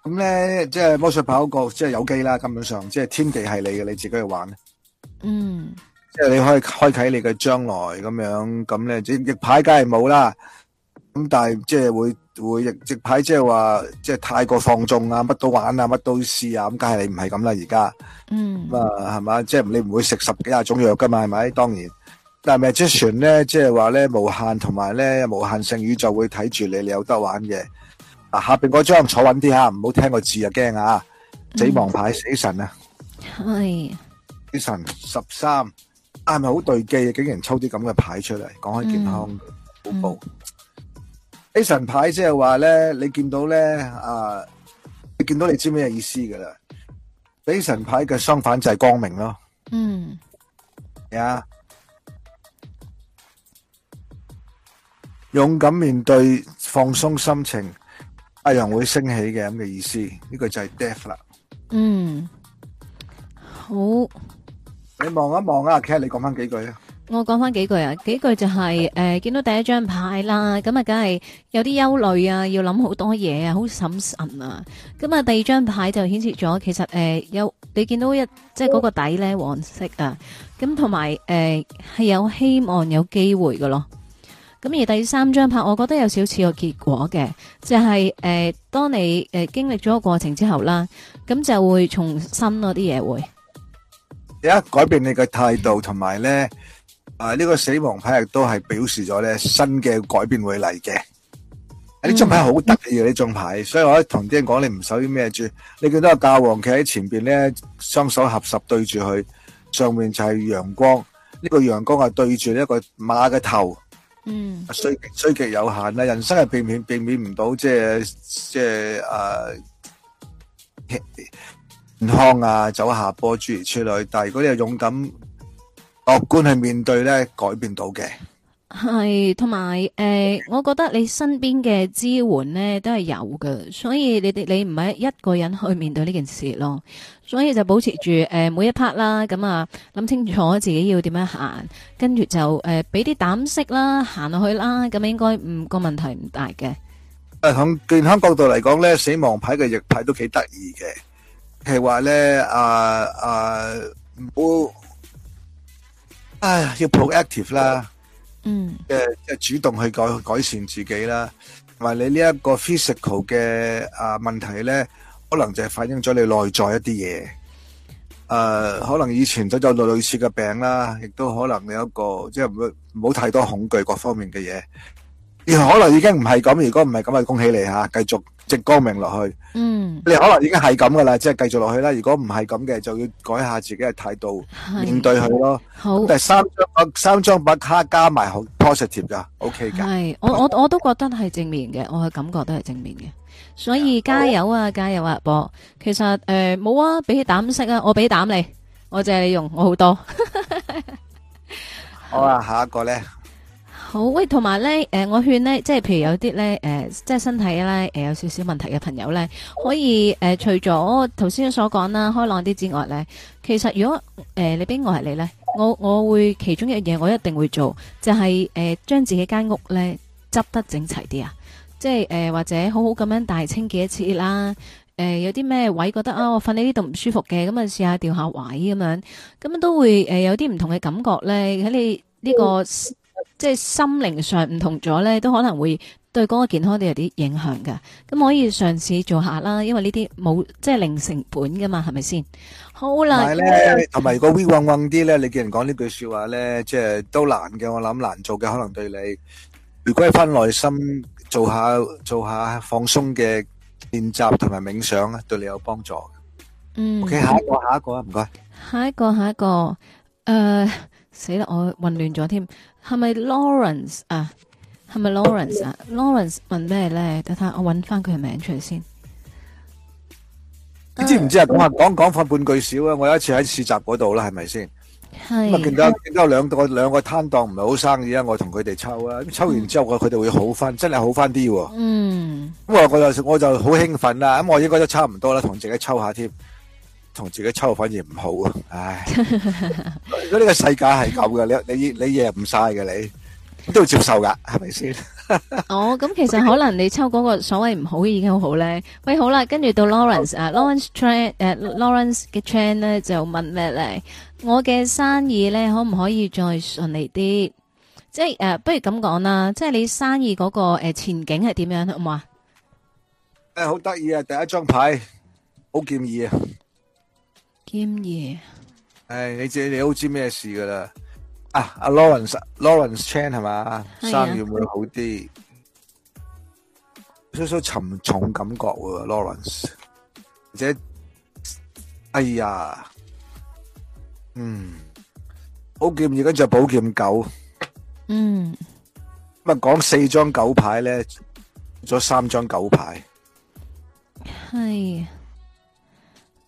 咁咧，即係魔術跑過，即係有機啦。根本上，即係天地係你嘅，你自己去玩。嗯。即係你可以開啟你嘅將來咁樣，咁咧即係隻牌梗係冇啦。咁但係即係會。會直派即係話，即、就、係、是、太過放縱啊，乜都玩啊，乜都試啊，咁梗係你唔係咁啦，而家嗯咁啊係咪？即係你唔會食十幾廿種藥噶嘛，係咪？當然，但係 magician 咧，即係話咧無限同埋咧無限性宇宙就會睇住你，你有得玩嘅。嗱、啊，下邊嗰張坐穩啲吓，唔好聽個字啊驚啊！死亡牌，死、嗯、神啊，死神十三，係咪好對機啊？竟然抽啲咁嘅牌出嚟，講開健康，好、嗯、唔、嗯死神牌即係話咧，你見到咧啊，你見到你知咩意思噶啦？死神牌嘅相反就係光明咯。嗯，啊、yeah.！勇敢面對，放鬆心情，太陽會升起嘅咁嘅意思。呢、呢個就係 death 啦。嗯，好，你望一望啊，K，你講翻幾句啊。我講翻幾句啊，幾句就係、是、誒、呃，見到第一張牌啦，咁啊，梗係有啲憂慮啊，要諗好多嘢啊，好審慎啊。咁啊，第二張牌就顯示咗，其實誒、呃、有你見到一即係嗰個底咧，黃色啊，咁同埋誒係有希望有機會噶咯。咁而第三張牌，我覺得有少少似個結果嘅，就係、是、誒、呃，當你誒、呃、經歷咗個過程之後啦，咁就會重新嗰啲嘢會。而家改變你嘅態度，同埋咧。啊！呢、這個死亡牌亦都係表示咗咧新嘅改變會嚟嘅。呢、嗯、張牌好得意啊！呢張牌，所以我同啲人講你守，你唔守啲咩住？你見到個教皇企喺前邊咧，雙手合十對住佢，上面就係陽光。呢、這個陽光係對住呢個馬嘅頭。嗯。衰極，衰極有限啦，人生係避免避免唔到，即係即係誒、啊，健康啊，走下坡，諸如此類。但係如果你係勇敢。樂觀係面對咧，改變到嘅係，同埋誒，我覺得你身邊嘅支援咧都係有嘅，所以你哋你唔係一個人去面對呢件事咯，所以就保持住誒、呃、每一 part 啦，咁啊諗清楚自己要點樣行，跟住就誒俾啲膽識啦，行落去啦，咁應該唔、個問題唔大嘅。誒，喺健康角度嚟講咧，死亡牌嘅逆牌都幾得意嘅，係話咧啊啊唔好。唉，要 proactive 啦，嗯，誒，即係主動去改改善自己啦。同埋你呢一個 physical 嘅啊問題咧，可能就係反映咗你內在一啲嘢。誒，可能以前都有類似嘅病啦，亦都可能你一個即係唔好太多恐懼各方面嘅嘢。然後可能已經唔係咁，如果唔係咁，就恭喜你吓，繼續。直光明落去，嗯，你可能已經係咁噶啦，即係繼續落去啦。如果唔係咁嘅，就要改下自己嘅態度，面對佢咯。好，三張三張卡加埋好 positive 噶，OK 噶。係，我我我都覺得係正面嘅，我嘅感覺都係正面嘅。所以加油，啊、加油啊，加油啊，播！其實誒，冇、呃、啊，俾啲膽識啊，我俾膽你，我借你用，我好多。 好啊，下一個咧？好喂，同埋咧，誒、呃，我勸呢，即係譬如有啲咧，誒、呃，即係身體咧，誒、呃，有少少問題嘅朋友咧，可以誒、呃，除咗頭先所講啦，開朗啲之外咧，其實如果誒、呃，你俾我係你咧，我我會其中一樣嘢，我一定會做，就係、是、誒，將、呃、自己間屋咧執得整齊啲啊，即係誒、呃，或者好好咁樣大清潔一次啦，誒、呃，有啲咩位覺得啊，我瞓喺呢度唔舒服嘅，咁啊，試下調下位咁樣，咁樣都會誒、呃，有啲唔同嘅感覺咧喺你呢個。即係心靈上唔同咗咧，都可能會對嗰個健康都有啲影響噶。咁可以嘗試做下啦，因為呢啲冇，即係零成本噶嘛，係咪先？好啦，同埋如果 wey 嗡嗡啲咧，你叫人講呢句說話咧，即係都難嘅。我諗難做嘅，可能對你如果係翻內心做下做下放鬆嘅練習同埋冥想咧，對你有幫助。嗯，OK，下一個下一個啊，唔該。下一個下一個，誒，死啦，我混亂咗添。係咪 Lawrence 啊？係咪 Lawrence 啊？Lawrence 問咩咧？等下我搵翻佢嘅名出嚟先，你知唔知啊？講講講翻半句少啊！我有一次喺市集嗰度啦，係咪先？咁啊見到見到兩個兩個攤檔唔係好生意啊，我同佢哋抽啊，抽完之後佢哋會好翻，真係好翻啲喎。嗯。咁啊、嗯，我就我就好興奮啦，咁我應該都差唔多啦，同自己抽下添。同自己抽反而唔好啊！唉，如果呢個世界係咁嘅，你你你嘢唔晒嘅，你，你，你都要接受噶，係咪先？ 哦，咁其實可能你抽嗰個所謂唔好已經好好咧。喂，好啦，跟住到 Lawrence, 啊啊 Lawrence trend,、呃、啊，Lawrence Chan 誒，Lawrence 嘅 Chan 咧就問咩咧？我嘅生意咧可唔可以再順利啲？即係誒、啊，不如咁講啦，即係你生意嗰個誒前景係點樣好唔好啊？誒，好得意啊！第一張牌好建議啊！劍二，誒，你知你都知咩事噶啦？啊，阿 Lawrence Lawrence Chan 係嘛，三月會好啲，少少沉重感覺喎 Lawrence。或者，哎呀，嗯，寶劍二嗰隻寶劍九，嗯，咁啊講四張九牌咧，咗三張九牌，係。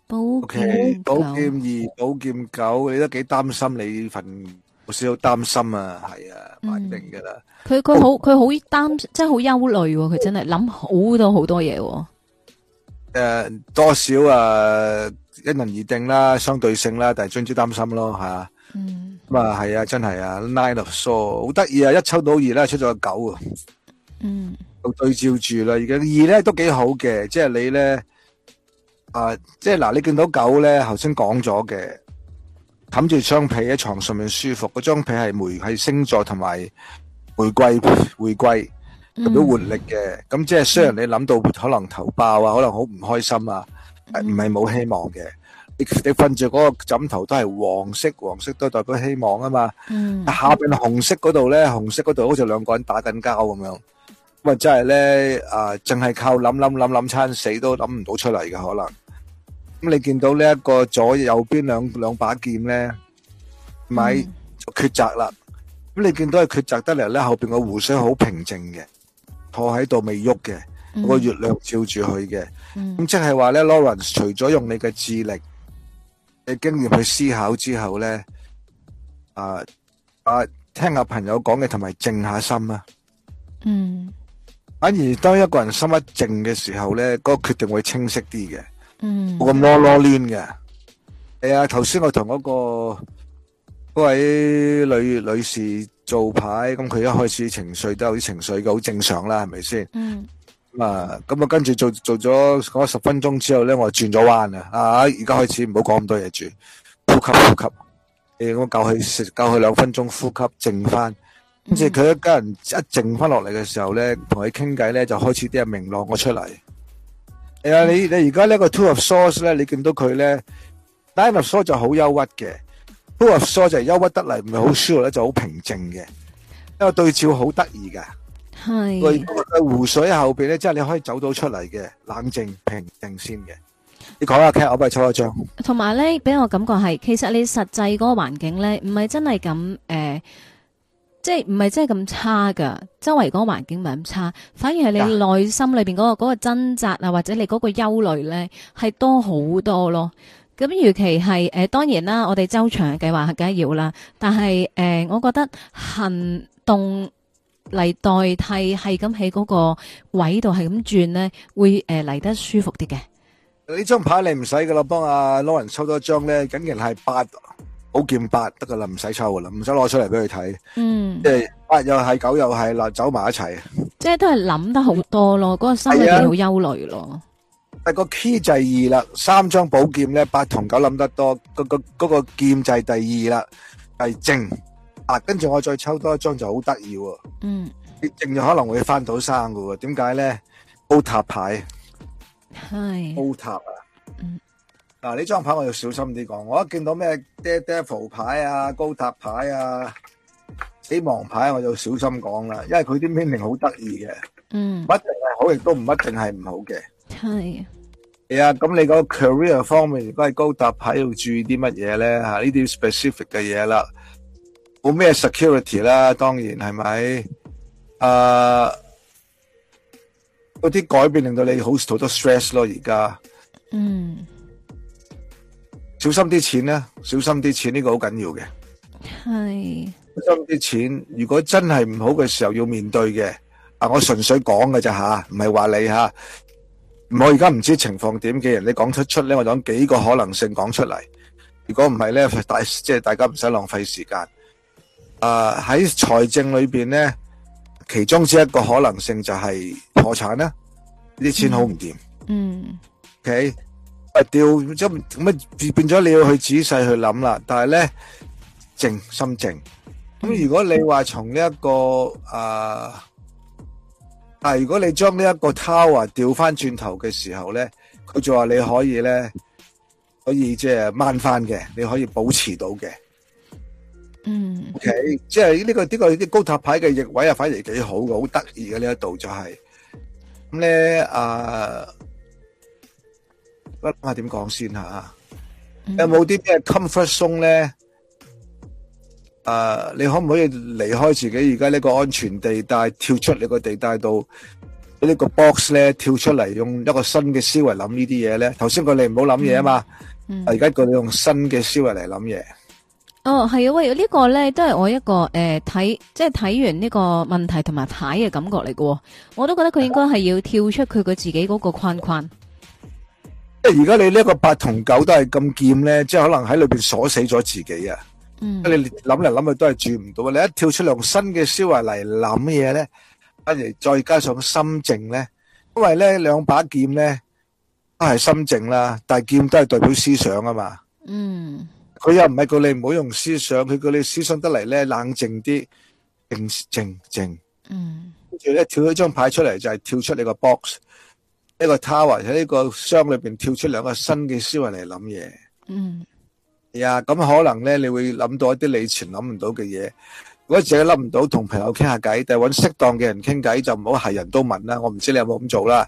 寶劍寶劍二寶劍九，你都幾擔心？你份有少少擔心啊，係啊，唔定噶啦。佢佢好佢好擔，真係好憂慮。佢真係諗好多好多嘢。誒，多少啊，因人而定啦，相對性啦，但係總之擔心咯，吓。咁啊，係啊，真係啊，Nine of Swords，好得意啊，一抽到二啦，出咗個九啊。嗯。對照住啦，而家二咧都幾好嘅，即係你咧。啊、uh，即係嗱，你見到狗咧，頭先講咗嘅，冚住張被喺床上面舒服，嗰張被係玫係星座同埋玫瑰，玫瑰代表活力嘅。咁、mm. 即係雖然你諗到可能頭爆啊，可能好唔開心啊，唔係冇希望嘅。你你瞓住嗰個枕頭都係黃色黃色，黃色都代表希望啊嘛。嗯、mm.，下邊紅色嗰度咧，紅色嗰度好似兩個人打緊交，咁樣。喂，真係咧，啊，淨、呃、係靠諗諗諗諗撐死都諗唔到出嚟嘅可能。咁你見到呢一個左右邊兩兩把劍咧，咪、嗯、就抉擇啦。咁你見到係抉擇得嚟咧，後邊個湖水好平靜嘅，坐喺度未喐嘅，嗯，個月亮照住佢嘅。咁、嗯、即係話咧，Lawrence 除咗用你嘅智力、嘅經驗去思考之後咧，啊啊，聽下朋友講嘅同埋靜下心啊。嗯。反而當一個人心一靜嘅時候咧，嗰個決定會清晰啲嘅，冇咁囉囉攣嘅。係啊，頭先我同嗰個嗰位女女士做牌，咁佢一開始情緒都有啲情緒嘅，好正常啦，係咪先？嗯。咁啊，咁啊，跟住做做咗嗰十分鐘之後咧，我轉咗彎啦。啊，而家開始唔好講咁多嘢，住，呼吸呼吸。誒，我教佢教佢兩分鐘呼吸，靜翻。跟住佢一家人一靜翻落嚟嘅時候咧，同佢傾偈咧，就開始啲人明朗咗出嚟。誒、嗯、啊，你你而家呢個 two of source 咧，你見到佢咧，nine of source 就好憂鬱嘅，two of source 就憂鬱得嚟，唔係好舒 h 咧就好平靜嘅，因為對照好得意嘅。係。個湖水後邊咧，即、就、係、是、你可以走到出嚟嘅冷靜平靜先嘅。你講下劇，我咪抽一張。同埋咧，俾我感覺係，其實你實際嗰個環境咧，唔係真係咁誒。呃即係唔係真係咁差噶，周圍嗰個環境唔係咁差，反而係你內心裏邊嗰、嗰個嗰、嗰個掙扎啊，或者你嗰個憂慮咧係多好多咯。咁尤其係誒、呃，當然啦，我哋周長嘅計劃係梗要啦，但係誒、呃，我覺得行動嚟，代替係咁喺嗰個位度係咁轉咧，會誒嚟、呃、得舒服啲嘅。呢張牌你唔使噶啦，幫阿 Lauren 抽多張咧，緊係係八。寶劍八得噶啦，唔使抽噶啦，唔使攞出嚟俾佢睇。嗯，即係八又係九又係啦，走埋一齊。即係都係諗得好多咯，嗰個心境好憂慮咯。但係個 key 就二啦，三張寶劍咧，八同九諗得多，嗰個嗰個劍就第二啦，係靜。嗱，跟住我再抽多一張就好得意喎。嗯，靜就可能會翻到生噶喎。點解咧？寶塔牌。係寶塔牌。嗱、啊，呢張牌我就小心啲講，我一見到咩 Devil 牌啊、高塔牌啊、死亡牌我就小心講啦，因為佢啲命名好得意嘅，嗯，唔一定係好，亦都唔一定係唔好嘅。係、嗯，係啊，咁你嗰個 career 方面如果係高塔牌要注意啲乜嘢咧？吓、啊，呢啲 specific 嘅嘢啦，冇咩 security 啦，當然係咪？啊，嗰啲改變令到你好好多 stress 咯，而家，嗯。小心啲錢咧、啊,小心啲錢呢、呢個好緊要嘅。係，小心啲錢。如果真係唔好嘅時候要面對嘅。啊，我純粹講嘅咋吓，唔係話你吓、啊。我而家唔知情況點嘅人，你講得出咧，我講幾個可能性講出嚟。如果唔係咧，大即係、就是、大家唔使浪費時間。啊，喺財政裏邊咧，其中之一個可能性就係破產啦、啊。呢啲錢好唔掂。嗯。O、嗯、K。Okay？調咁即係咁啊變變咗你要去仔細去諗啦，但係咧靜心靜咁。如果你話從呢一個誒，但係如果你將呢一個 tower 調翻轉頭嘅時候咧，佢就話你可以咧，可以即係掹翻嘅，你可以保持到嘅。嗯，OK，即係呢個呢個啲高塔牌嘅逆位啊，反而幾好嘅，好得意嘅呢一度就係咁咧啊。咁啊，點講先吓？有冇啲咩 comfort zone 咧？誒、uh，你可唔可以離開自己而家呢個安全地帶，跳出你個地帶度呢個 box 咧？跳出嚟，用一個新嘅思維諗呢啲嘢咧？頭先佢你唔好諗嘢啊嘛，而家佢哋用新嘅思維嚟諗嘢。哦，係啊，喂，這個、呢個咧都係我一個誒睇，呃，即係睇完呢個問題同埋牌嘅感覺嚟㗎。我都覺得佢應該係要跳出佢佢自己嗰個框框。即係而家你呢一個八同九都係咁劍咧，即係可能喺裏邊鎖死咗自己啊！嗯，你諗嚟諗去都係轉唔到啊！你一跳出嚟用新嘅思維嚟諗嘢咧，不如再加上心靜咧，因為咧兩把劍咧都係心靜啦，但係劍都係代表思想啊嘛。嗯，佢又唔係叫你唔好用思想，佢叫你思想得嚟咧冷靜啲，靜靜靜。嗯，跟住咧跳咗張牌出嚟就係跳出你個 box。一、這個 Tower 喺呢個箱裏邊跳出兩個新嘅思維嚟諗嘢。嗯，呀、yeah, 咁可能咧你會諗到一啲你以前諗唔到嘅嘢。如果自己諗唔到，同朋友傾下偈，但係揾適當嘅人傾偈就唔好係人都問啦。我唔知你有冇咁做啦。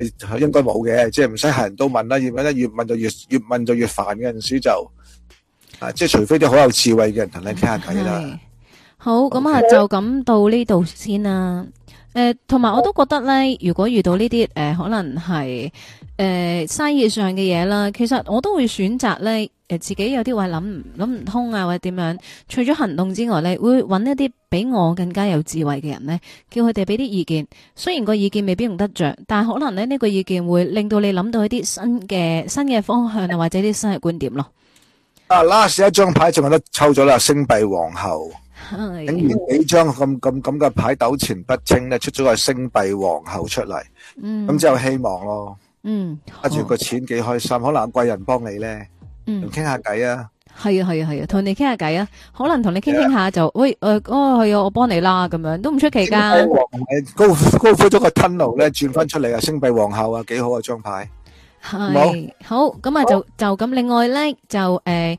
應該冇嘅，即係唔使係人都問啦。越問咧越問就越越問就越煩嗰陣時就啊，即係除非啲好有智慧嘅人同你傾下偈啦。好，咁、okay、啊就咁到呢度先啦。誒、呃，同埋我都覺得咧，如果遇到呢啲誒，可能係誒、呃、生意上嘅嘢啦，其實我都會選擇咧，誒、呃、自己有啲話諗諗唔通啊，或者點樣，除咗行動之外咧，會揾一啲比我更加有智慧嘅人咧，叫佢哋俾啲意見。雖然個意見未必用得着，但係可能咧呢、呢個意見會令到你諗到一啲新嘅新嘅方向啊，或者啲新嘅觀點咯。啊，last 一張牌仲有得抽咗啦，星幣皇后。整完幾張咁咁咁嘅牌糾纏不清咧，出咗個星幣皇后出嚟，咁就有希望咯。嗯，揸住個錢幾開心，可能貴人幫你咧。嗯，傾下偈啊。係啊，係啊，係啊，同你傾下偈啊。可能同你傾傾下就喂，誒，哦，係啊，我幫你啦，咁樣都唔出奇噶。誒，高高開咗個吞路咧，轉翻出嚟啊，星幣皇后啊，幾好啊，張牌。係好，咁啊，就就咁。另外咧，就誒。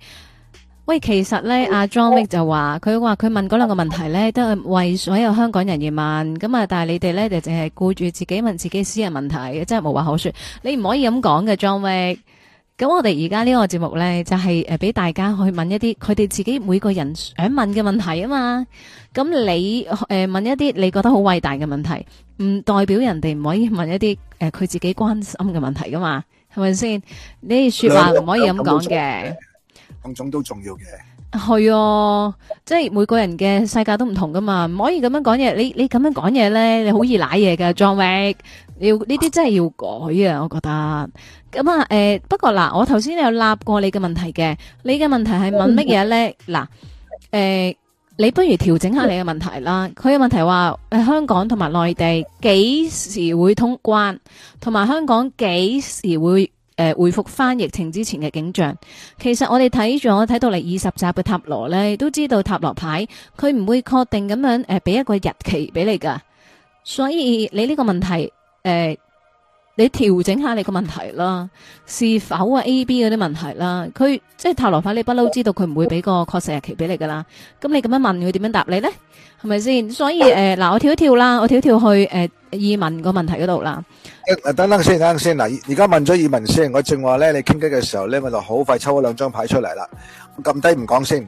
喂，其實咧，阿 John Wick 就話，佢話佢問嗰兩個問題咧，都係為所有香港人而問，咁啊，但係你哋咧就淨係顧住自己問自己私人問題，真係無話可說。你唔可以咁講嘅，John Wick。咁我哋而家呢個節目咧，就係誒俾大家去問一啲佢哋自己每個人想問嘅問題啊嘛。咁你誒、呃、問一啲你覺得好偉大嘅問題，唔代表人哋唔可以問一啲誒佢自己關心嘅問題噶嘛？係咪先？你說話唔可以咁講嘅。種種都重要嘅，係啊，即係每個人嘅世界都唔同噶嘛，唔可以咁樣講嘢。你你咁樣講嘢咧，你好易瀨嘢噶，撞板，要呢啲真係要改啊，我覺得。咁啊，誒，不過嗱，我頭先有納過你嘅問題嘅，你嘅問題係問乜嘢咧？嗱，誒，你不如調整下你嘅問題啦。佢嘅問題話，香港同埋內地幾時會通關，同埋香港幾時會？誒，回復翻疫情之前嘅景象。其實我哋睇咗睇到嚟，二十集嘅塔羅咧，都知道塔羅牌佢唔會確定咁樣誒，俾、呃、一個日期俾你噶。所以你呢個問題誒。呃你調整下你個問題啦，是否啊 A B 嗰啲問題啦？佢即係塔羅牌，你不嬲知道佢唔會俾個確實日期俾你噶啦。咁你咁樣問佢點樣答你咧？係咪先？所以誒，嗱，我跳一跳啦，我跳一跳去誒移民個問題嗰度啦。等等先，等等先。嗱，而家問咗移民先，我正話咧，你傾偈嘅時候咧，我就好快抽咗兩張牌出嚟啦，撳低唔講先。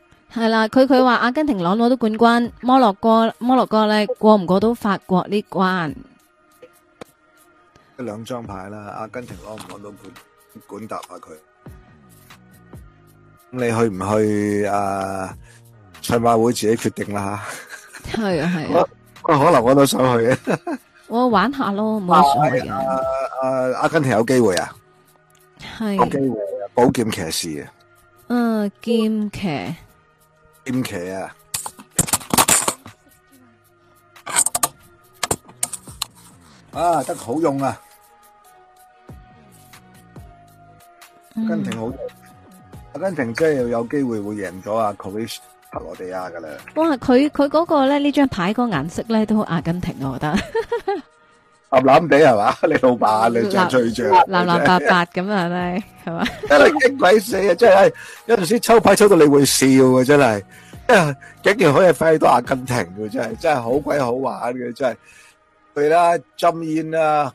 係啦，佢佢話阿根廷攞唔攞到冠軍，摩洛哥摩洛哥咧過唔過到法國呢關？一兩張牌啦，阿根廷攞唔攞到冠冠搭啊佢？咁你去唔去啊？賽馬會自己決定啦吓。係啊係啊，我可能我都想去啊。我玩下咯，唔好想去啊。誒誒，阿根廷有機會啊？係。有機會啊，寶劍騎士啊。誒，劍騎。點奇啊！啊，得好用啊！阿根廷好，阿根廷真係又有機會會贏咗啊！克羅地亞噶啦，哇！佢佢嗰個咧呢張牌嗰顏色咧都好阿根廷啊，我覺得。冧冧地係嘛，你老闆你最最着，冧冧八八咁啊，真係係嘛，一嚟激鬼死啊，真係有陣時抽牌抽到你會笑啊，真係，竟然可以飛到阿根廷嘅，真係真係好鬼好玩嘅，真係，對啦，浸煙啦，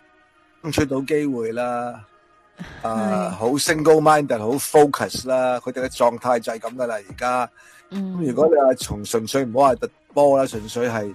咁出到機會啦，啊，好 single-minded，好 focus 啦，佢哋嘅狀態就係咁噶啦，而家，咁如果你話從純粹唔好話特波啦，純粹係。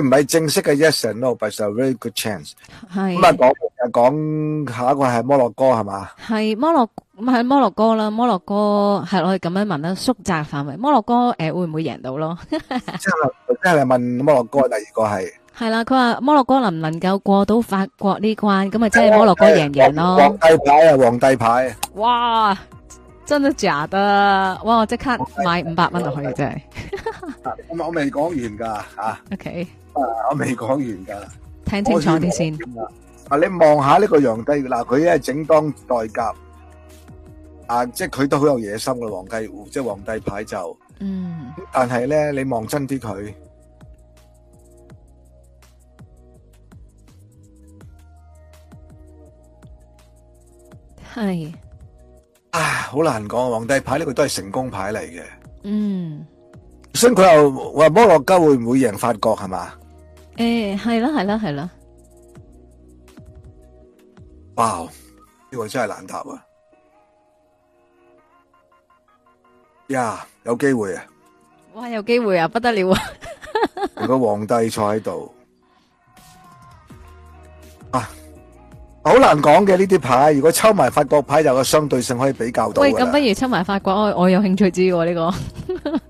唔係正式嘅 yes and no，but it's avery good chance。係咁啊，講啊講下一個係摩洛哥係嘛？係摩洛唔係摩洛哥啦，摩洛哥係我哋咁樣問啦，縮窄範圍。摩洛哥誒會唔會贏到咯？即係即係嚟問摩洛哥，第二個係係啦。佢話摩洛哥能唔能夠過到法國呢關？咁啊，即係摩洛哥贏贏咯。皇帝牌啊，皇帝牌！哇！真係假的？哇！我即刻買五百蚊就可以真係。咁我未講完㗎嚇。OK。啊！我未講完噶，聽清楚啲先。啊，你望下呢個皇帝嗱，佢一係整當代甲，啊，即係佢都好有野心嘅皇帝，即係皇帝牌就，嗯，但係咧，你望真啲佢係啊，好難講。皇帝牌呢個都係成功牌嚟嘅，嗯。佢又話摩洛哥會唔會贏法國係嘛？誒，係啦，係啦，係啦。哇！呢個真係難答啊！呀、yeah，有機會啊！哇，有機會啊！不得了啊！ 如果皇帝坐喺度啊，好難講嘅呢啲牌。如果抽埋法國牌，有個相對性可以比較到。喂，咁不如抽埋法國，我我有興趣知呢個。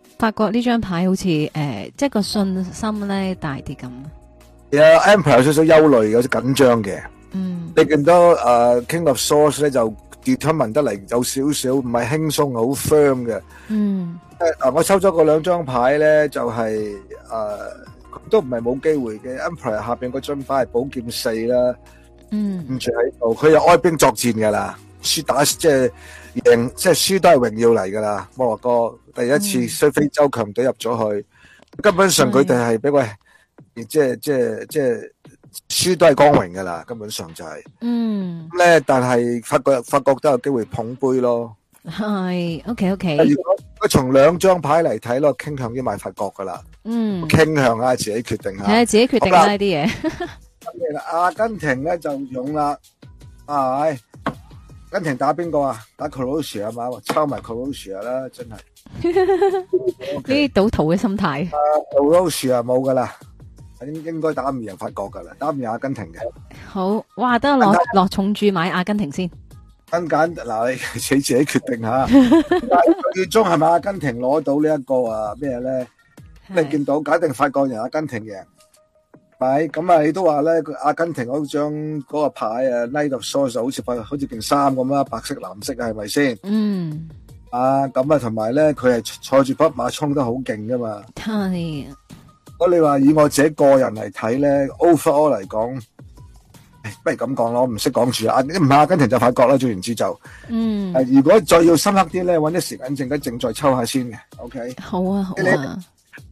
發覺呢張牌好似誒，即係個信心咧大啲咁。有 Emperor 有少少憂慮，有少少緊張嘅。嗯。你見到誒 King of Swords 咧就 determined 得嚟，有少少唔係輕鬆，好 firm 嘅。嗯。誒，我收咗個兩張牌咧，就係誒都唔係冇機會嘅。Emperor 下邊個張牌係寶劍四啦。嗯。唔住喺度，佢又哀兵作戰噶啦。輸打即係贏，即係輸都係榮耀嚟噶啦。摩洛哥第一次衰非洲強隊入咗去，根本上佢哋係俾個，即係即係即係輸都係光榮噶啦。根本上就係，嗯，咧但係法國法國都有機會捧杯咯。係，OK OK。如果從兩張牌嚟睇咯，傾向於買法國噶啦。嗯，傾向啊，自己決定啊，睇下自己決定啦呢啲嘢。咁而阿根廷咧就勇啦，係。阿根廷打邊個啊？打克羅地亞啊嘛，抄埋克羅地亞啦，真係呢啲賭徒嘅心態啊！克羅地亞啊，冇噶啦，應應該打唔贏法國噶啦，打唔贏阿根廷嘅。好，哇，得落落重注買阿根廷先。咁簡嗱，你你自己決定吓。最終係咪阿根廷攞到呢一個啊？咩咧？你見到，搞定法國人，阿根廷贏。咁、嗯、啊，你都話咧，佢阿根廷嗰張嗰個牌啊，Knight of Swords 就好似好似件衫咁啦，白色藍色係咪先？嗯。啊，咁啊，同埋咧，佢係坐住匹馬衝得好勁噶嘛。太我你話以我自己個人嚟睇咧，overall 嚟講，不如咁講咯，我唔識講住啊，唔係阿根廷就法國啦，做完之就。嗯、啊。如果再要深刻啲咧，搵啲時間靜一靜再抽下先嘅。OK。好啊，好啊。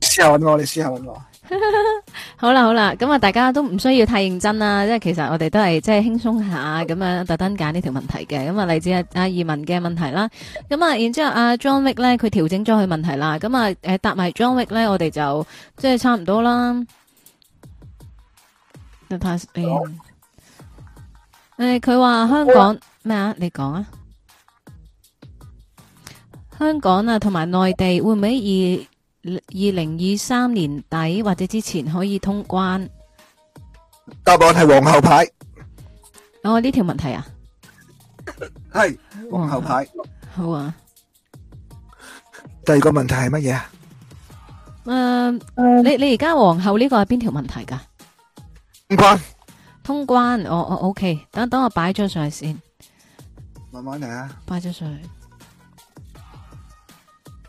試下搵我，你試下搵我。 好啦好啦，咁啊，大家都唔需要太認真啦，即係其實我哋都係即係輕鬆下咁樣特登揀呢條問題嘅。咁啊，嚟自阿葉文嘅問題啦，咁啊，然之後阿 John Wick 咧，佢調整咗佢問題啦。咁啊，誒答埋 John Wick 咧，我哋就即係、就是、差唔多啦。太、oh. 誒、嗯、佢、嗯、話、嗯、香港咩啊、oh.？你講啊，香港啊，同埋內地會唔會以……二零二三年底或者之前可以通關。答案係皇后牌。我、哦、呢條問題啊，係皇后牌。好啊。第二個問題係乜嘢啊？誒你你而家皇后呢個係邊條問題噶？唔關。通關，我、哦、我、哦、OK 等。等等，我擺咗上去先。慢慢嚟啊。擺咗上去。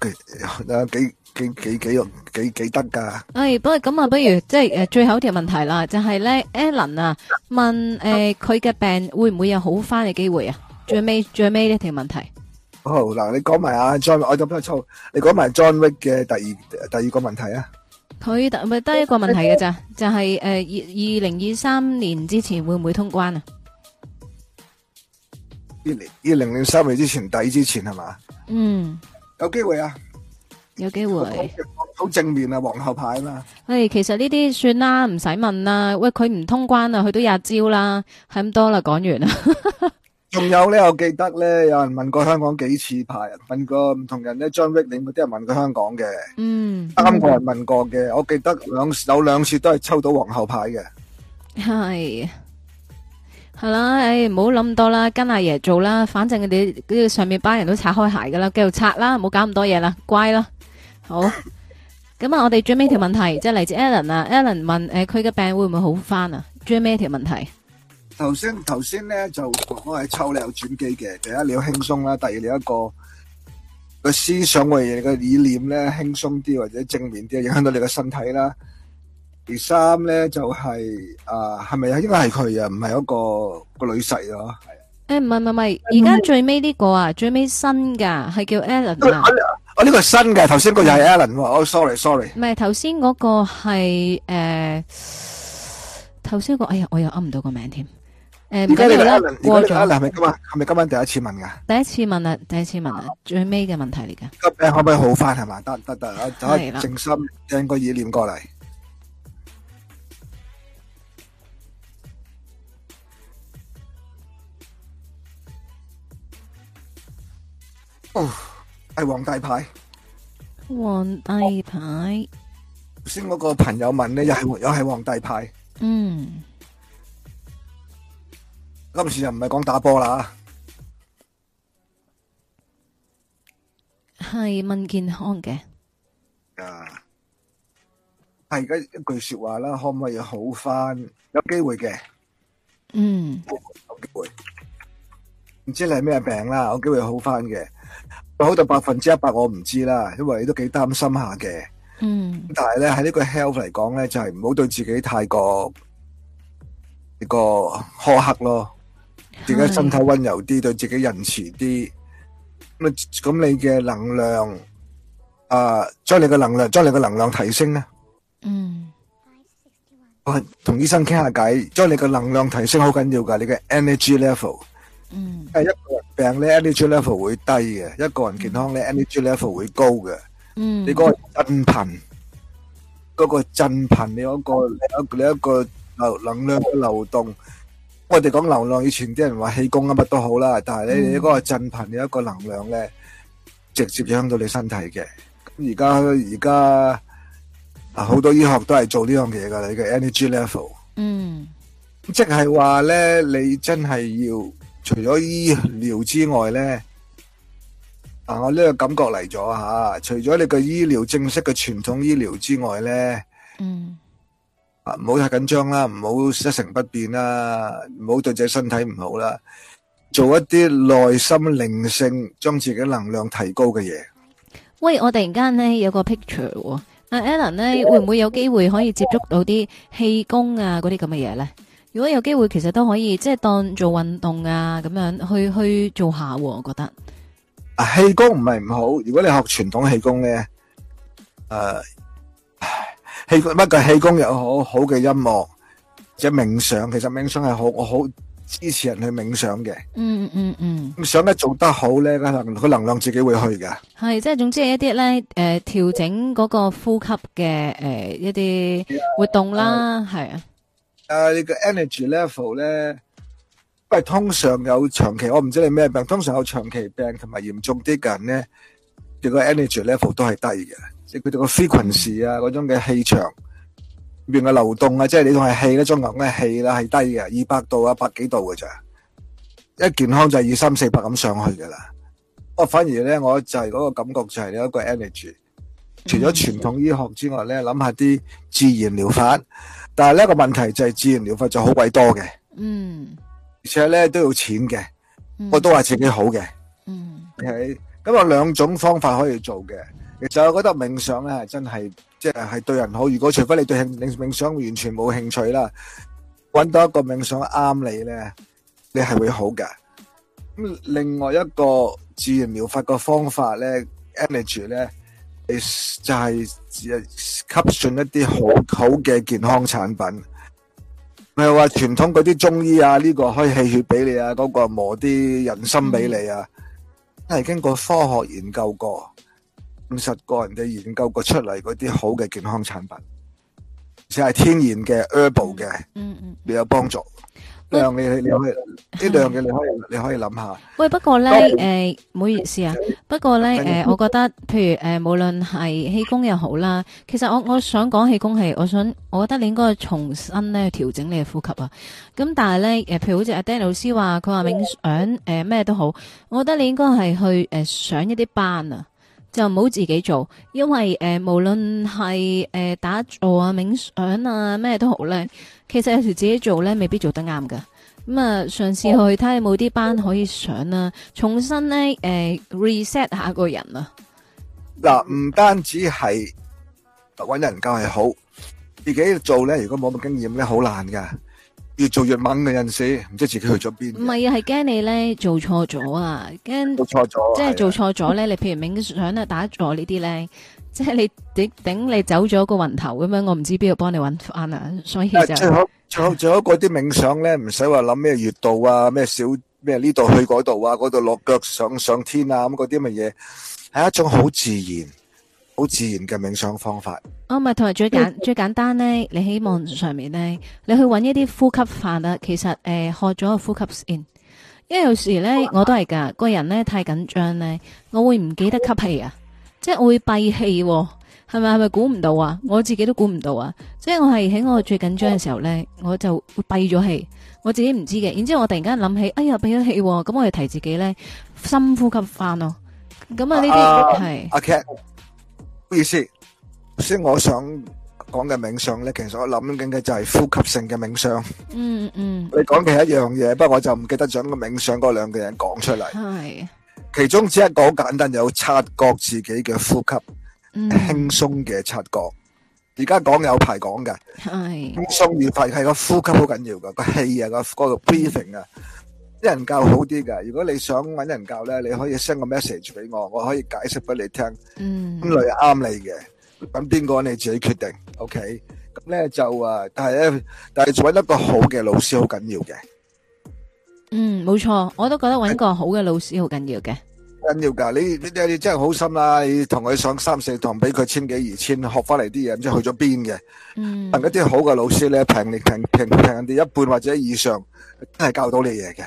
Good, 幾幾幾用幾幾得噶？誒，不過咁啊，不如即係誒，最後一條問題啦，就係咧，Alan 啊，問誒佢嘅病會唔會有好返嘅機會啊？最尾最尾呢條問題。好嗱，你講埋阿 John，我咁粗，你講埋 John Wick 嘅第二第二個問題啊？佢得咪得一個問題嘅咋？就係誒二二零二三年之前會唔會通關啊？二零二零年三月之前，底之前係嘛？嗯，有機會啊！有機會，好正面啊，皇后牌嘛？誒，其實呢啲算啦，唔使問啦。喂，佢唔通關啊，佢都廿招啦，係咁多啦，講完啦。仲有咧，我記得咧，有人問過香港幾次牌，問過唔同人咧，張威領嗰啲人問過香港嘅，嗯，三個人問過嘅，我記得兩有兩次都係抽到皇后牌嘅，係，係啦，誒，唔好諗咁多啦，跟阿爺做啦，反正佢哋呢上面班人都拆開鞋噶啦，繼續拆啦，唔好搞咁多嘢啦，乖啦。好，咁啊，我哋最尾條問題，即係嚟自 Alan 啊，Alan 問誒，佢嘅病會唔會好翻啊？最尾條問題，頭先頭先咧就講係抽你有轉機嘅，第一你要輕鬆啦，第二你一個個思想或者個意念咧輕鬆啲或者正面啲，影響到你個身體啦。第三咧就係啊，係咪又應該係佢啊？唔係一個個女婿啊？係啊，誒唔係唔係，而家最尾呢個啊，最尾新噶，係叫 Alan 啊。呢個係新嘅，頭先嗰個又係 Alan 喎，好 sorry sorry。唔係，頭先嗰個係誒，頭先個哎呀，我又噏唔到個名添。誒，而家你 Alan 過咗？Alan 係今日係咪今日第一次問㗎？第一次問啊，第一次問啊，最尾嘅問題嚟㗎。個病可唔可以好返？係嘛？得得得，打靜心聽個意念過嚟。係皇帝牌，皇帝牌。先嗰個朋友問呢，又係又係皇帝牌。嗯，今次又唔係講打波啦啊！係問健康嘅。啊，係而家一句說話啦，可唔可以好返？有機會嘅。嗯。有機會，唔知你係咩病啦，有機會好返嘅。好到百分之一百，我唔知啦，因為你都幾擔心下嘅。嗯，但係咧，喺呢個 health 嚟講咧，就係唔好對自己太過呢個苛刻咯。自己身體溫柔啲，對自己仁慈啲。咁咁，你嘅能量，誒，將你嘅能量，將你嘅能量提升咧。嗯。我同醫生傾下偈，將你嘅能量提升好緊要噶，你嘅 energy level。嗯。係一個。病咧 energy level 會低嘅，一個人健康咧 energy level 會高嘅。嗯，你嗰個振頻，嗰個振頻你嗰個，你一個流能量嘅流動，我哋講能量，以前啲人話氣功啊乜都好啦，但係咧你嗰個振頻，你一個能量咧，直接影響到你身體嘅。咁而家而家啊，好多醫學都係做呢樣嘢噶啦，你嘅 energy level。嗯，即係話咧，你真係要。除咗醫療之外咧，啊我呢個感覺嚟咗吓，除咗你個醫療正式嘅傳統醫療之外咧，嗯，啊，唔好太緊張啦，唔好一成不變啦，唔好對自己身體唔好啦，做一啲內心靈性，將自己能量提高嘅嘢。喂，我突然間咧有個 picture 喎，阿 Alan 咧會唔會有機會可以接觸到啲氣功啊嗰啲咁嘅嘢咧？如果有機會，其實都可以即係當做運動啊，咁樣去去做下。我覺得、啊、氣功唔係唔好，如果你學傳統氣功咧，誒、呃，氣乜嘅氣功又好好嘅音樂，即係冥想。其實冥想係好，我好支持人去冥想嘅。嗯嗯嗯。咁、嗯、想得做得好咧，佢能、能量自己會去㗎。係即係，總之係一啲咧，誒、呃，調整嗰個呼吸嘅，誒、呃，一啲活動啦，係啊。啊，你個 energy level 咧，因為通常有長期，我唔知你咩病，通常有長期病同埋嚴重啲嘅人咧，佢個 energy level 都係低嘅，即係佢哋個 frequency 啊，嗰種嘅氣場，變嘅流動啊，即係你仲係氣咧，中暗嘅氣啦係低嘅，二百度啊，百幾度嘅咋，一健康就二三四百咁上去噶啦，我反而咧我就係嗰個感覺就係你一個 energy。除咗傳統醫學之外咧，諗下啲自然療法，但係呢個問題就係自然療法就好鬼多嘅。嗯，而且咧都要錢嘅，我都話自己好嘅，嗯，係，咁有兩種方法可以做嘅，其實我覺得冥想咧係真係，即係係對人好。如果除非你對冥冥冥想完全冇興趣啦，揾到一個冥想啱你咧，你係會好嘅。咁另外一個自然療法個方法咧，energy 咧。就係誒，吸進一啲好好嘅健康產品，唔係話傳統嗰啲中醫啊，呢個開氣血俾你啊，嗰個磨啲人參俾你啊，係經過科學研究過，咁實個人嘅研究過出嚟嗰啲好嘅健康產品，先係天然嘅，pure 嘅，嗯嗯，會有幫助。呢樣你去，你去，呢樣嘢你可以，你可以諗下。喂，不過咧，誒，唔、呃、好意思啊，不過咧，誒、呃，我覺得，譬如誒、呃，無論係氣功又好啦，其實我我想講氣功係，我想，我覺得你應該重新咧調整你嘅呼吸啊。咁但係咧，誒、呃，譬如好似阿 Danny 老師話，佢話冥想，誒，咩、呃、都好，我覺得你應該係去，誒、呃，上一啲班啊。就唔好自己做，因為誒、呃，無論係誒、呃、打坐啊、冥想啊，咩都好咧。其實有時自己做咧，未必做得啱噶。咁啊，嘗試去睇下有冇啲班可以上啊，重新咧誒、呃、reset 下個人啊。嗱，唔單止係搵人教係好，自己做咧，如果冇乜經驗咧，好難噶。要做越猛嘅陣時，唔知自己去咗邊。唔係啊，係驚你咧做錯咗啊，驚做錯咗，即、就、係、是、做錯咗咧。 你譬如冥想咧打坐呢啲咧，即、就、係、是、你頂你，你走咗個雲頭咁樣，我唔知邊度幫你搵翻啊。所以就最好嗰啲冥想咧，唔使話諗咩穴道啊，咩小咩呢度去嗰度啊，嗰度落腳上上天啊，咁嗰啲乜嘢係一種好自然。好自然嘅冥想方法。哦，咪同埋最簡 最簡單咧，你希望上面咧，你去揾一啲呼吸法啦。其實誒、呃，學咗個呼吸先，因為有時咧，我都係噶，個人咧太緊張咧，我會唔記得吸氣啊，即係我會閉氣，係咪係咪估唔到啊？我自己都估唔到啊！即係我係喺我最緊張嘅時候咧，我就會閉咗氣，我自己唔知嘅。然之後我突然間諗起，哎呀閉咗氣，咁我哋提自己咧深呼吸翻咯，啊。咁啊呢啲係。Uh, 不好意思，先我想講嘅冥想咧，其實我諗緊嘅就係呼吸性嘅冥想。嗯嗯，你講嘅係一樣嘢，不過我就唔記得咗個冥想嗰兩個人講出嚟。係，其中只一個好簡單，有察覺自己嘅呼吸，輕鬆嘅察覺。現在講講的而家講有排講嘅，係鬆愉快係個呼吸好緊要噶，個氣、那個嗯、啊，個個 breathing 啊。一人教好啲㗎。如果你想揾一人教咧，你可以 send 個 message 俾我，我可以解釋俾你聽。嗯，咁嚟啱你嘅，咁邊個你自己決定。OK，咁咧就啊，但係咧，但係做揾一個好嘅老師好緊要嘅。嗯，冇錯，我都覺得揾個好嘅老師好緊要嘅。緊要噶，你你真係好心啦，你同佢上三四堂，俾佢千幾二千，學翻嚟啲嘢唔知去咗邊嘅。嗯，但一啲好嘅老師咧，平平平平人哋一半或者以上，真係教到你嘢嘅。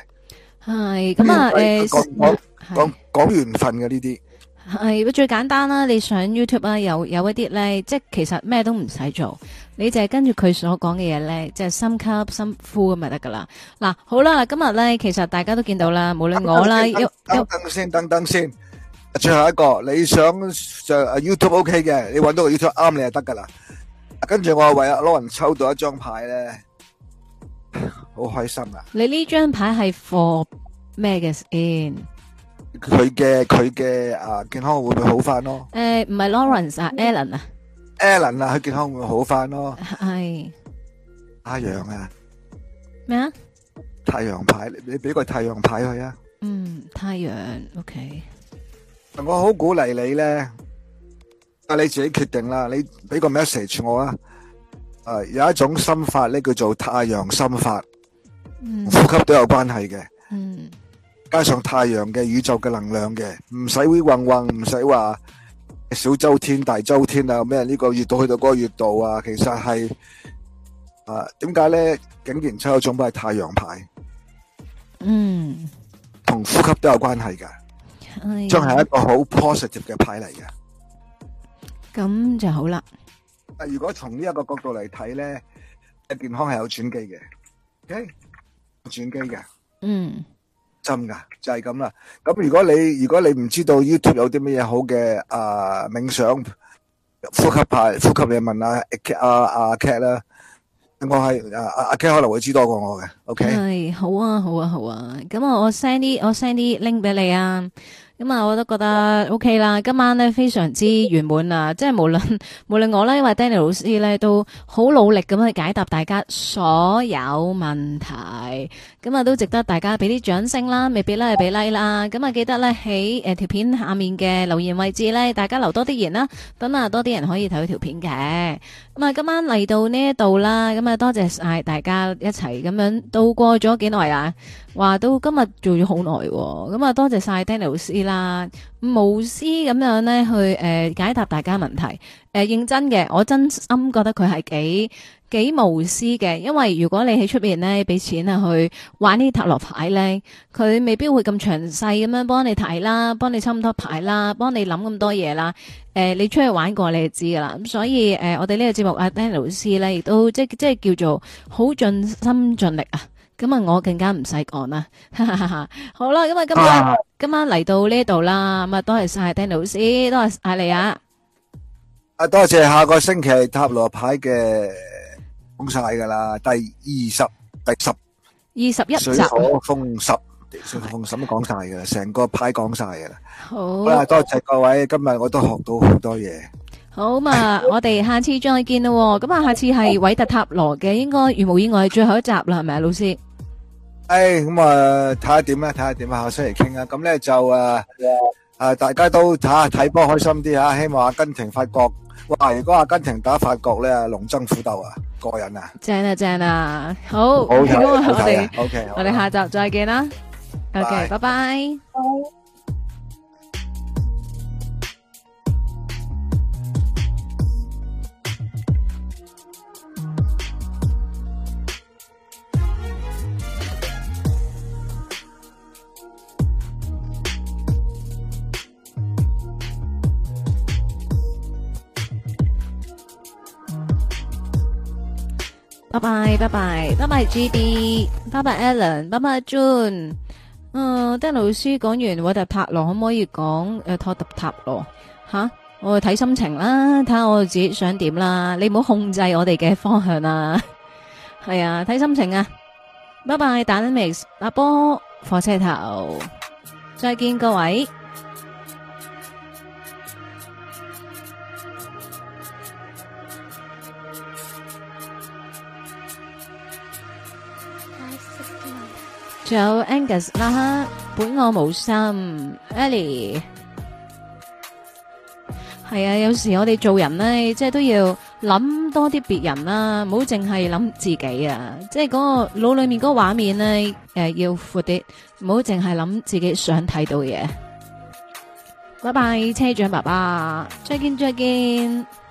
係咁啊！誒，講講緣分嘅呢啲係最簡單啦。你上 YouTube 啊，有有一啲咧，即係其實咩都唔使做，你就係跟住佢所講嘅嘢咧，即係深吸深呼咁咪得噶啦。嗱、啊，好啦，今日咧其實大家都見到啦，無論我啦，等先，等等先，最後一個你想上 YouTube OK 嘅，你搵到個 YouTube 啱，你就得噶啦。跟住我為阿 Lauren 抽到一張牌咧。好開心啊！你呢張牌係 for 咩嘅 in 佢嘅佢嘅啊，健康會唔會好翻咯？誒，唔係 Lawrence 啊，Alan 啊，Alan 啊，佢健康會好翻咯。係阿楊啊，咩啊？太陽牌，你俾個太陽牌佢啊。嗯，太陽。OK。我好鼓勵你咧，啊你自己決定啦。你俾個 message 我啊。誒，有一種心法咧叫做太陽心法。嗯、呼吸都有關係嘅，嗯，加上太陽嘅宇宙嘅能量嘅，唔使會混混，唔使話小周天大周天啊，咩呢個月度去到嗰個月度啊，其實係啊，點解咧？竟然出七號總牌係太陽牌，嗯，同呼吸都有關係噶，將、哎、係一個好 positive 嘅牌嚟嘅，咁就好啦。啊，如果從呢一個角度嚟睇咧，健康係有轉機嘅，ok。轉機嘅，嗯，真噶，就係咁啦。咁如果你如果你唔知道 YouTube 有啲乜嘢好嘅啊、呃、冥想、呼吸牌，呼吸、啊，你問下阿阿 Ken 啦。我係阿阿 Ken 可能會知多過我嘅，OK？係好啊，好啊，好啊。咁我我 send 啲我 send 啲 link 俾你啊。咁啊，我都覺得 O K 啦。今晚咧非常之圓滿啊！即係無論無論我咧，因為 Danny 老師咧都好努力咁去解答大家所有問題。咁啊，都值得大家俾啲掌聲啦，咪俾 like 俾 like 啦。咁啊，記得咧喺誒條片下面嘅留言位置咧，大家留多啲言啦，等啊多啲人可以睇條片嘅。咁啊，今晚嚟到呢一度啦，咁啊多謝曬大家一齊咁樣度過咗幾耐啊？話到今日做咗好耐喎。咁啊，多謝曬 Danny 老師啦。啊，無私咁樣咧去誒、呃、解答大家問題，誒、呃、認真嘅，我真心覺得佢係幾幾無私嘅，因為如果你喺出邊咧俾錢啊去玩牌呢塔羅牌咧，佢未必會咁詳細咁樣幫你睇啦，幫你抽咁多牌啦，幫你諗咁多嘢啦，誒、呃、你出去玩過你就知噶啦，咁所以誒、呃、我哋，啊、呢個節目阿 Danny 老師咧，亦都即即係叫做好盡心盡力啊。咁啊，我更加唔使講啦。好啦，咁啊，今晚今晚嚟到呢度啦，咁啊，多謝晒 Danny 老師，多謝阿你啊。啊，多謝下個星期塔羅牌嘅講晒噶啦，第二十第十二十一集，水火風十，水火風，什乜講晒噶啦，成個牌講晒噶啦。好，嗱，多謝各位，今日我都學到好多嘢。好嘛，我哋下次再見咯。咁啊，下次係韋特塔羅嘅，應該如無意外最後一集啦，係咪啊，老師？誒，咁啊，睇下點咧，睇下點啊，我先嚟傾啊。咁咧就誒，誒，大家都睇下睇波開心啲啊，希望阿根廷、法國，哇！如果阿根廷打法國咧，龍爭虎鬥啊，過癮啊！正啊正啊，好，好嘅，好睇嘅，O K，我哋下集再見啦，O K，拜拜。拜拜拜拜拜拜，G B 拜拜，Alan 拜拜，June，嗯，聽老師講完，我哋偉特可唔可以講誒托特塔羅吓？我睇心情啦，睇下我自己想點啦，你唔好控制我哋嘅方向啊！係啊，睇心情啊！拜拜，Danny 阿波火車頭，再見各位。仲有 Angus 啦，本我無心，Ellie 係啊，有時我哋做人咧，即係都要諗多啲別人啦，唔好淨係諗自己啊！即係嗰個腦裏面嗰個畫面咧，誒、呃，要闊啲，唔好淨係諗自己想睇到嘅嘢。拜拜，車長爸爸，再見再見。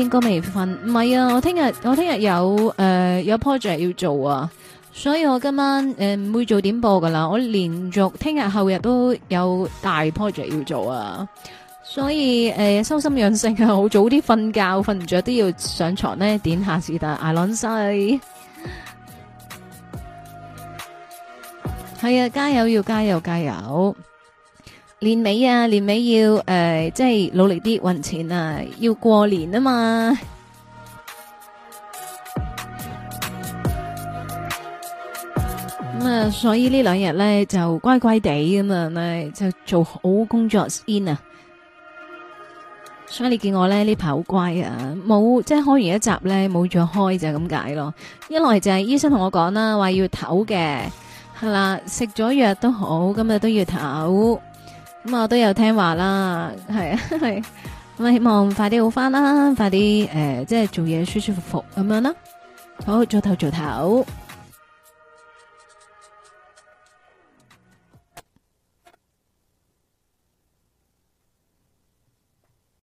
應該未瞓，唔係啊！我聽日我聽日有誒、呃、有 project 要做啊，所以我今晚誒唔會做點播噶啦。我連續聽日後日都有大 project 要做啊，所以誒收、呃、心養性啊，好早啲瞓覺，瞓唔着都要上床呢。點下是但挨卵西。係啊，加油要加油加油！年尾啊，年尾要誒，即、呃、係努力啲揾錢啊，要過年啊嘛。咁啊、 嗯，所以兩天呢兩日咧就乖乖地咁啊，就做好工作先啊。所以你見我咧呢排好乖啊，冇即係開完一集咧冇再開就係咁解咯。一來就係醫生同我講啦，話要唞嘅，係啦，食咗藥都好，今日都要唞。咁、嗯、我都有聽話啦，係啊係，咁啊、嗯、希望快啲好返啦，快啲誒、呃，即係做嘢舒舒服服咁樣啦。好，做頭做頭。